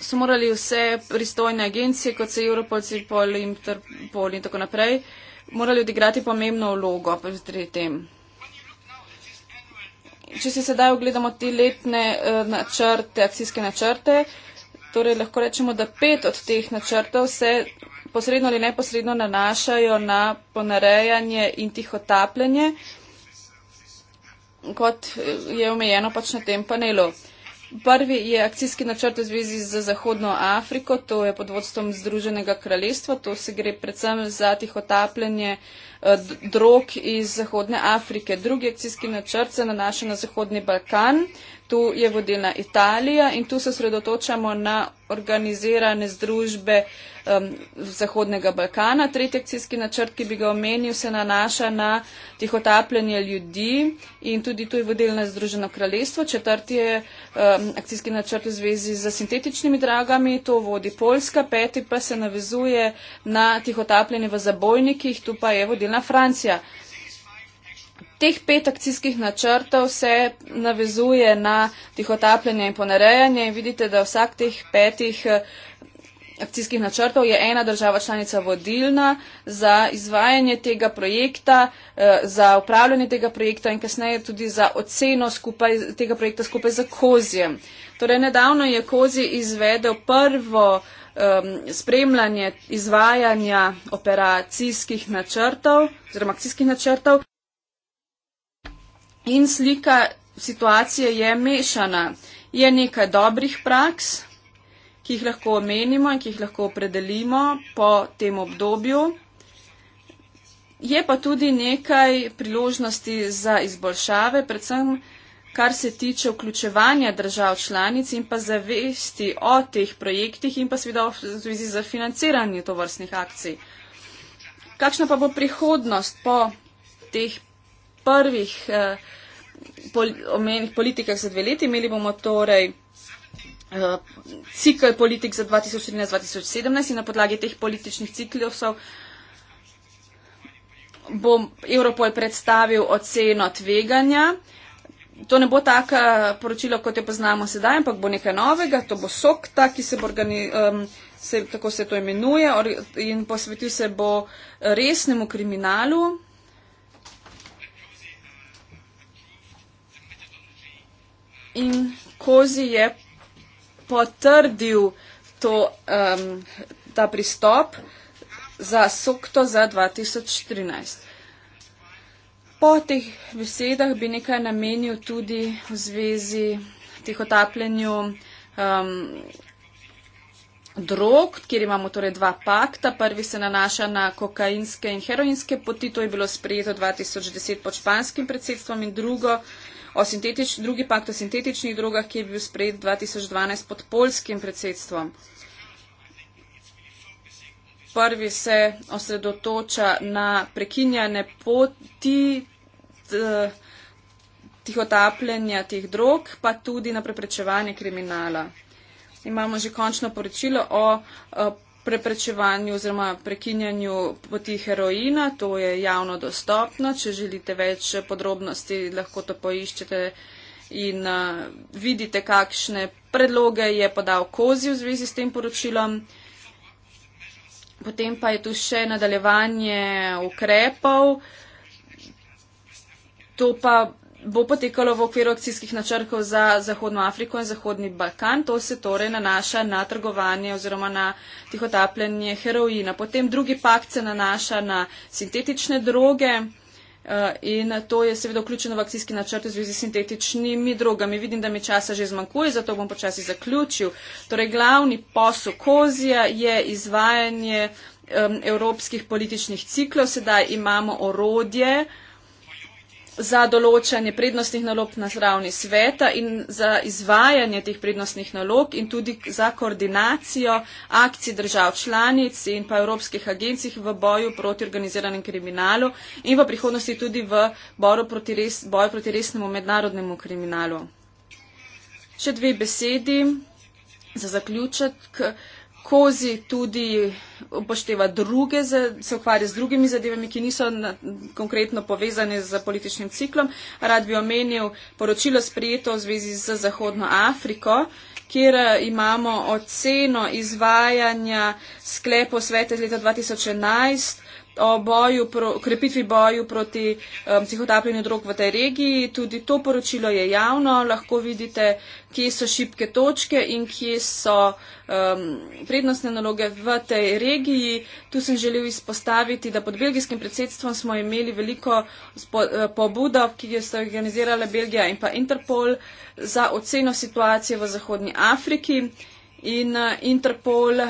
so morali vse pristojne agencije, kot se Europol, Cipol, Interpol in tako naprej, morali odigrati pomembno vlogo pri tem če se sedaj ogledamo te letne uh, načrte, akcijske načrte, torej lahko rečemo, da pet od teh načrtov se posredno ali neposredno nanašajo na ponarejanje in tihotapljanje, kot je omejeno pač na tem panelu. Prvi je akcijski načrt v zvezi z Zahodno Afriko, to je pod vodstvom Združenega kraljestva. To se gre predvsem za tihotapljanje eh, drog iz Zahodne Afrike. Drugi akcijski načrt se nanaša na Zahodni Balkan, tu je vodilna Italija in tu se sredotočamo na organizirane združbe um, Zahodnega Balkana. Tretji akcijski načrt, ki bi ga omenil, se nanaša na tihotapljanje ljudi in tudi tu je vodilna Združeno kraljestvo. Četrti je um, akcijski načrt v zvezi z sintetičnimi dragami, to vodi Poljska. Peti pa se navezuje na tihotapljanje v zabojnikih, tu pa je vodilna Francija teh pet akcijskih načrtov se navezuje na tihotapljanje in ponarejanje in vidite, da vsak teh petih eh, akcijskih načrtov je ena država članica vodilna za izvajanje tega projekta, eh, za upravljanje tega projekta in kasneje tudi za oceno skupaj, tega projekta skupaj za kozijem. Torej, nedavno je kozi izvedel prvo um, spremljanje izvajanja operacijskih načrtov, oziroma akcijskih načrtov in slika situacije je mešana. Je nekaj dobrih praks, ki jih lahko omenimo in ki jih lahko opredelimo po tem obdobju. Je pa tudi nekaj priložnosti za izboljšave, predvsem kar se tiče vključevanja držav članic in pa zavesti o teh projektih in pa seveda v zvezi za financiranje tovrstnih akcij. Kakšna pa bo prihodnost po teh prvih eh, omenjenih politikah za dve leti. Imeli bomo torej eh, cikl politik za 2013-2017 in na podlagi teh političnih ciklov so bo Europol predstavil oceno tveganja. To ne bo taka poročilo, kot jo poznamo sedaj, ampak bo nekaj novega. To bo SOKTA, ki se bo organi, um, se, tako se to imenuje, in posvetil se bo resnemu kriminalu. in Kozi je potrdil to, um, ta pristop za sokto za 2014. Po teh besedah bi nekaj namenil tudi v zvezi teh otapljenju um, drog, kjer imamo torej dva pakta. Prvi se nanaša na kokainske in heroinske poti, to je bilo sprejeto 2010 pod španskim predsedstvom in drugo o sintetič, drugi pakt o sintetičnih drogah, ki je bil sprejet 2012 pod polskim predsedstvom. Prvi se osredotoča na prekinjane poti tih otapljanja teh drog, pa tudi na preprečevanje kriminala. Imamo že končno poročilo o preprečevanju oziroma prekinjanju poti heroina. To je javno dostopno. Če želite več podrobnosti, lahko to poiščete in uh, vidite, kakšne predloge je podal Kozi v zvezi s tem poročilom. Potem pa je tu še nadaljevanje ukrepov. To pa bo potekalo v okviru akcijskih načrtov za Zahodno Afriko in Zahodni Balkan. To se torej nanaša na trgovanje oziroma na tihotapljanje heroina. Potem drugi pakt se nanaša na sintetične droge eh, in to je seveda vključeno v akcijski načrt v zvezi s sintetičnimi drogami. Vidim, da mi časa že zmanjkuje, zato bom počasi zaključil. Torej, glavni posel kozija je izvajanje evropskih političnih ciklov. Sedaj imamo orodje za določanje prednostnih nalog na ravni sveta in za izvajanje teh prednostnih nalog in tudi za koordinacijo akcij držav članic in pa evropskih agencij v boju proti organiziranem kriminalu in v prihodnosti tudi v boju proti, res, boju proti resnemu mednarodnemu kriminalu. Še dve besedi za zaključek. Kozi tudi upošteva druge, se ukvarja z drugimi zadevami, ki niso na, konkretno povezane z političnim ciklom. Rad bi omenil poročilo sprejeto v zvezi z Zahodno Afriko, kjer eh, imamo oceno izvajanja sklepo svete iz leta 2011 o boju, pro, krepitvi boju proti um, psihotapljenju drog v tej regiji. Tudi to poročilo je javno, lahko vidite, kje so šibke točke in kje so um, prednostne naloge v tej regiji. Tu sem želel izpostaviti, da pod belgijskim predsedstvom smo imeli veliko eh, pobudo, ki jo so organizirale Belgija in pa Interpol za oceno situacije v Zahodnji Afriki. In eh, Interpol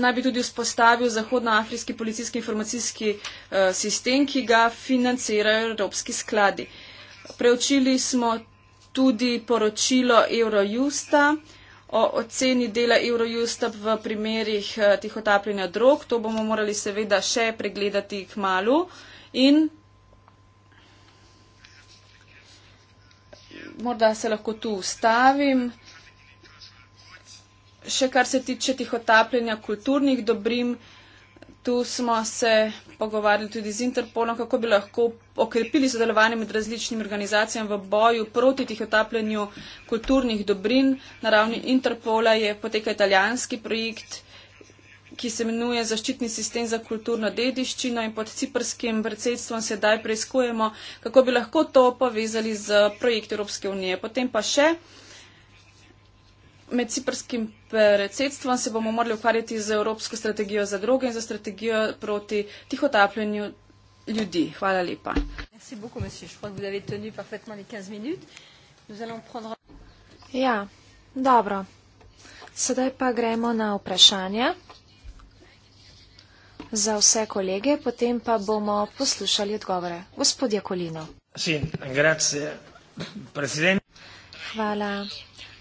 naj bi tudi vzpostavil Zahodnoafriški policijski informacijski eh, sistem, ki ga financirajo evropski skladi. Preučili smo tudi poročilo Eurojusta o oceni dela Eurojusta v primerih eh, tihotapljenja drog. To bomo morali seveda še pregledati k malu. In morda se lahko tu ustavim še kar se tiče tih otapljanja kulturnih dobrim, tu smo se pogovarjali tudi z Interpolom, kako bi lahko okrepili sodelovanje med različnimi organizacijami v boju proti tih otapljanju kulturnih dobrin. Na ravni Interpola je poteka italijanski projekt ki se imenuje Zaščitni sistem za kulturno dediščino in pod ciprskim predsedstvom sedaj preizkujemo, kako bi lahko to povezali z projekt Evropske unije. Potem pa še med ciprskim predsedstvom se bomo morali ukvarjati z Evropsko strategijo za droge in za strategijo proti tihotapljenju ljudi. Hvala lepa. Ja, dobro. Sedaj pa gremo na vprašanja za vse kolege, potem pa bomo poslušali odgovore. Gospod Jakolino. Hvala.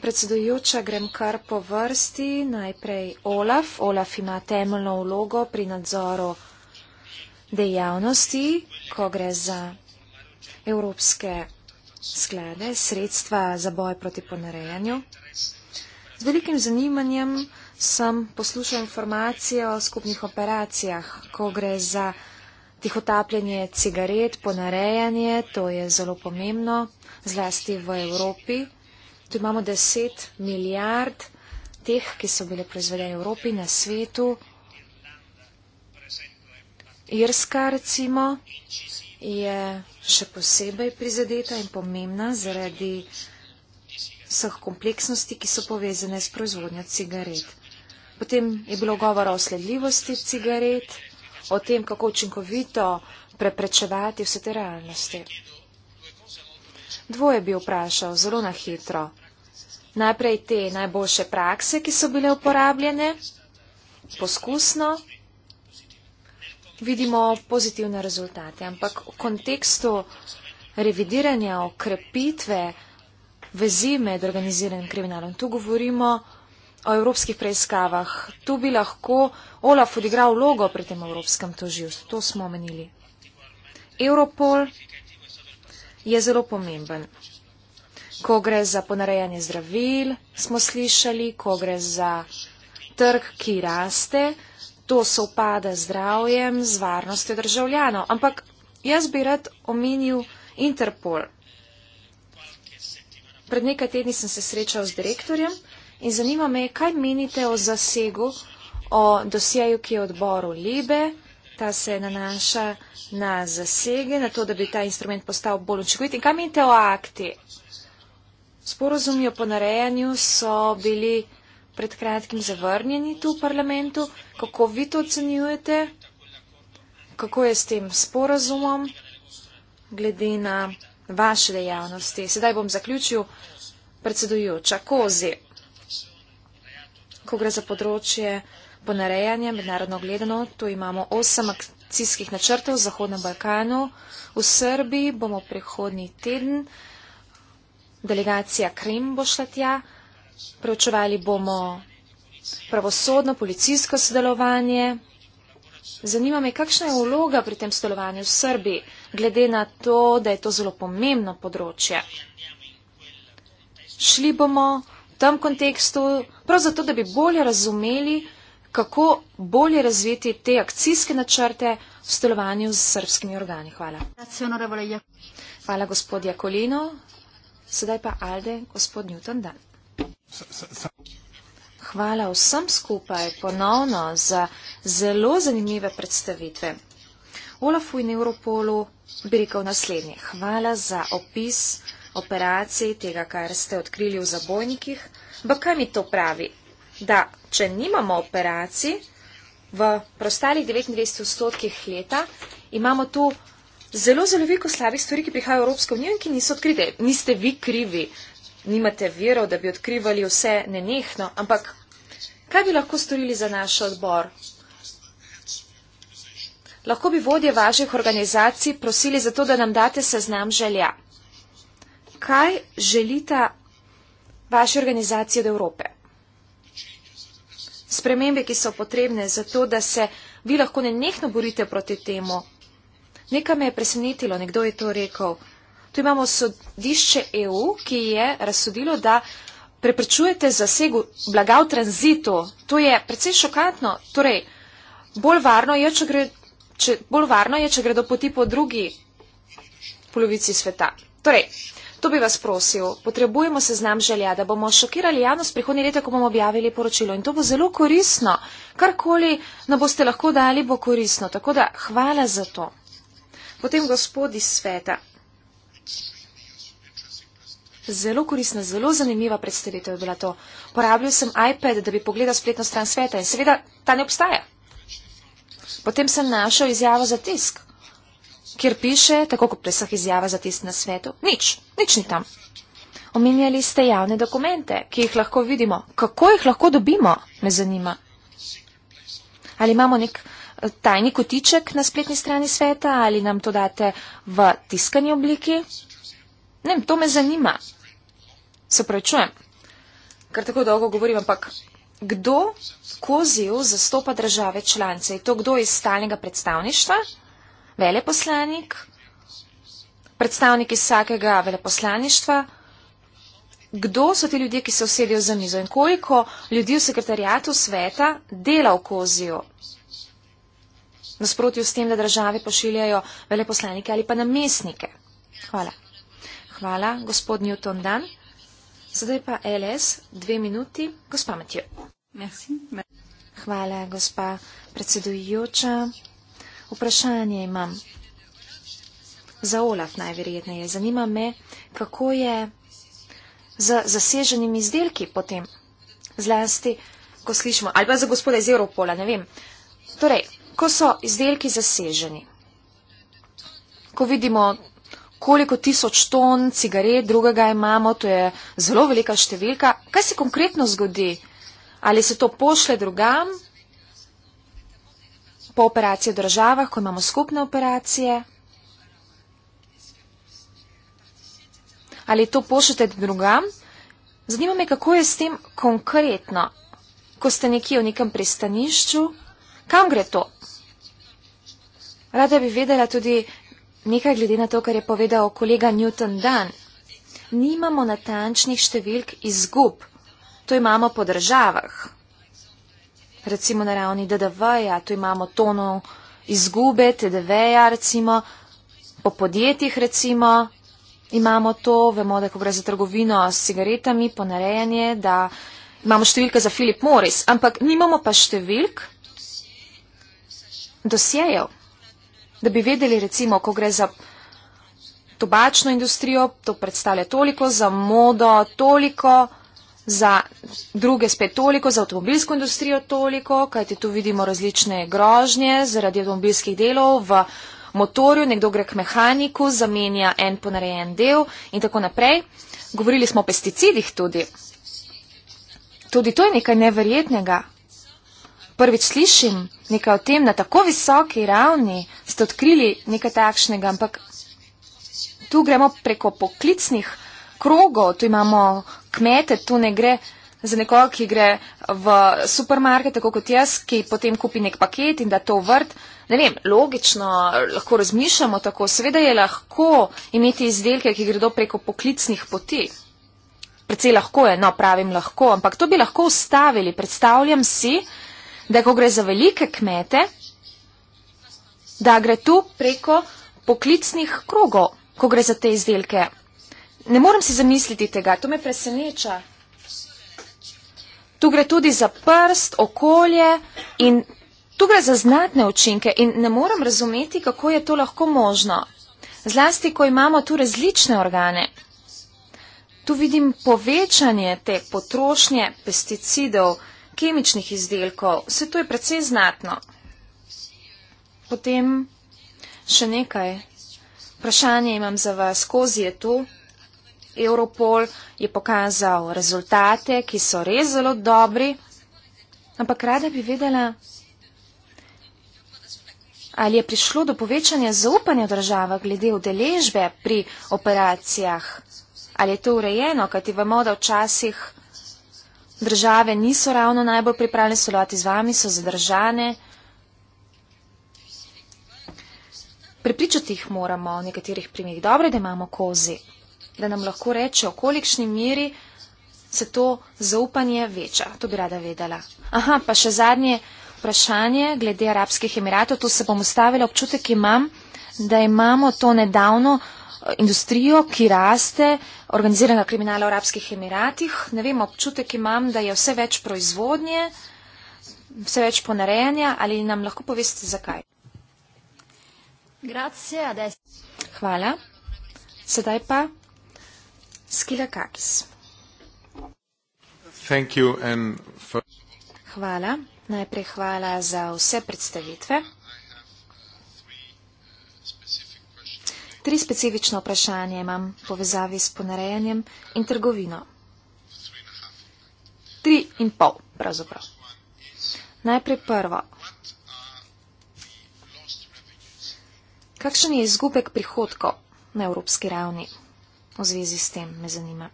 Predsedujoča, grem kar po vrsti. Najprej Olaf. Olaf ima temeljno vlogo pri nadzoru dejavnosti, ko gre za evropske sklade, sredstva za boj proti ponarejanju. Z velikim zanimanjem sem poslušal informacije o skupnih operacijah, ko gre za tihotapljanje cigaret, ponarejanje, to je zelo pomembno, zlasti v Evropi. Tu imamo 10 milijard teh, ki so bile proizvedene v Evropi, na svetu. Irska, recimo, je še posebej prizadeta in pomembna zaradi vseh kompleksnosti, ki so povezane s proizvodnjo cigaret. Potem je bilo govora o sledljivosti cigaret, o tem, kako učinkovito preprečevati vse te realnosti. Dvoje bi vprašal zelo na hitro najprej te najboljše prakse, ki so bile uporabljene, poskusno vidimo pozitivne rezultate, ampak v kontekstu revidiranja, okrepitve vezi med organiziranim kriminalom, tu govorimo o evropskih preiskavah, tu bi lahko Olaf odigral vlogo pri tem evropskem toživstvu, to smo omenili. Europol je zelo pomemben ko gre za ponarejanje zdravil, smo slišali, ko gre za trg, ki raste, to se upada zdravjem, z varnostjo državljanov. Ampak jaz bi rad omenil Interpol. Pred nekaj tedni sem se srečal z direktorjem in zanima me, kaj menite o zasegu, o dosjeju, ki je odboru Libe. Ta se nanaša na zasege, na to, da bi ta instrument postal bolj učinkovit. In kaj menite o akti? Sporozumi o ponarejanju so bili pred kratkim zavrnjeni tu v parlamentu. Kako vi to ocenjujete? Kako je s tem sporozumom glede na vaše dejavnosti? Sedaj bom zaključil predsedujoča Kozi. Ko gre za področje ponarejanja, mednarodno gledano, tu imamo osem akcijskih načrtov v Zahodnem Balkanu. V Srbiji bomo prihodnji teden delegacija Krim bo šla tja, preučevali bomo pravosodno, policijsko sodelovanje. Zanima me, kakšna je vloga pri tem sodelovanju v Srbiji, glede na to, da je to zelo pomembno področje. Šli bomo v tem kontekstu prav zato, da bi bolje razumeli, kako bolje razviti te akcijske načrte v sodelovanju z srbskimi organi. Hvala. Ja- Hvala, gospod Jakolino. Sedaj pa Alde, gospod Newton, dan. Hvala vsem skupaj ponovno za zelo zanimive predstavitve. Olafu in Europolu bi rekel naslednje. Hvala za opis operacij tega, kar ste odkrili v zabojnikih. Ampak kaj mi to pravi? Da, če nimamo operacij v prostalih 29 odstotkih leta, imamo tu zelo, zelo veliko slabih stvari, ki prihajajo v Evropsko unijo in ki niso odkrite. Niste vi krivi, nimate vero, da bi odkrivali vse nenehno, ampak kaj bi lahko storili za naš odbor? Lahko bi vodje vaših organizacij prosili za to, da nam date seznam želja. Kaj želita vaše organizacije od Evrope? Spremembe, ki so potrebne za to, da se vi lahko nenehno borite proti temu Nekaj me je presenetilo, nekdo je to rekel. Tu imamo sodišče EU, ki je razsodilo, da preprečujete zasegu blaga v tranzitu. To je precej šokantno. Torej, bolj varno je, če, gre, če, bolj varno je, če gredo poti po drugi polovici sveta. Torej, to bi vas prosil. Potrebujemo seznam želja, da bomo šokirali javnost prihodnje leta, ko bomo objavili poročilo. In to bo zelo koristno. Karkoli nam boste lahko dali, bo koristno. Tako da hvala za to. Potem gospod iz sveta. Zelo korisna, zelo zanimiva predstavitev je bila to. Porabil sem iPad, da bi pogledal spletno stran sveta in seveda ta ne obstaja. Potem sem našel izjavo za tisk, kjer piše, tako kot pri vseh izjava za tisk na svetu, nič, nič ni tam. Omenjali ste javne dokumente, ki jih lahko vidimo. Kako jih lahko dobimo, me zanima. Ali imamo nek tajni kotiček na spletni strani sveta ali nam to date v tiskani obliki? Ne, to me zanima. Se pravičujem, ker tako dolgo govorim, ampak kdo koziv zastopa države članice? Je to kdo iz stalnega predstavništva? Veleposlanik? Predstavniki vsakega veleposlaništva? Kdo so ti ljudje, ki se osedijo za mizo in koliko ljudi v sekretarijatu sveta dela v koziju? nasprotju s tem, da države pošiljajo veleposlanike ali pa namestnike. Hvala. Hvala, gospod Newton Dan. Zdaj pa LS, dve minuti, gospa Matijo. Hvala, gospa predsedujoča. Vprašanje imam za Olaf najverjetneje. Zanima me, kako je z zaseženimi izdelki potem zlasti, ko slišimo, ali pa za gospoda iz Evropola, ne vem. Torej, ko so izdelki zaseženi, ko vidimo, koliko tisoč ton cigaret drugega imamo, to je zelo velika številka, kaj se konkretno zgodi? Ali se to pošle drugam po operacijo državah, ko imamo skupne operacije? Ali to pošljete drugam? Zanima me, kako je s tem konkretno, ko ste nekje v nekem pristanišču Kam gre to? Rada bi vedela tudi nekaj glede na to, kar je povedal kolega Newton Dan. Nimamo natančnih številk izgub. To imamo po državah. Recimo na ravni DDV-ja, tu imamo tono izgube, TDV-ja recimo, po podjetjih recimo imamo to, vemo, da ko gre za trgovino s cigaretami, ponarejanje, da imamo številke za Philip Morris, ampak nimamo pa številk dosjejev, da bi vedeli, recimo, ko gre za tobačno industrijo, to predstavlja toliko, za modo toliko, za druge spet toliko, za avtomobilsko industrijo toliko, kajti tu vidimo različne grožnje zaradi avtomobilskih delov v motorju, nekdo gre k mehaniku, zamenja en ponarejen del in tako naprej. Govorili smo o pesticidih tudi. Tudi to je nekaj neverjetnega prvič slišim nekaj o tem na tako visoki ravni, ste odkrili nekaj takšnega, ampak tu gremo preko poklicnih krogov, tu imamo kmete, tu ne gre za nekoga, ki gre v supermarket, tako kot jaz, ki potem kupi nek paket in da to vrt. Ne vem, logično lahko razmišljamo tako, seveda je lahko imeti izdelke, ki gredo preko poklicnih poti. Predvsej lahko je, no pravim lahko, ampak to bi lahko ustavili. Predstavljam si, da ko gre za velike kmete, da gre tu preko poklicnih krogov, ko gre za te izdelke. Ne morem si zamisliti tega, to me preseneča. Tu gre tudi za prst, okolje in tu gre za znatne učinke in ne morem razumeti, kako je to lahko možno. Zlasti, ko imamo tu različne organe. Tu vidim povečanje te potrošnje pesticidov kemičnih izdelkov. Vse to je predvsem znatno. Potem še nekaj. Vprašanje imam za vas. Kozi je tu. Europol je pokazal rezultate, ki so res zelo dobri, ampak rada bi vedela, ali je prišlo do povečanja zaupanja država glede udeležbe pri operacijah. Ali je to urejeno, kajti vemo, da včasih države niso ravno najbolj pripravljene sodelovati z vami, so zadržane. Prepričati jih moramo v nekaterih primerih. Dobro, da imamo kozi, da nam lahko reče, v kolikšni miri se to zaupanje veča. To bi rada vedela. Aha, pa še zadnje vprašanje glede Arabskih Emiratov. Tu se bom ustavila občutek, imam, da imamo to nedavno industrijo, ki raste, organiziranega kriminala v Arabskih Emiratih. Ne vem, občutek imam, da je vse več proizvodnje, vse več ponarejanja. Ali nam lahko poveste, zakaj? Hvala. Sedaj pa Skila Kakis. Hvala. Najprej hvala za vse predstavitve. Tri specifična vprašanja imam v povezavi s ponarejanjem in trgovino. Tri in pol, pravzaprav. Najprej prvo. Kakšen je izgubek prihodkov na evropski ravni? V zvezi s tem me zanima.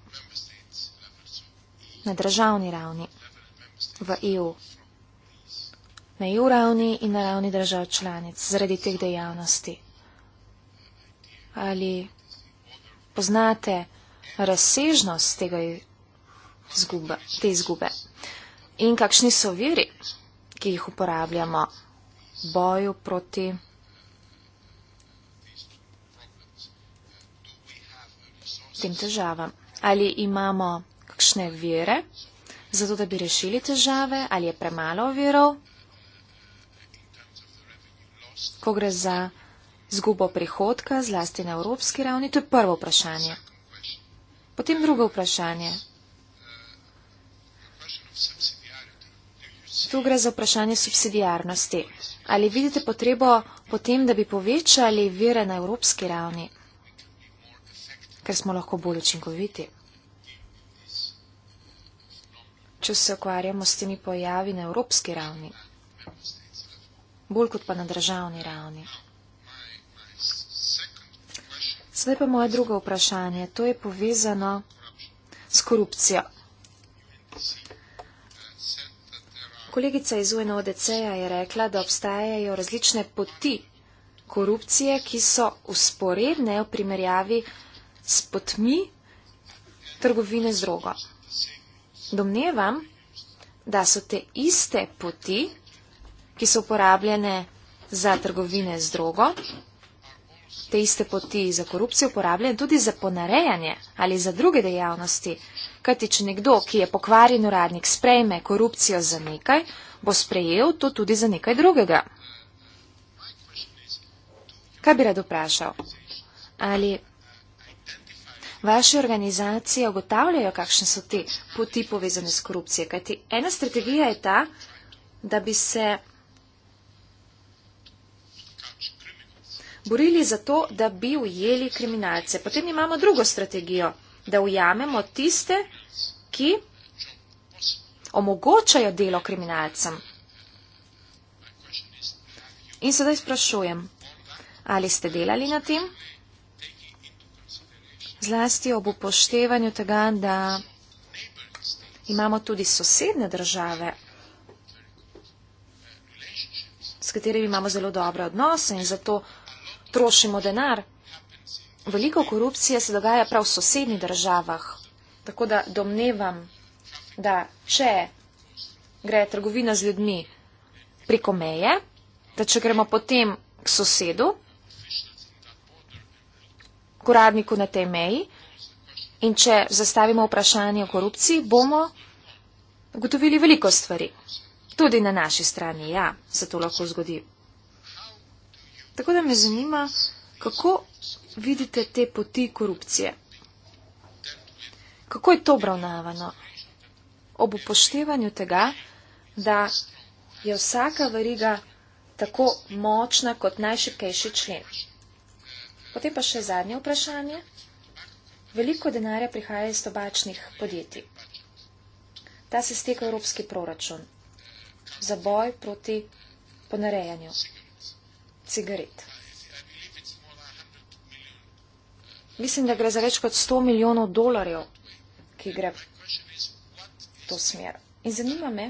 Na državni ravni, v EU, na EU ravni in na ravni držav članic zaradi teh dejavnosti ali poznate razsežnost tega izgube, te izgube in kakšni so viri, ki jih uporabljamo v boju proti tem težavam. Ali imamo kakšne vire, zato da bi rešili težave, ali je premalo virov, ko gre za zgubo prihodka, zlasti na evropski ravni, to je prvo vprašanje. Potem drugo vprašanje. Tu gre za vprašanje subsidijarnosti. Ali vidite potrebo potem, da bi povečali vire na evropski ravni, ker smo lahko bolj učinkoviti? Če se okvarjamo s temi pojavi na evropski ravni, bolj kot pa na državni ravni. Zdaj pa moje drugo vprašanje. To je povezano s korupcijo. Kolegica iz UNODC-ja je rekla, da obstajajo različne poti korupcije, ki so usporedne v primerjavi s potmi trgovine z drogo. Domnevam, da so te iste poti, ki so uporabljene za trgovine z drogo, te iste poti za korupcijo uporabljen tudi za ponarejanje ali za druge dejavnosti. Kajti, če nekdo, ki je pokvarjen uradnik, sprejme korupcijo za nekaj, bo sprejel to tudi za nekaj drugega. Kaj bi rad vprašal? Ali vaše organizacije ugotavljajo, kakšne so te poti povezane s korupcijo? Kajti, ena strategija je ta, da bi se borili za to, da bi ujeli kriminalce. Potem imamo drugo strategijo, da ujamemo tiste, ki omogočajo delo kriminalcem. In sedaj sprašujem, ali ste delali na tem? Zlasti ob upoštevanju tega, da imamo tudi sosedne države, s katerimi imamo zelo dobre odnose in zato trošimo denar. Veliko korupcije se dogaja prav v sosednjih državah. Tako da domnevam, da če gre trgovina z ljudmi preko meje, da če gremo potem k sosedu, k uradniku na tej meji in če zastavimo vprašanje o korupciji, bomo gotovili veliko stvari. Tudi na naši strani, ja, se to lahko zgodi Tako da me zanima, kako vidite te poti korupcije? Kako je to obravnavano? Ob upoštevanju tega, da je vsaka veriga tako močna kot najšipkejši člen. Potem pa še zadnje vprašanje. Veliko denarja prihaja iz tobačnih podjetij. Ta se steka v evropski proračun za boj proti ponarejanju cigaret. Mislim, da gre za več kot 100 milijonov dolarjev, ki gre v to smer. In zanima me,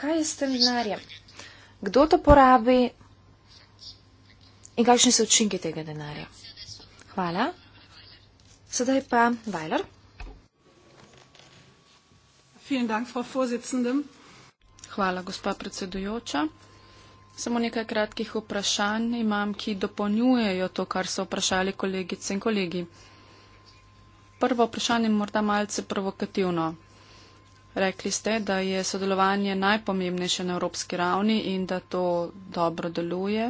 kaj je s tem denarjem? Kdo to porabi in kakšni so učinki tega denarja? Hvala. Sedaj pa Vajler. Hvala, gospa predsedujoča. Samo nekaj kratkih vprašanj imam, ki dopolnjujejo to, kar so vprašali kolegice in kolegi. Prvo vprašanje je morda malce provokativno. Rekli ste, da je sodelovanje najpomembnejše na evropski ravni in da to dobro deluje.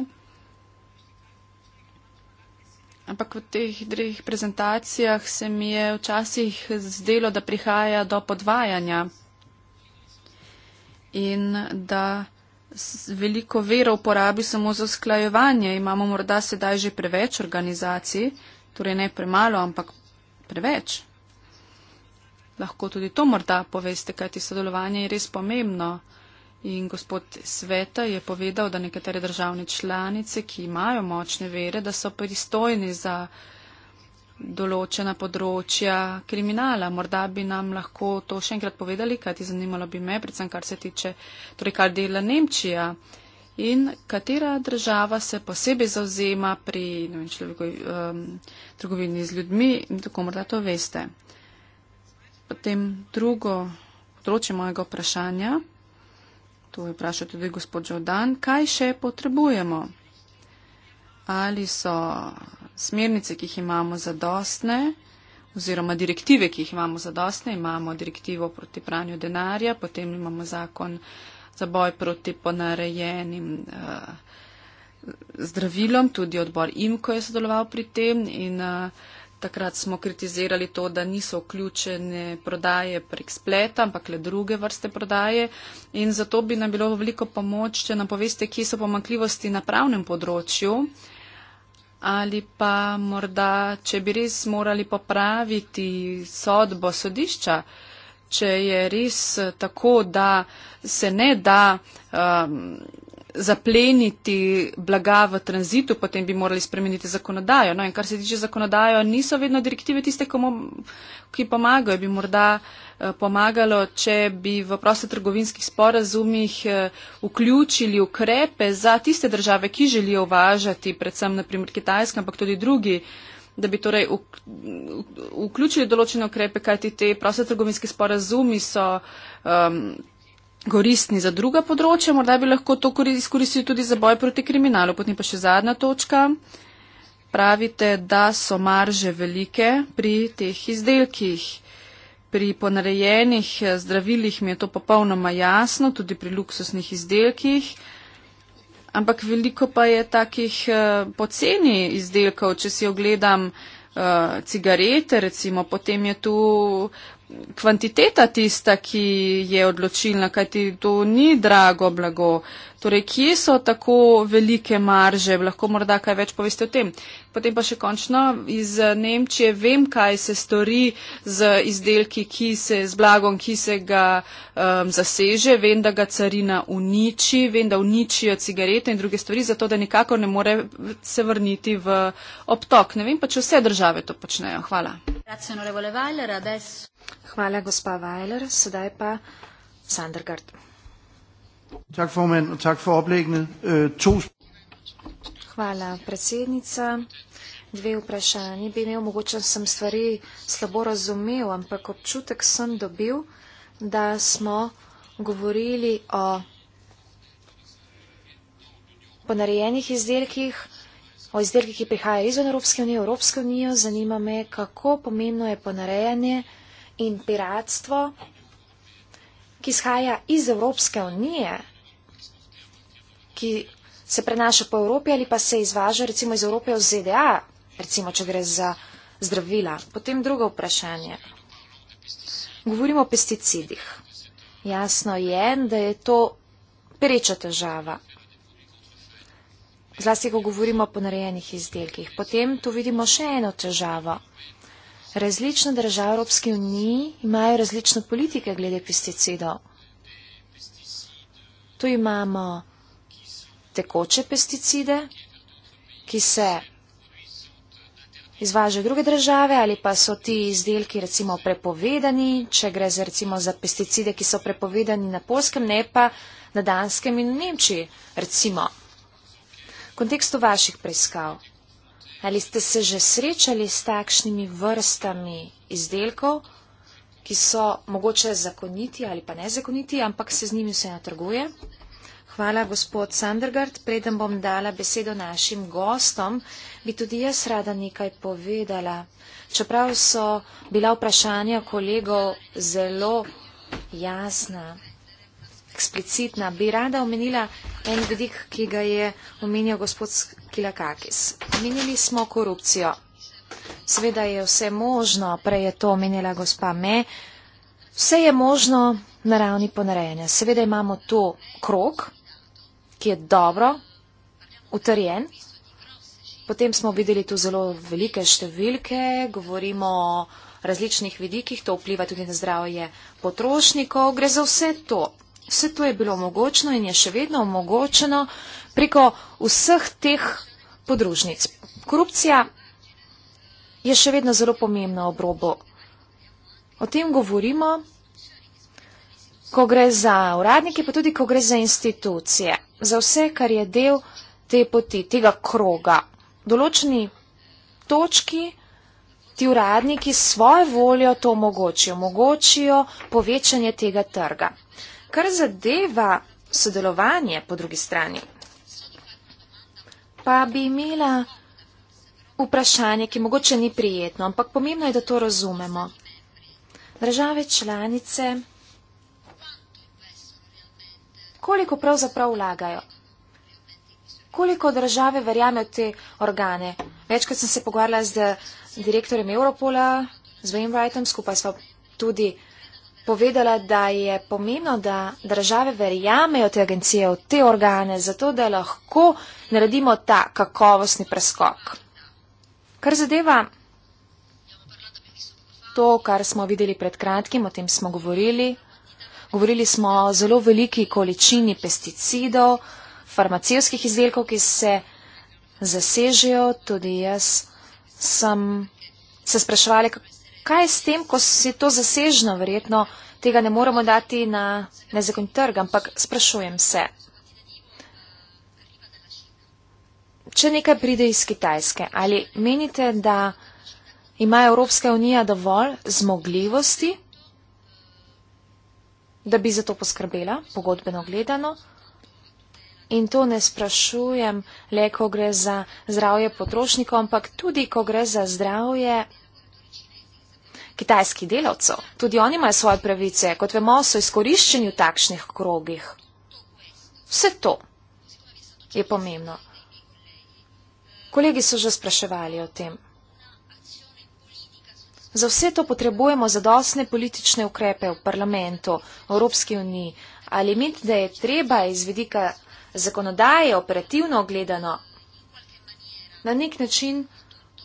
Ampak v teh dveh prezentacijah se mi je včasih zdelo, da prihaja do podvajanja in da veliko vero uporabi samo za sklajevanje. Imamo morda sedaj že preveč organizacij, torej ne premalo, ampak preveč. Lahko tudi to morda poveste, kajti sodelovanje je res pomembno. In gospod Sveta je povedal, da nekatere državne članice, ki imajo močne vere, da so pristojni za določena področja kriminala. Morda bi nam lahko to še enkrat povedali, kaj ti zanimalo bi me, predvsem kar se tiče, torej kar dela Nemčija in katera država se posebej zauzema pri vem, človeku, um, trgovini z ljudmi in tako morda to veste. Potem drugo področje mojega vprašanja, to je vprašal tudi gospod Žodan, kaj še potrebujemo? Ali so smernice, ki jih imamo za dostne, oziroma direktive, ki jih imamo za dostne, imamo direktivo proti pranju denarja, potem imamo zakon za boj proti ponarejenim uh, zdravilom, tudi odbor IMKO je sodeloval pri tem in uh, takrat smo kritizirali to, da niso vključene prodaje prek spleta, ampak le druge vrste prodaje in zato bi nam bilo veliko pomoč, če nam poveste, kje so pomankljivosti na pravnem področju. Uh, ali pa morda, če bi res morali popraviti sodbo sodišča, če je res tako, da se ne da um, zapleniti blaga v tranzitu, potem bi morali spremeniti zakonodajo. No, in kar se tiče zakonodajo, niso vedno direktive tiste, komu, ki pomagajo. Bi morda eh, pomagalo, če bi v proste trgovinskih sporazumih eh, vključili ukrepe za tiste države, ki želijo uvažati, predvsem naprimer Kitajska, ampak tudi drugi da bi torej vključili določene ukrepe, kajti te proste trgovinske sporazumi so um, koristni za druga področja, morda bi lahko to izkoristili tudi za boj proti kriminalu. Potem pa še zadnja točka. Pravite, da so marže velike pri teh izdelkih. Pri ponarejenih eh, zdravilih mi je to popolnoma jasno, tudi pri luksusnih izdelkih. Ampak veliko pa je takih eh, poceni izdelkov, če si ogledam eh, cigarete, recimo, potem je tu kvantiteta tista, ki je odločilna, kajti to ni drago blago. Torej, kje so tako velike marže, lahko morda kaj več poveste o tem. Potem pa še končno iz Nemčije vem, kaj se stori z izdelki, ki se z blagom, ki se ga um, zaseže, vem, da ga carina uniči, vem, da uničijo cigarete in druge stvari, zato da nikako ne more se vrniti v obtok. Ne vem pa, če vse države to počnejo. Hvala. Hvala, gospa Vejler. Sedaj pa Sandergard. Tak formand, tak for oplæggende. Øh, Hvala, predsednica. Dve vprašanje. Bi imel, mogoče sem stvari slabo razumel, ampak občutek sem dobil, da smo govorili o ponarejenih izdelkih, o izdelkih, ki prihajajo izven Evropske unije, Evropske unije. Zanima me, kako pomembno je ponarejanje in piratstvo, ki izhaja iz Evropske unije, ki se prenaša po Evropi ali pa se izvaža recimo iz Evrope v ZDA, recimo, če gre za zdravila. Potem drugo vprašanje. Govorimo o pesticidih. Jasno je, da je to pereča težava. Zlasti, ko govorimo o ponarejenih izdelkih. Potem tu vidimo še eno težavo. Različne države Evropske unije imajo različne politike glede pesticidov. Tu imamo tekoče pesticide, ki se izvažajo v druge države ali pa so ti izdelki recimo prepovedani, če gre za recimo za pesticide, ki so prepovedani na polskem, ne pa na danskem in v Nemčiji recimo. V kontekstu vaših preiskav. Ali ste se že srečali s takšnimi vrstami izdelkov, ki so mogoče zakoniti ali pa nezakoniti, ampak se z njimi vse natrguje? Hvala, gospod Sandergard. Preden bom dala besedo našim gostom, bi tudi jaz rada nekaj povedala. Čeprav so bila vprašanja kolegov zelo jasna eksplicitna, bi rada omenila en vidik, ki ga je omenjal gospod Kilakakis. Omenili smo korupcijo. Seveda je vse možno, prej je to omenjala gospa Me, vse je možno na ravni ponarejanja. Seveda imamo to krok, ki je dobro utrjen. Potem smo videli tu zelo velike številke, govorimo o različnih vidikih, to vpliva tudi na zdravje potrošnikov, gre za vse to vse to je bilo omogočeno in je še vedno omogočeno preko vseh teh podružnic. Korupcija je še vedno zelo pomembna obrobo. O tem govorimo, ko gre za uradnike, pa tudi, ko gre za institucije, za vse, kar je del te poti, tega kroga. Določeni točki ti uradniki svojo voljo to omogočijo, omogočijo povečanje tega trga. Kar zadeva sodelovanje po drugi strani, pa bi imela vprašanje, ki mogoče ni prijetno, ampak pomembno je, da to razumemo. Države članice, koliko pravzaprav vlagajo? Koliko države verjamejo te organe? Večkrat sem se pogovarjala z direktorjem Europola, z Wainwrightom, skupaj smo tudi uh, povedala, da je pomembno, da države verjamejo te agencije, v te organe, zato da lahko naredimo ta kakovostni preskok. Kar zadeva to, kar smo videli pred kratkim, o tem smo govorili. Govorili smo o zelo veliki količini pesticidov, farmacijskih izdelkov, ki se zasežejo. Tudi jaz sem se spraševala, kaj je s tem, ko si to zasežno, verjetno tega ne moremo dati na nezakonit trg, ampak sprašujem se. Če nekaj pride iz Kitajske, ali menite, da ima Evropska unija dovolj zmogljivosti, da bi za to poskrbela, pogodbeno gledano? In to ne sprašujem le, ko gre za zdravje potrošnikov, ampak tudi, ko gre za zdravje kitajskih delavcev. Tudi oni imajo svoje pravice, kot vemo, so izkoriščeni v takšnih krogih. Vse to je pomembno. Kolegi so že spraševali o tem. Za vse to potrebujemo zadostne politične ukrepe v parlamentu, v Evropski uniji. Ali menite, da je treba izvedika zakonodaje operativno ogledano na nek način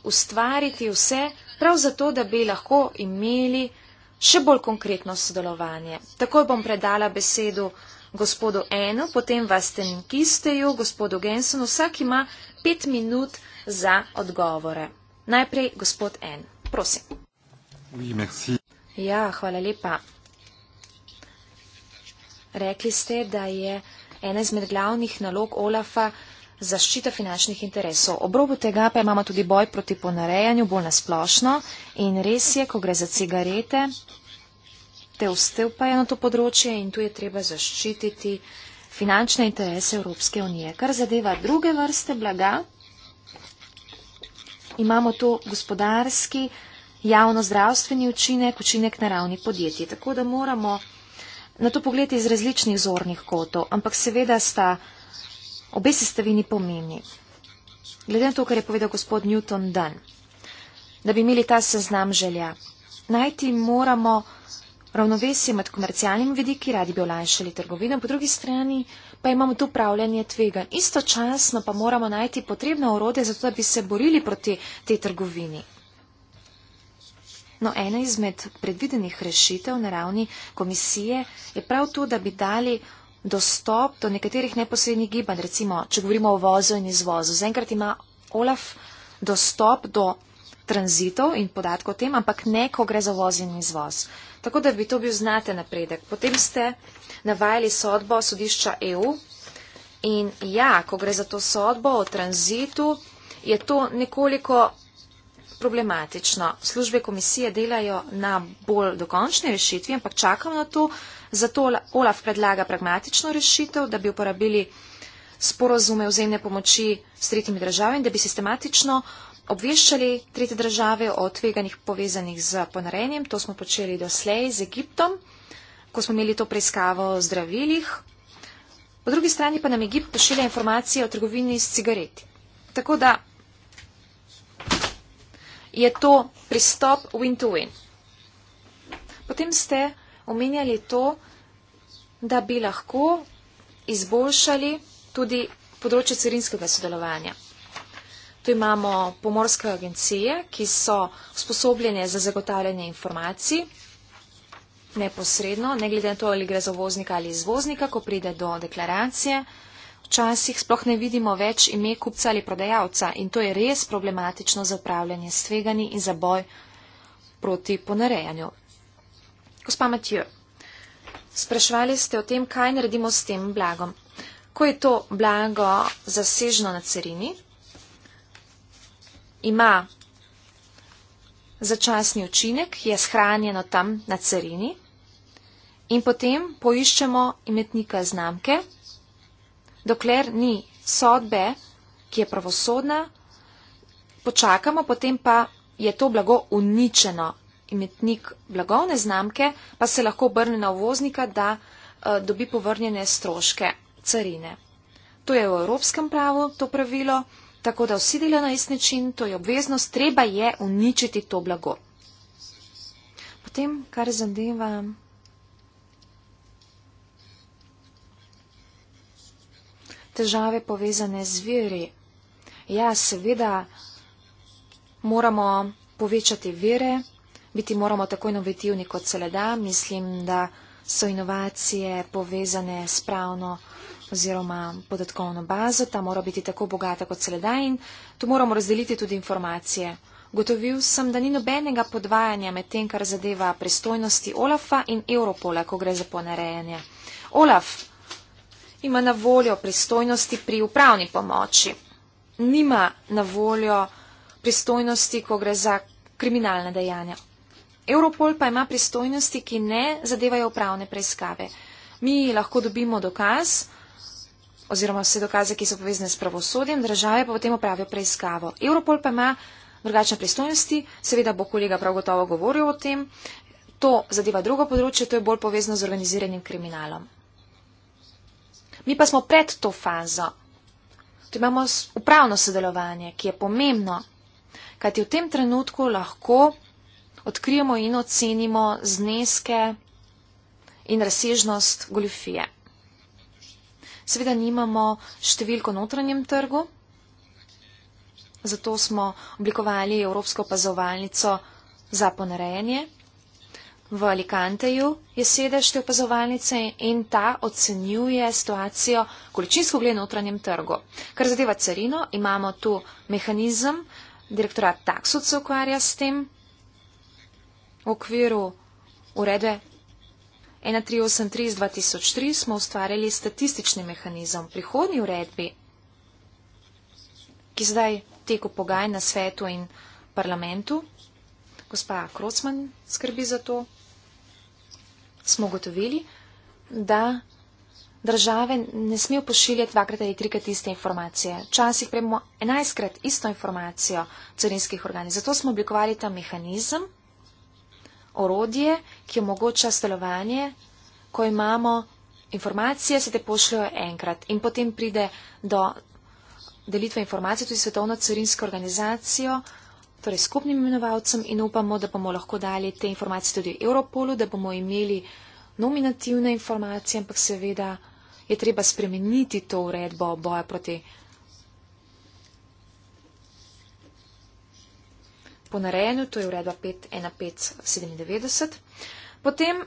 ustvariti vse, prav zato, da bi lahko imeli še bolj konkretno sodelovanje. Takoj bom predala besedo gospodu Eno, potem Vasten Kisteju, gospodu Gensonu, vsak ima pet minut za odgovore. Najprej gospod En, prosim. Ja, hvala lepa. Rekli ste, da je ena izmed glavnih nalog Olafa zaščita finančnih interesov. Obrobu tega pa imamo tudi boj proti ponarejanju bolj nasplošno in res je, ko gre za cigarete, te ustevpajo na to področje in tu je treba zaščititi finančne interese Evropske unije. Kar zadeva druge vrste blaga, imamo tu gospodarski, javno-zdravstveni učinek, učinek na ravni podjetij. Tako da moramo na to pogledati iz različnih zornih kotov, ampak seveda sta obe sestavini pomembni. Glede na to, kar je povedal gospod Newton Dunn, da bi imeli ta seznam želja, najti moramo ravnovesje med komercialnimi vidiki, radi bi olajšali trgovino, po drugi strani pa imamo tu upravljanje tvega. Istočasno pa moramo najti potrebno orode, zato da bi se borili proti tej trgovini. No, ena izmed predvidenih rešitev na ravni komisije je prav to, da bi dali dostop do nekaterih neposrednih gibanj, recimo, če govorimo o vozu in izvozu. Zaenkrat ima Olaf dostop do tranzitov in podatkov o tem, ampak ne, ko gre za voz in izvoz. Tako da bi to bil znate napredek. Potem ste navajali sodbo sodišča EU in ja, ko gre za to sodbo o tranzitu, je to nekoliko problematično. Službe komisije delajo na bolj dokončni rešitvi, ampak čakamo na to. Zato Olaf predlaga pragmatično rešitev, da bi uporabili sporozume vzemne pomoči s tretjimi državami, da bi sistematično obveščali tretje države o tveganih povezanih z ponarejenjem. To smo počeli doslej z Egiptom, ko smo imeli to preiskavo o zdravilih. Po drugi strani pa nam Egipt pošilja informacije o trgovini s cigareti. Tako da je to pristop win-to-win. Potem ste omenjali to, da bi lahko izboljšali tudi področje carinskega sodelovanja. Tu imamo pomorske agencije, ki so sposobljene za zagotavljanje informacij neposredno, ne glede na to, ali gre za voznika ali izvoznika, ko pride do deklaracije. Včasih sploh ne vidimo več ime kupca ali prodajalca in to je res problematično za upravljanje s tvegani in za boj proti ponarejanju. Gospa Matijo, spraševali ste o tem, kaj naredimo s tem blagom. Ko je to blago zasežno na carini, ima začasni učinek, je shranjeno tam na carini in potem poiščemo imetnika znamke dokler ni sodbe, ki je pravosodna, počakamo, potem pa je to blago uničeno. Imetnik blagovne znamke pa se lahko obrne na uvoznika, da uh, dobi povrnjene stroške carine. To je v evropskem pravu to pravilo, tako da vsi delajo na isti način, to je obveznost, treba je uničiti to blago. Potem, kar zadeva. težave povezane z veri. Ja, seveda moramo povečati vere, biti moramo tako inovativni kot se le da. Mislim, da so inovacije povezane s pravno oziroma podatkovno bazo, ta mora biti tako bogata kot se le da in tu moramo razdeliti tudi informacije. Gotovil sem, da ni nobenega podvajanja med tem, kar zadeva pristojnosti Olafa in Europola, ko gre za ponarejanje. Olaf, ima na voljo pristojnosti pri upravni pomoči. Nima na voljo pristojnosti, ko gre za kriminalne dejanja. Europol pa ima pristojnosti, ki ne zadevajo upravne preiskave. Mi lahko dobimo dokaz oziroma vse dokaze, ki so povezane s pravosodjem, države pa potem opravijo preiskavo. Europol pa ima drugačne pristojnosti, seveda bo kolega prav gotovo govoril o tem. To zadeva drugo področje, to je bolj povezano z organiziranim kriminalom mi pa smo pred to fazo. Tu imamo upravno sodelovanje, ki je pomembno, kajti v tem trenutku lahko odkrijemo in ocenimo zneske in razsežnost goljofije. Seveda nimamo številko na notranjem trgu, zato smo oblikovali Evropsko opazovalnico za ponarejanje. V Alicanteju je sedež te opazovalnice in ta ocenjuje situacijo količinsko glede na notranjem trgu. Kar zadeva carino, imamo tu mehanizem, direktorat taksot se ukvarja s tem v okviru urede. 1383-2003 smo ustvarjali statistični mehanizem. V prihodnji uredbi, ki zdaj teko pogaj na svetu in parlamentu, gospa Krocman skrbi za to smo gotovili, da države ne smejo pošiljati dvakrat ali trikrat iste informacije. Včasih prejmemo enajstkrat isto informacijo carinskih organov. Zato smo oblikovali ta mehanizem, orodje, ki omogoča stelovanje, ko imamo informacije, se te pošljajo enkrat in potem pride do delitve informacij tudi svetovno carinsko organizacijo, torej skupnim imenovalcem in upamo, da bomo lahko dali te informacije tudi Europolu, da bomo imeli nominativne informacije, ampak seveda je treba spremeniti to uredbo boja proti ponarejenju, to je uredba 5.1.5.97. Potem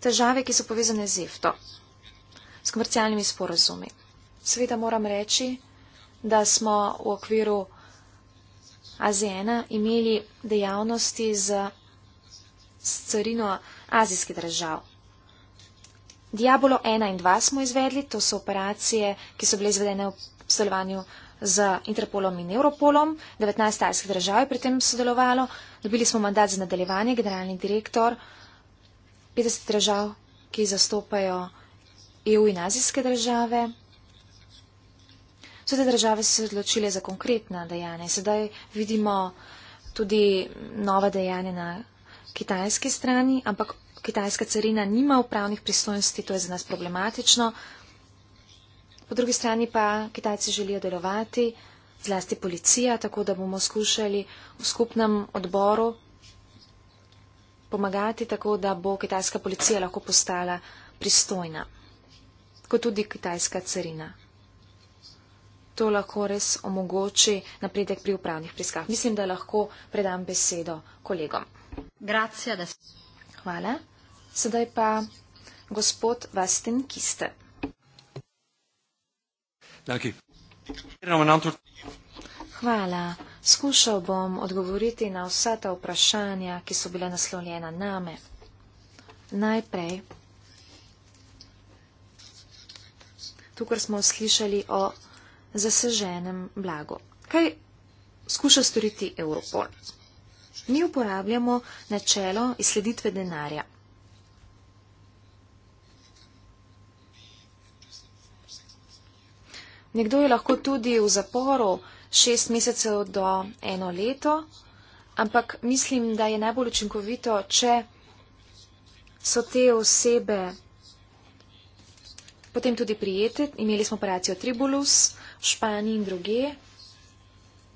težave, ki so povezane z EFTO, s komercialnimi sporazumi. Seveda moram reči, da smo v okviru Azena imeli dejavnosti z, z carino azijskih držav. Diabolo 1 in 2 smo izvedli, to so operacije, ki so bile izvedene v sodelovanju z Interpolom in Europolom, 19 azijskih držav je pri tem sodelovalo, dobili smo mandat za nadaljevanje, generalni direktor, 50 držav, ki zastopajo EU in azijske države. Vse te države so se odločile za konkretna dejanja. Sedaj vidimo tudi nova dejanja na kitajski strani, ampak kitajska carina nima upravnih pristojnosti, to je za nas problematično. Po drugi strani pa Kitajci želijo delovati, zlasti policija, tako da bomo skušali v skupnem odboru pomagati, tako da bo kitajska policija lahko postala pristojna, kot tudi kitajska carina to lahko res omogoči napredek pri upravnih preiskavah. Mislim, da lahko predam besedo kolegom. Grazie, da... Hvala. Sedaj pa gospod Vastin Kiste. Hvala. Skušal bom odgovoriti na vsa ta vprašanja, ki so bile naslovljena name. Najprej, tukaj smo slišali o zaseženem blagu. Kaj skuša storiti Europol? Mi uporabljamo načelo izsleditve denarja. Nekdo je lahko tudi v zaporu šest mesecev do eno leto, ampak mislim, da je najbolj učinkovito, če so te osebe potem tudi prijete. Imeli smo operacijo Tribulus. Španiji in druge.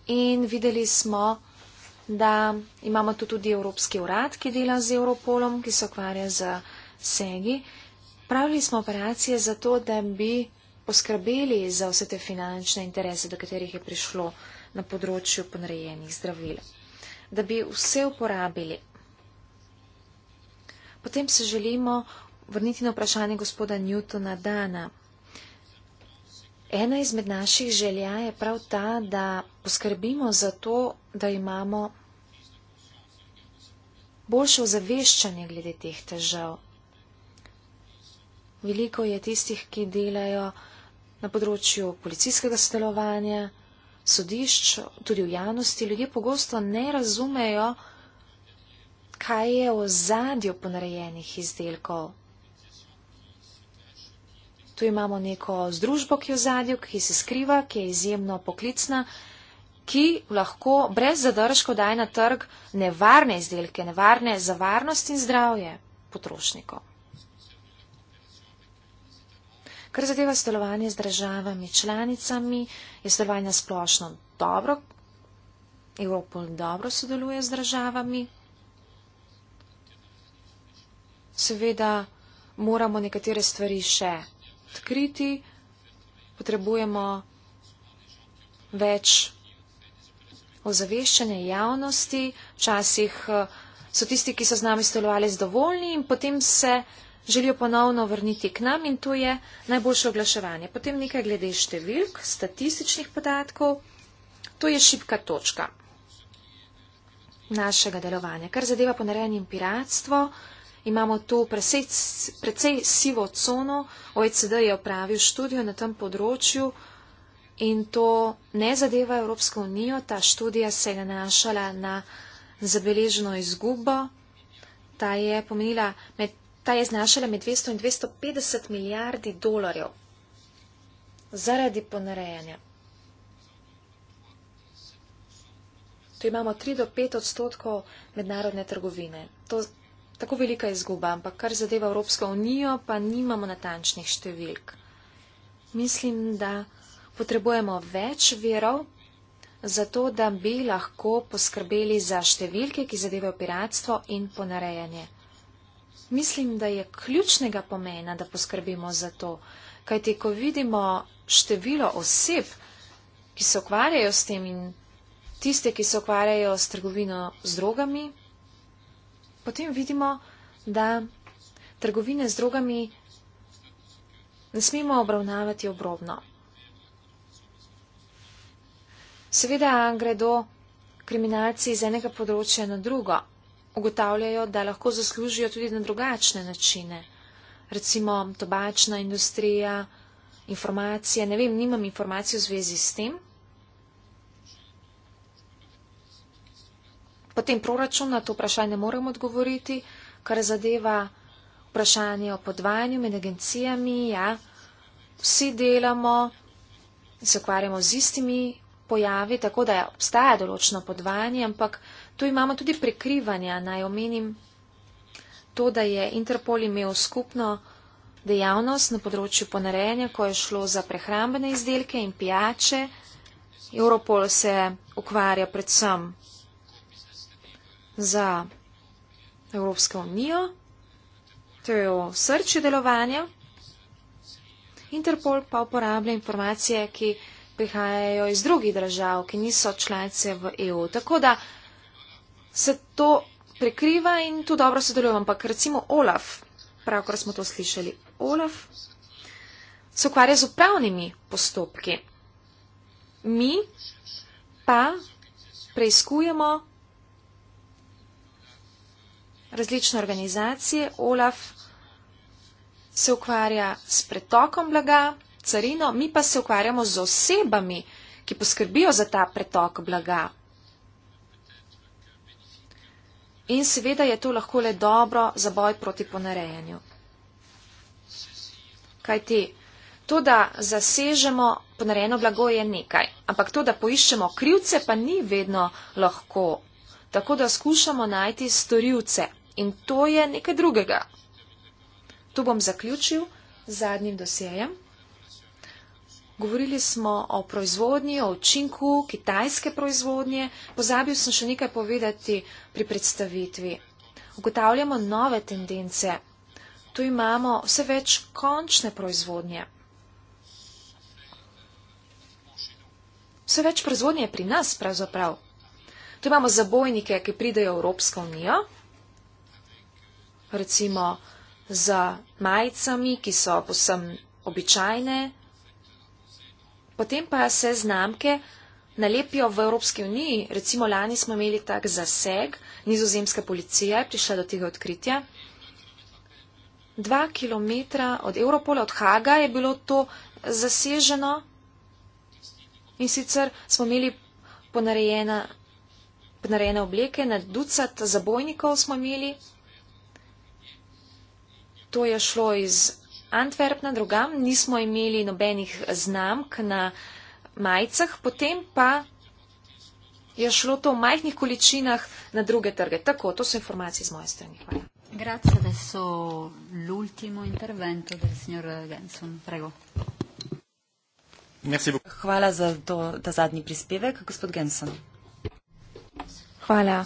In videli smo, da imamo tu tudi Evropski urad, ki dela z Europolom, ki se ukvarja z SEGI. Pravili smo operacije zato, da bi poskrbeli za vse te finančne interese, do katerih je prišlo na področju ponarejenih zdravil. Da bi vse uporabili. Potem se želimo vrniti na vprašanje gospoda Newtona Dana. Ena izmed naših želja je prav ta, da poskrbimo za to, da imamo boljše ozaveščanje glede teh težav. Veliko je tistih, ki delajo na področju policijskega sodelovanja, sodišč, tudi v javnosti. Ljudje pogosto ne razumejo, kaj je v zadju ponarejenih izdelkov. Tu imamo neko združbo, ki je v zadju, ki se skriva, ki je izjemno poklicna, ki lahko brez zadržkov daje na trg nevarne izdelke, nevarne za varnost in zdravje potrošnikov. Kar zadeva sodelovanje z državami članicami, je sodelovanje splošno dobro. Evropol dobro sodeluje z državami. Seveda moramo nekatere stvari še odkriti, potrebujemo več ozaveščanja javnosti, včasih eh, so tisti, ki so z nami stolovali zadovoljni in potem se želijo ponovno vrniti k nam in to je najboljše oglaševanje. Potem nekaj glede številk, statističnih podatkov, to je šipka točka našega delovanja. Kar zadeva ponarejanje in piratstvo, imamo tu precej, precej sivo cono, OECD je opravil študijo na tem področju in to ne zadeva Evropsko unijo, ta študija se je nanašala na zabeleženo izgubo, ta je, pomenila, med, ta je znašala med 200 in 250 milijardi dolarjev zaradi ponarejanja. Tu imamo 3 do 5 odstotkov mednarodne trgovine. To tako velika izguba, ampak kar zadeva Evropsko unijo, pa nimamo natančnih številk. Mislim, da potrebujemo več verov, zato da bi lahko poskrbeli za številke, ki zadevajo piratstvo in ponarejanje. Mislim, da je ključnega pomena, da poskrbimo za to, kajti ko vidimo število oseb, ki se ukvarjajo s tem in tiste, ki se ukvarjajo s trgovino z drogami, potem vidimo, da trgovine z drogami ne smemo obravnavati obrobno. Seveda gredo kriminalci iz enega področja na drugo, ugotavljajo, da lahko zaslužijo tudi na drugačne načine, recimo tobačna industrija, informacije, ne vem, nimam informacij v zvezi s tem. Potem proračun na to vprašanje moram odgovoriti, kar zadeva vprašanje o podvajanju med agencijami. Ja. Vsi delamo in se ukvarjamo z istimi pojavi, tako da obstaja določeno podvajanje, ampak tu imamo tudi prekrivanja. Naj omenim to, da je Interpol imel skupno dejavnost na področju ponarejanja, ko je šlo za prehrambene izdelke in pijače. Europol se ukvarja predvsem za Evropsko unijo, to je v srčju delovanja. Interpol pa uporablja informacije, ki prihajajo iz drugih držav, ki niso članice v EU. Tako da se to prekriva in tu dobro sodelujemo. Ampak recimo Olaf, pravkar smo to slišali, Olaf se ukvarja z upravnimi postopki. Mi pa preizkujemo različne organizacije. Olaf se ukvarja s pretokom blaga, carino, mi pa se ukvarjamo z osebami, ki poskrbijo za ta pretok blaga. In seveda je to lahko le dobro za boj proti ponarejanju. Kaj ti? To, da zasežemo ponarejeno blago, je nekaj, ampak to, da poiščemo krivce, pa ni vedno lahko. Tako da skušamo najti storilce in to je nekaj drugega. Tu bom zaključil z zadnjim dosejem. Govorili smo o proizvodnji, o učinku kitajske proizvodnje. Pozabil sem še nekaj povedati pri predstavitvi. Ugotavljamo nove tendence. Tu imamo vse več končne proizvodnje. Vse več proizvodnje je pri nas pravzaprav. Tu imamo zabojnike, ki pridejo v Evropsko unijo recimo z majicami, ki so posem običajne. Potem pa se znamke nalepijo v Evropski uniji. Recimo lani smo imeli tak zaseg, nizozemska policija je prišla do tega odkritja. Dva kilometra od Evropola, od Haga je bilo to zaseženo in sicer smo imeli ponarejena, ponarejene obleke, na ducat zabojnikov smo imeli. To je šlo iz Antwerpna, drugam nismo imeli nobenih znamk na majicah, potem pa je šlo to v majhnih količinah na druge trge. Tako, to so informacije z moje strani. Hvala. Grazie, adesso l'ultimo intervento del signor Genson. Prego. Hvala za to, ta zadnji prispevek, gospod Genson. Hvala.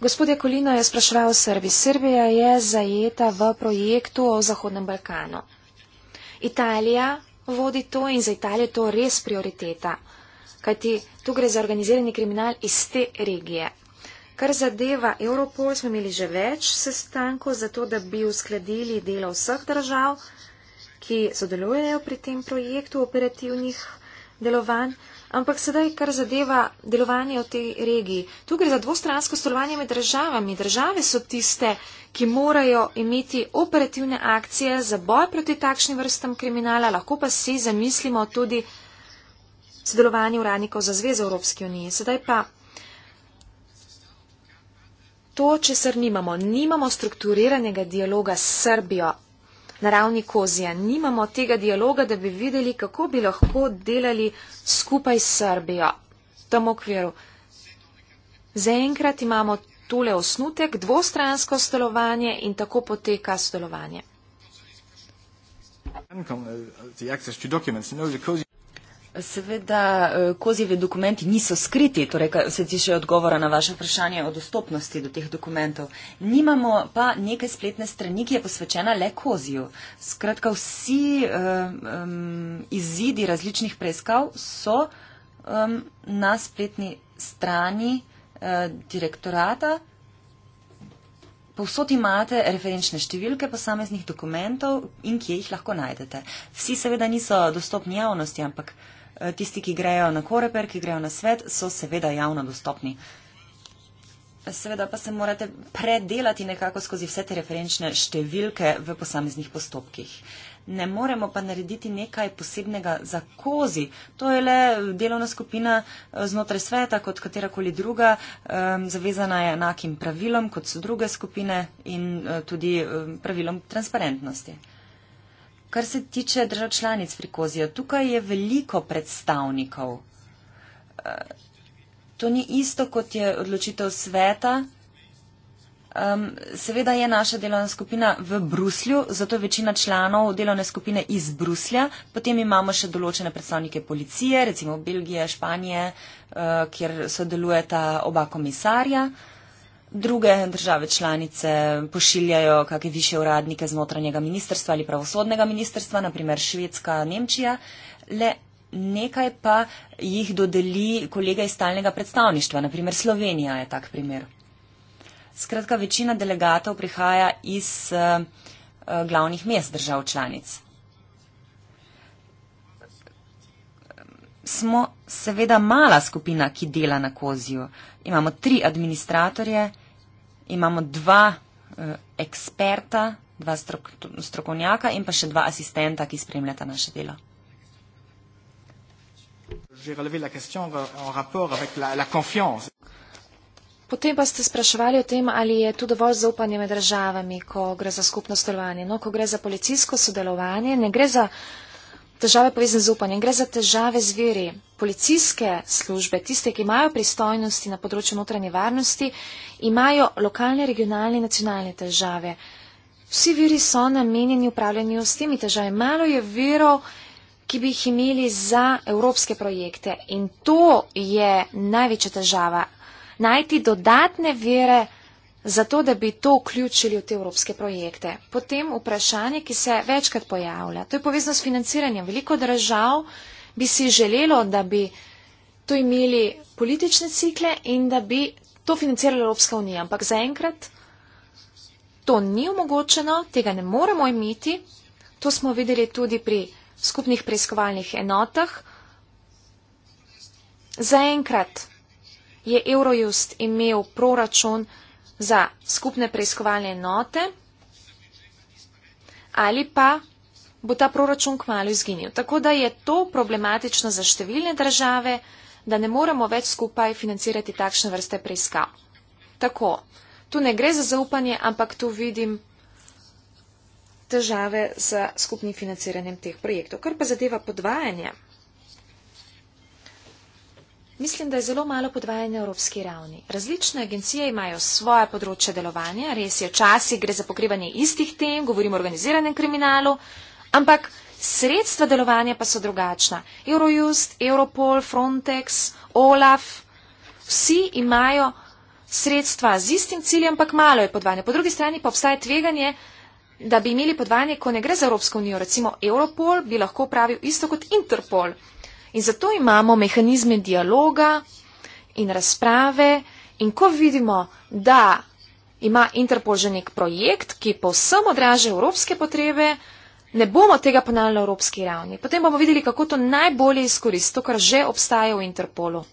Gospodje Kolina je spraševal Srbi. Srbija je zajeta v projektu o Zahodnem Balkanu. Italija vodi to in za Italijo to res prioriteta, kajti tu gre za organizirani kriminal iz te regije. Kar zadeva Europol, smo imeli že več sestankov za to, da bi uskladili delo vseh držav, ki sodelujejo pri tem projektu operativnih delovanj. Ampak sedaj, kar zadeva delovanje v tej regiji, tu gre za dvostransko sodelovanje med državami. Države so tiste, ki morajo imeti operativne akcije za boj proti takšnim vrstam kriminala, lahko pa si zamislimo tudi sodelovanje uradnikov za Zvezo Evropske unije. Sedaj pa to, česar nimamo. Nimamo strukturiranega dialoga s Srbijo na ravni Kozija. Nimamo tega dialoga, da bi videli, kako bi lahko delali skupaj s Srbijo v tem okviru. Zaenkrat imamo tole osnutek, dvostransko sodelovanje in tako poteka sodelovanje. Uh, Seveda, eh, kozjevi dokumenti niso skriti, torej se tiše odgovora na vaše vprašanje o dostopnosti do teh dokumentov. Nimamo pa neke spletne strani, ki je posvečena le kozju. Skratka, vsi um, izidi različnih preiskav so um, na spletni strani uh, direktorata. Povsod imate referenčne številke posameznih dokumentov in kje jih lahko najdete. Vsi seveda niso dostopni javnosti, ampak tisti, ki grejo na koreper, ki grejo na svet, so seveda javno dostopni. Seveda pa se morate predelati nekako skozi vse te referenčne številke v posameznih postopkih. Ne moremo pa narediti nekaj posebnega za kozi. To je le delovna skupina eh, znotraj sveta, kot katerakoli druga, eh, zavezana je enakim pravilom kot so druge skupine in eh, tudi pravilom transparentnosti kar se tiče držav članic Frikozija, tukaj je veliko predstavnikov. Eh, to ni isto, kot je odločitev sveta. Seveda je naša delovna skupina v Bruslju, zato je večina članov delovne skupine iz Bruslja. Potem imamo še določene predstavnike policije, recimo Belgije, Španije, eh, kjer sodelujeta oba komisarja druge države članice pošiljajo kakšne više uradnike z notranjega ministrstva ali pravosodnega ministrstva, naprimer Švedska, Nemčija, le nekaj pa jih dodeli kolega iz stalnega predstavništva, naprimer Slovenija je tak primer. Skratka, večina delegatov prihaja iz uh, uh, glavnih mest držav članic. Smo seveda mala skupina, ki dela na kozju. Imamo tri administratorje, imamo dva uh, eksperta, dva strok, strokovnjaka in pa še dva asistenta, ki spremljata naše delo. Potem pa ste spraševali o tem, ali je tu dovolj zaupanje med državami, ko gre za skupno sodelovanje. No, ko gre za policijsko sodelovanje, ne gre za. Težave povezane z upanjem. Gre za težave z veri. Policijske službe, tiste, ki imajo pristojnosti na področju notranje varnosti, imajo lokalne, regionalne in nacionalne težave. Vsi viri so namenjeni upravljanju s temi težavami. Malo je virov, ki bi jih imeli za evropske projekte. In to je največja težava. Najti dodatne vire zato da bi to vključili v te evropske projekte. Potem vprašanje, ki se večkrat pojavlja, to je povezano s financiranjem. Veliko držav bi si želelo, da bi to imeli politične cikle in da bi to financirala Evropska unija, ampak zaenkrat to ni omogočeno, tega ne moremo imeti. To smo videli tudi pri skupnih preiskovalnih enotah. Zaenkrat je Eurojust imel proračun, za skupne preiskovalne enote ali pa bo ta proračun kmalo izginil. Tako da je to problematično za številne države, da ne moremo več skupaj financirati takšne vrste preiskav. Tako, tu ne gre za zaupanje, ampak tu vidim težave z skupnim financiranjem teh projektov. Kar pa zadeva podvajanje. Mislim, da je zelo malo podvajanja na evropski ravni. Različne agencije imajo svoje področje delovanja, res je, včasih gre za pokrivanje istih tem, govorimo o organiziranem kriminalu, ampak sredstva delovanja pa so drugačna. Eurojust, Europol, Frontex, OLAF, vsi imajo sredstva z istim ciljem, ampak malo je podvajanja. Po drugi strani pa obstaja tveganje, da bi imeli podvajanje, ko ne gre za Evropsko unijo. Recimo Europol bi lahko pravil isto kot Interpol. In zato imamo mehanizme dialoga in razprave. In ko vidimo, da ima Interpol že nek projekt, ki povsem odraže evropske potrebe, ne bomo tega ponavljali na evropski ravni. Potem bomo videli, kako to najbolje izkoristiti, to, kar že obstaja v Interpolu.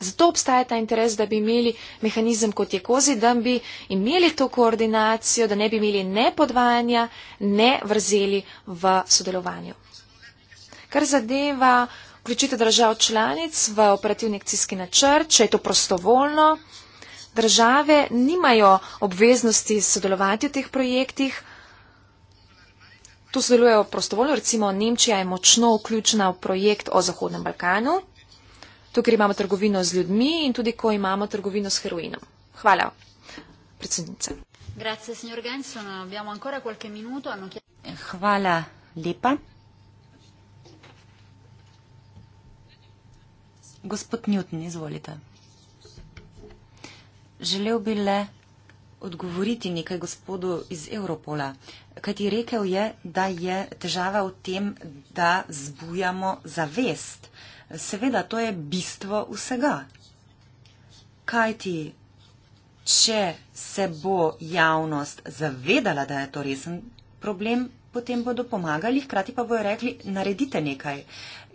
Zato obstaja ta interes, da bi imeli mehanizem kot je kozi, da bi imeli to koordinacijo, da ne bi imeli ne podvajanja, ne vrzeli v sodelovanju. Kar zadeva vključitev držav članic v operativni akcijski načrt, če je to prostovoljno, države nimajo obveznosti sodelovati v teh projektih. Tu sodelujejo prostovoljno, recimo Nemčija je močno vključena v projekt o Zahodnem Balkanu. Tukaj imamo trgovino z ljudmi in tudi, ko imamo trgovino s heroinom. Hvala, predsednica. Grazie, signor Genson. Abbiamo ancora qualche minuto. Hvala lepa. Gospod Newton, izvolite. Želel bi le odgovoriti nekaj gospodu iz Europola, kajti rekel je, da je težava v tem, da zbujamo zavest. Seveda, to je bistvo vsega. Kajti, če se bo javnost zavedala, da je to resen problem, potem bodo pomagali, hkrati pa bojo rekli, naredite nekaj.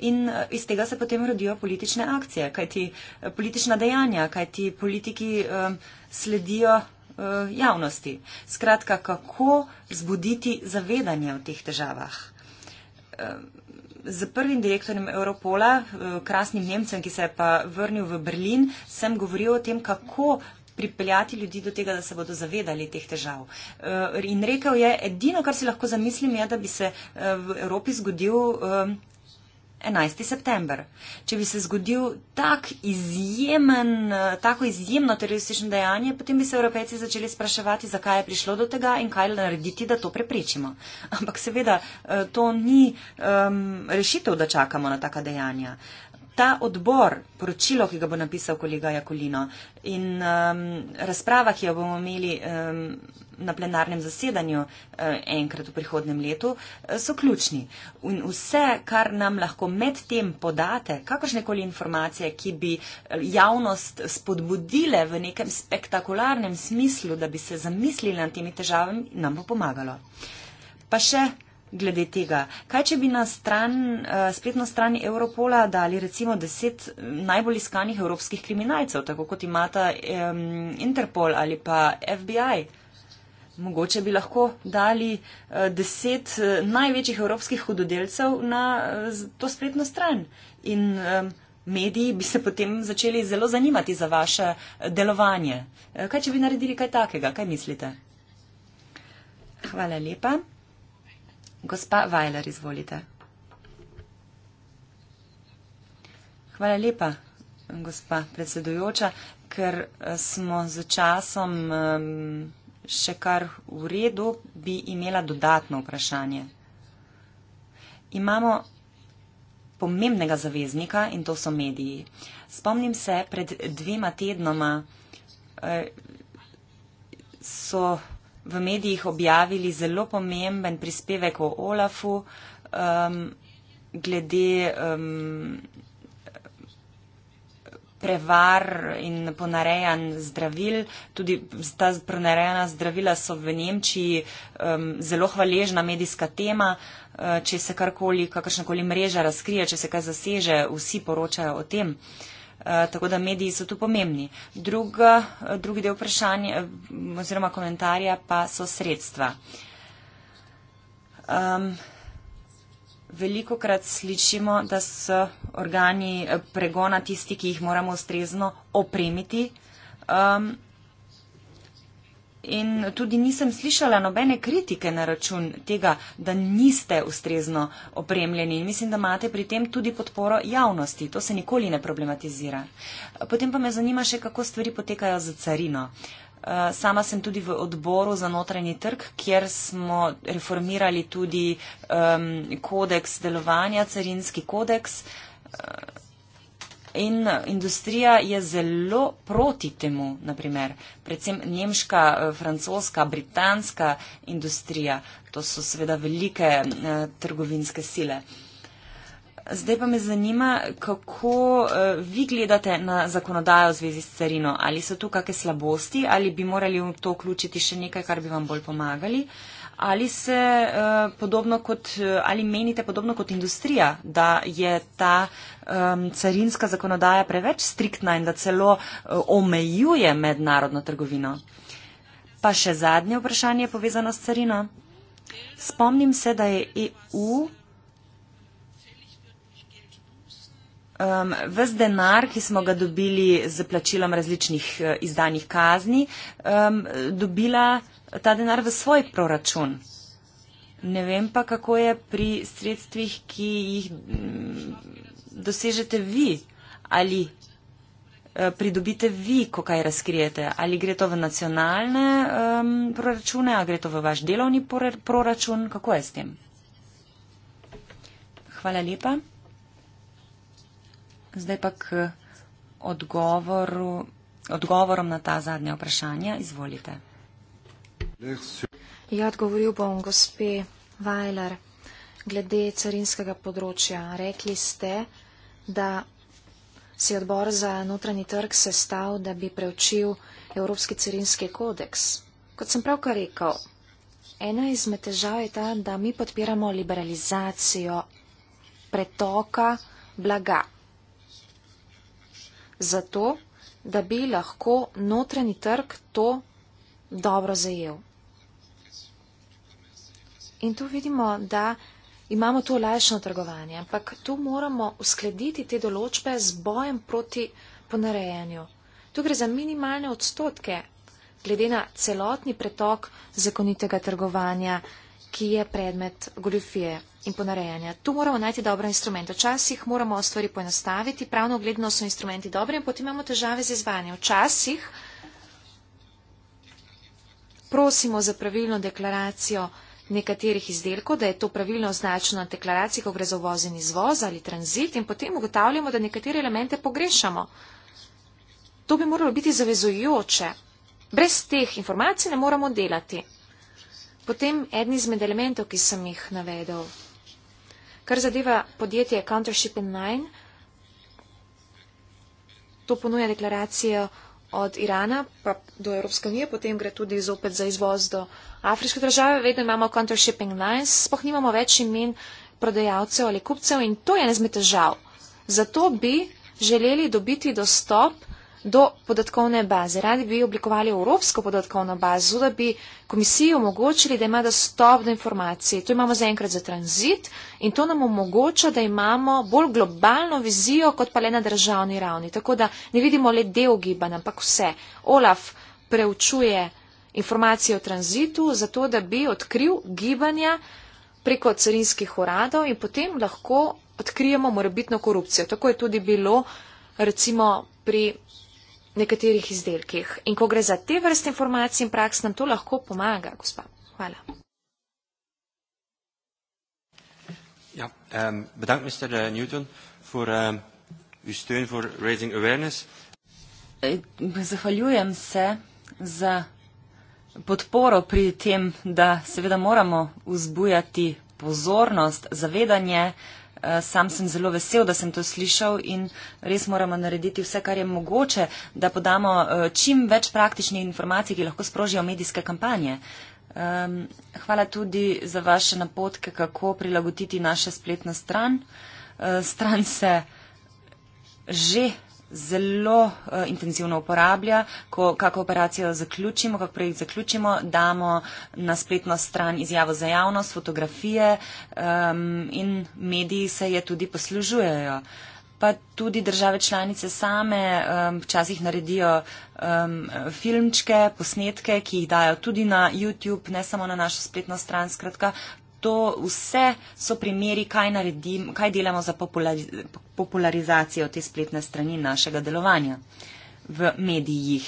In eh, iz tega se potem rodijo politične akcije, kajti eh, politična dejanja, kajti politiki um, sledijo um, javnosti. Skratka, kako zbuditi zavedanje o teh težavah. Um, Z prvim direktorjem Europola, krasnim Nemcem, ki se je pa vrnil v Berlin, sem govoril o tem, kako pripeljati ljudi do tega, da se bodo zavedali teh težav. Eh, in rekel je, edino, kar si lahko zamislim, je, da bi se eh, v Evropi zgodil 11. Eh, september. Če bi se zgodil tak izjemen, tako izjemno teroristično dejanje, potem bi se evropejci začeli spraševati, zakaj je prišlo do tega in kaj narediti, da to preprečimo. Ampak seveda to ni um, rešitev, da čakamo na taka dejanja. Uh, ta odbor, poročilo, ki ga bo napisal kolega Jakolino in um, razprava, ki jo bomo imeli um, na plenarnem zasedanju um, enkrat v prihodnem letu, uh, so ključni. In vse, kar nam lahko med tem podate, kakršne koli informacije, ki bi uh, javnost spodbudile v nekem spektakularnem smislu, da bi se zamislili nad temi težavami, nam bo pomagalo. Pa še glede tega. Kaj, če bi na stran, eh, spletno stran Europola dali recimo deset najbolj iskanih evropskih kriminalcev, tako kot imata um, Interpol ali pa FBI? Mogoče bi lahko dali eh, deset eh, največjih evropskih hudodelcev na to spletno stran. In um, mediji bi se potem začeli zelo zanimati za vaše delovanje. Kaj, če bi naredili kaj takega? Kaj mislite? Hvala lepa. Gospa Vajler, izvolite. Hvala lepa, gospa predsedujoča, ker eh, smo z časom še kar v redu, bi imela dodatno vprašanje. Imamo pomembnega zaveznika in to so mediji. Spomnim se, pred dvema tednoma eh, so v medijih objavili zelo pomemben prispevek o Olafu um, glede um, prevar in ponarejan zdravil. Tudi ta ponarejana zdravila so v Nemčiji um, zelo hvaležna medijska tema. Uh, če se karkoli, kakršnakoli mreža razkrije, če se kaj zaseže, vsi poročajo o tem. Uh, Eh, tako da mediji so tu pomembni. Druga, eh, drugi del vprašanja eh, oziroma komentarja pa so sredstva. Um, veliko krat slišimo, da so organi pregona tisti, ki jih moramo ustrezno opremiti. Um, In tudi nisem slišala nobene kritike na račun tega, da niste ustrezno opremljeni. Mislim, da imate pri tem tudi podporo javnosti. To se nikoli ne problematizira. Potem pa me zanima še, kako stvari potekajo za carino. Eh, sama sem tudi v odboru za notranji trg, kjer smo reformirali tudi um, kodeks delovanja, carinski kodeks. Eh, in industrija je zelo proti temu, naprimer, predvsem nemška, eh, francoska, britanska industrija. To so seveda velike eh, trgovinske sile. Zdaj pa me zanima, kako eh, vi gledate na zakonodajo v zvezi s carino. Ali so tu kakšne slabosti ali bi morali v to vključiti še nekaj, kar bi vam bolj pomagali? Eh, Ali se uh, podobno kot, eh, ali menite podobno kot industrija, da je ta um, carinska zakonodaja preveč striktna in da celo uh, omejuje mednarodno trgovino? Pa še zadnje vprašanje povezano s carino. Spomnim se, da je EU um, ves denar, ki smo ga dobili z plačilom različnih uh, izdanih kazni, um, dobila ta denar v svoj proračun. Ne vem pa, kako je pri sredstvih, ki jih mm, dosežete vi ali eh, pridobite vi, ko kaj razkrijete. Ali gre to v nacionalne um, proračune, ali gre to v vaš delovni proračun, kako je s tem? Hvala lepa. Zdaj pa k odgovoru, odgovorom na ta zadnja vprašanja. Izvolite. Ja, odgovoril bom gospe Vajlar glede carinskega področja. Rekli ste, da se je odbor za notranji trg sestav, da bi preučil Evropski carinski kodeks. Kot sem pravkar rekel, ena izmed težav je ta, da mi podpiramo liberalizacijo pretoka blaga. Zato, da bi lahko notranji trg to dobro zajel. In tu vidimo, da imamo to lajšno trgovanje, ampak tu moramo uskladiti te določbe z bojem proti ponarejanju. Tu gre za minimalne odstotke, glede na celotni pretok zakonitega trgovanja, ki je predmet goljofije in ponarejanja. Tu moramo najti dobre instrumente. Včasih moramo stvari poenostaviti, pravno gledno so instrumenti dobri in potem imamo težave z izvanjem. Včasih prosimo za pravilno deklaracijo nekaterih izdelkov, da je to pravilno označeno na deklaraciji, ko gre za uvoz in izvoz ali tranzit in potem ugotavljamo, da nekatere elemente pogrešamo. To bi moralo biti zavezujoče. Brez teh informacij ne moramo delati. Potem eden izmed elementov, ki sem jih navedel, kar zadeva podjetje Countership in Nine, to ponuja deklaracijo od Irana pa do Evropske unije, potem gre tudi zopet za izvoz do afriške države. Vedno imamo countershipping lines, spoh nimamo več imen prodajalcev ali kupcev in to je ena izmed težav. Zato bi želeli dobiti dostop do podatkovne baze. Radi bi oblikovali evropsko podatkovno bazo, da bi komisiji omogočili, da ima dostop do informacij. To imamo zaenkrat za tranzit in to nam omogoča, da imamo bolj globalno vizijo, kot pa le na državni ravni. Tako da ne vidimo le del gibanj, ampak vse. Olaf preučuje informacije o tranzitu, zato da bi odkril gibanja preko carinskih uradov in potem lahko odkrijemo morebitno korupcijo. Tako je tudi bilo recimo pri nekaterih izdelkih. In ko gre za te vrste informacij in praks, nam to lahko pomaga, gospa. Hvala. Ja, um, ehm, bedank, Mr. Eh, Newton, for um, ehm, your steun for raising awareness. Eh, zahvaljujem se za podporo pri tem, da seveda moramo vzbujati pozornost, zavedanje, uh, Eh, sam sem zelo vesel, da sem to slišal in res moramo narediti vse, kar je mogoče, da podamo eh, čim več praktičnih informacij, ki lahko sprožijo medijske kampanje. Hvala tudi za vaše napotke, kako prilagoditi naše spletno stran. Eh, stran se že zelo uh, intenzivno uporablja. Ko kako operacijo zaključimo, kako projekt zaključimo, damo na spletno stran izjavo za javnost, fotografije um, in mediji se je tudi poslužujejo. Pa tudi države članice same um, včasih naredijo um, filmčke, posnetke, ki jih dajo tudi na YouTube, ne samo na našo spletno stran. Skratka, to vse so primeri, kaj, naredim, kaj delamo za popularizacijo te spletne strani našega delovanja v medijih.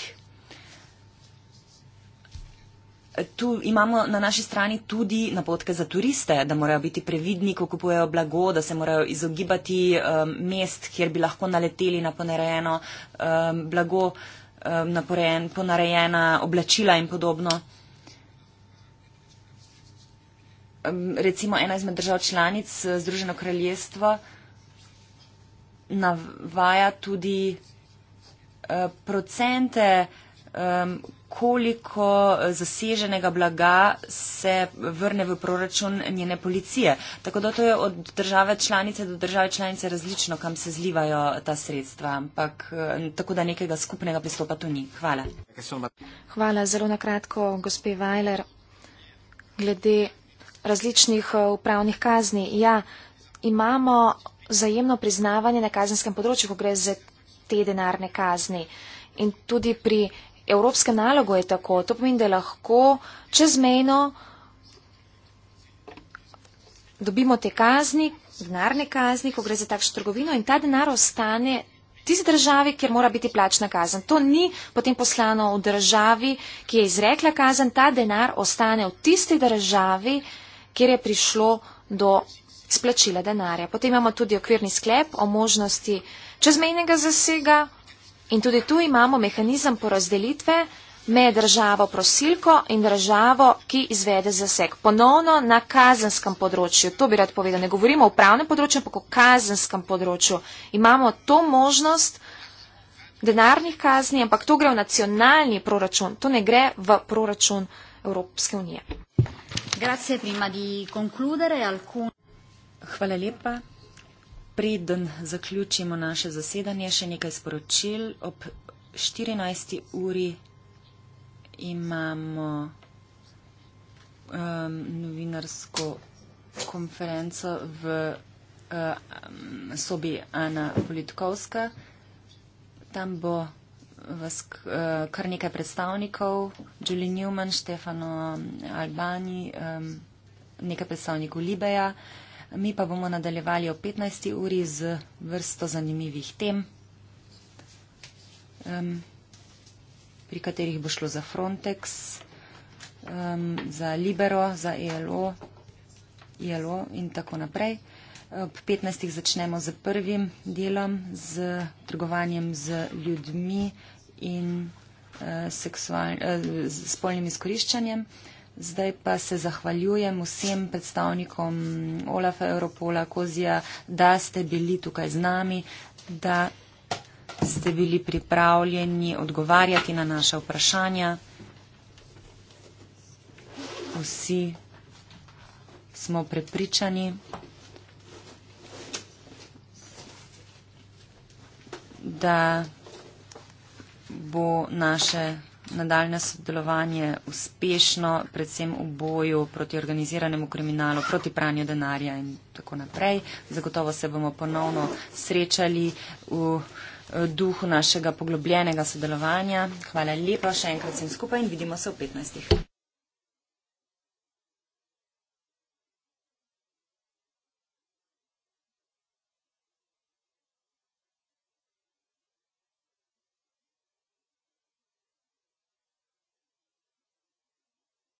Tu imamo na naši strani tudi napotke za turiste, da morajo biti previdni, ko kupujejo blago, da se morajo izogibati um, mest, kjer bi lahko naleteli na ponarejeno um, blago, um, na ponarejena oblačila in podobno recimo ena izmed držav članic, eh, Združeno kraljestvo, navaja tudi eh, procente, koliko eh, zaseženega blaga se vrne v proračun njene policije. Tako da to je od države članice do države članice različno, kam se zlivajo ta sredstva, ampak tako da nekega skupnega pristopa tu ni. Hvala. Hvala zelo na kratko, gospe Vajler. Glede različnih eh, upravnih kazni. Ja, imamo zajemno priznavanje na kazenskem področju, ko gre za te denarne kazni. In tudi pri evropskem nalogu je tako. To pomeni, da lahko čezmejno dobimo te kazni, denarne kazni, ko gre za takšno trgovino in ta denar ostane tisti državi, kjer mora biti plačna kazen. To ni potem poslano v državi, ki je izrekla kazen, ta denar ostane v tisti državi, kjer je prišlo do splačila denarja. Potem imamo tudi okvirni sklep o možnosti čezmejnega zasega in tudi tu imamo mehanizem porazdelitve med državo prosilko in državo, ki izvede zaseg. Ponovno na kazenskem področju, to bi rad povedal, ne govorimo o pravnem področju, ampak o kazenskem področju. Imamo to možnost denarnih kazni, ampak to gre v nacionalni proračun, to ne gre v proračun Evropske unije. Grazie, prima di concludere alcun... Hvala lepa. Preden zaključimo naše zasedanje, še nekaj sporočil. Ob 14. uri imamo um, novinarsko konferenco v uh, um, sobi Ana Politkovska. Tam bo vas eh, kar nekaj predstavnikov, Julie Newman, Stefano Albani, nekaj predstavnikov Libeja. Mi pa bomo nadaljevali o 15. uri z vrsto zanimivih tem, pri katerih bo šlo za Frontex, za Libero, za ILO, e ILO e in tako naprej. Ob 15. začnemo z prvim delom, z trgovanjem z ljudmi in eh, eh, spolnim izkoriščanjem. Zdaj pa se zahvaljujem vsem predstavnikom Olafa, Europola, Kozija, da ste bili tukaj z nami, da ste bili pripravljeni odgovarjati na naše vprašanja. Vsi smo prepričani, da bo naše nadaljne sodelovanje uspešno, predvsem v boju proti organiziranemu kriminalu, proti pranju denarja in tako naprej. Zagotovo se bomo ponovno srečali v eh, duhu našega poglobljenega sodelovanja. Hvala lepa, še enkrat sem skupaj in vidimo se v 15.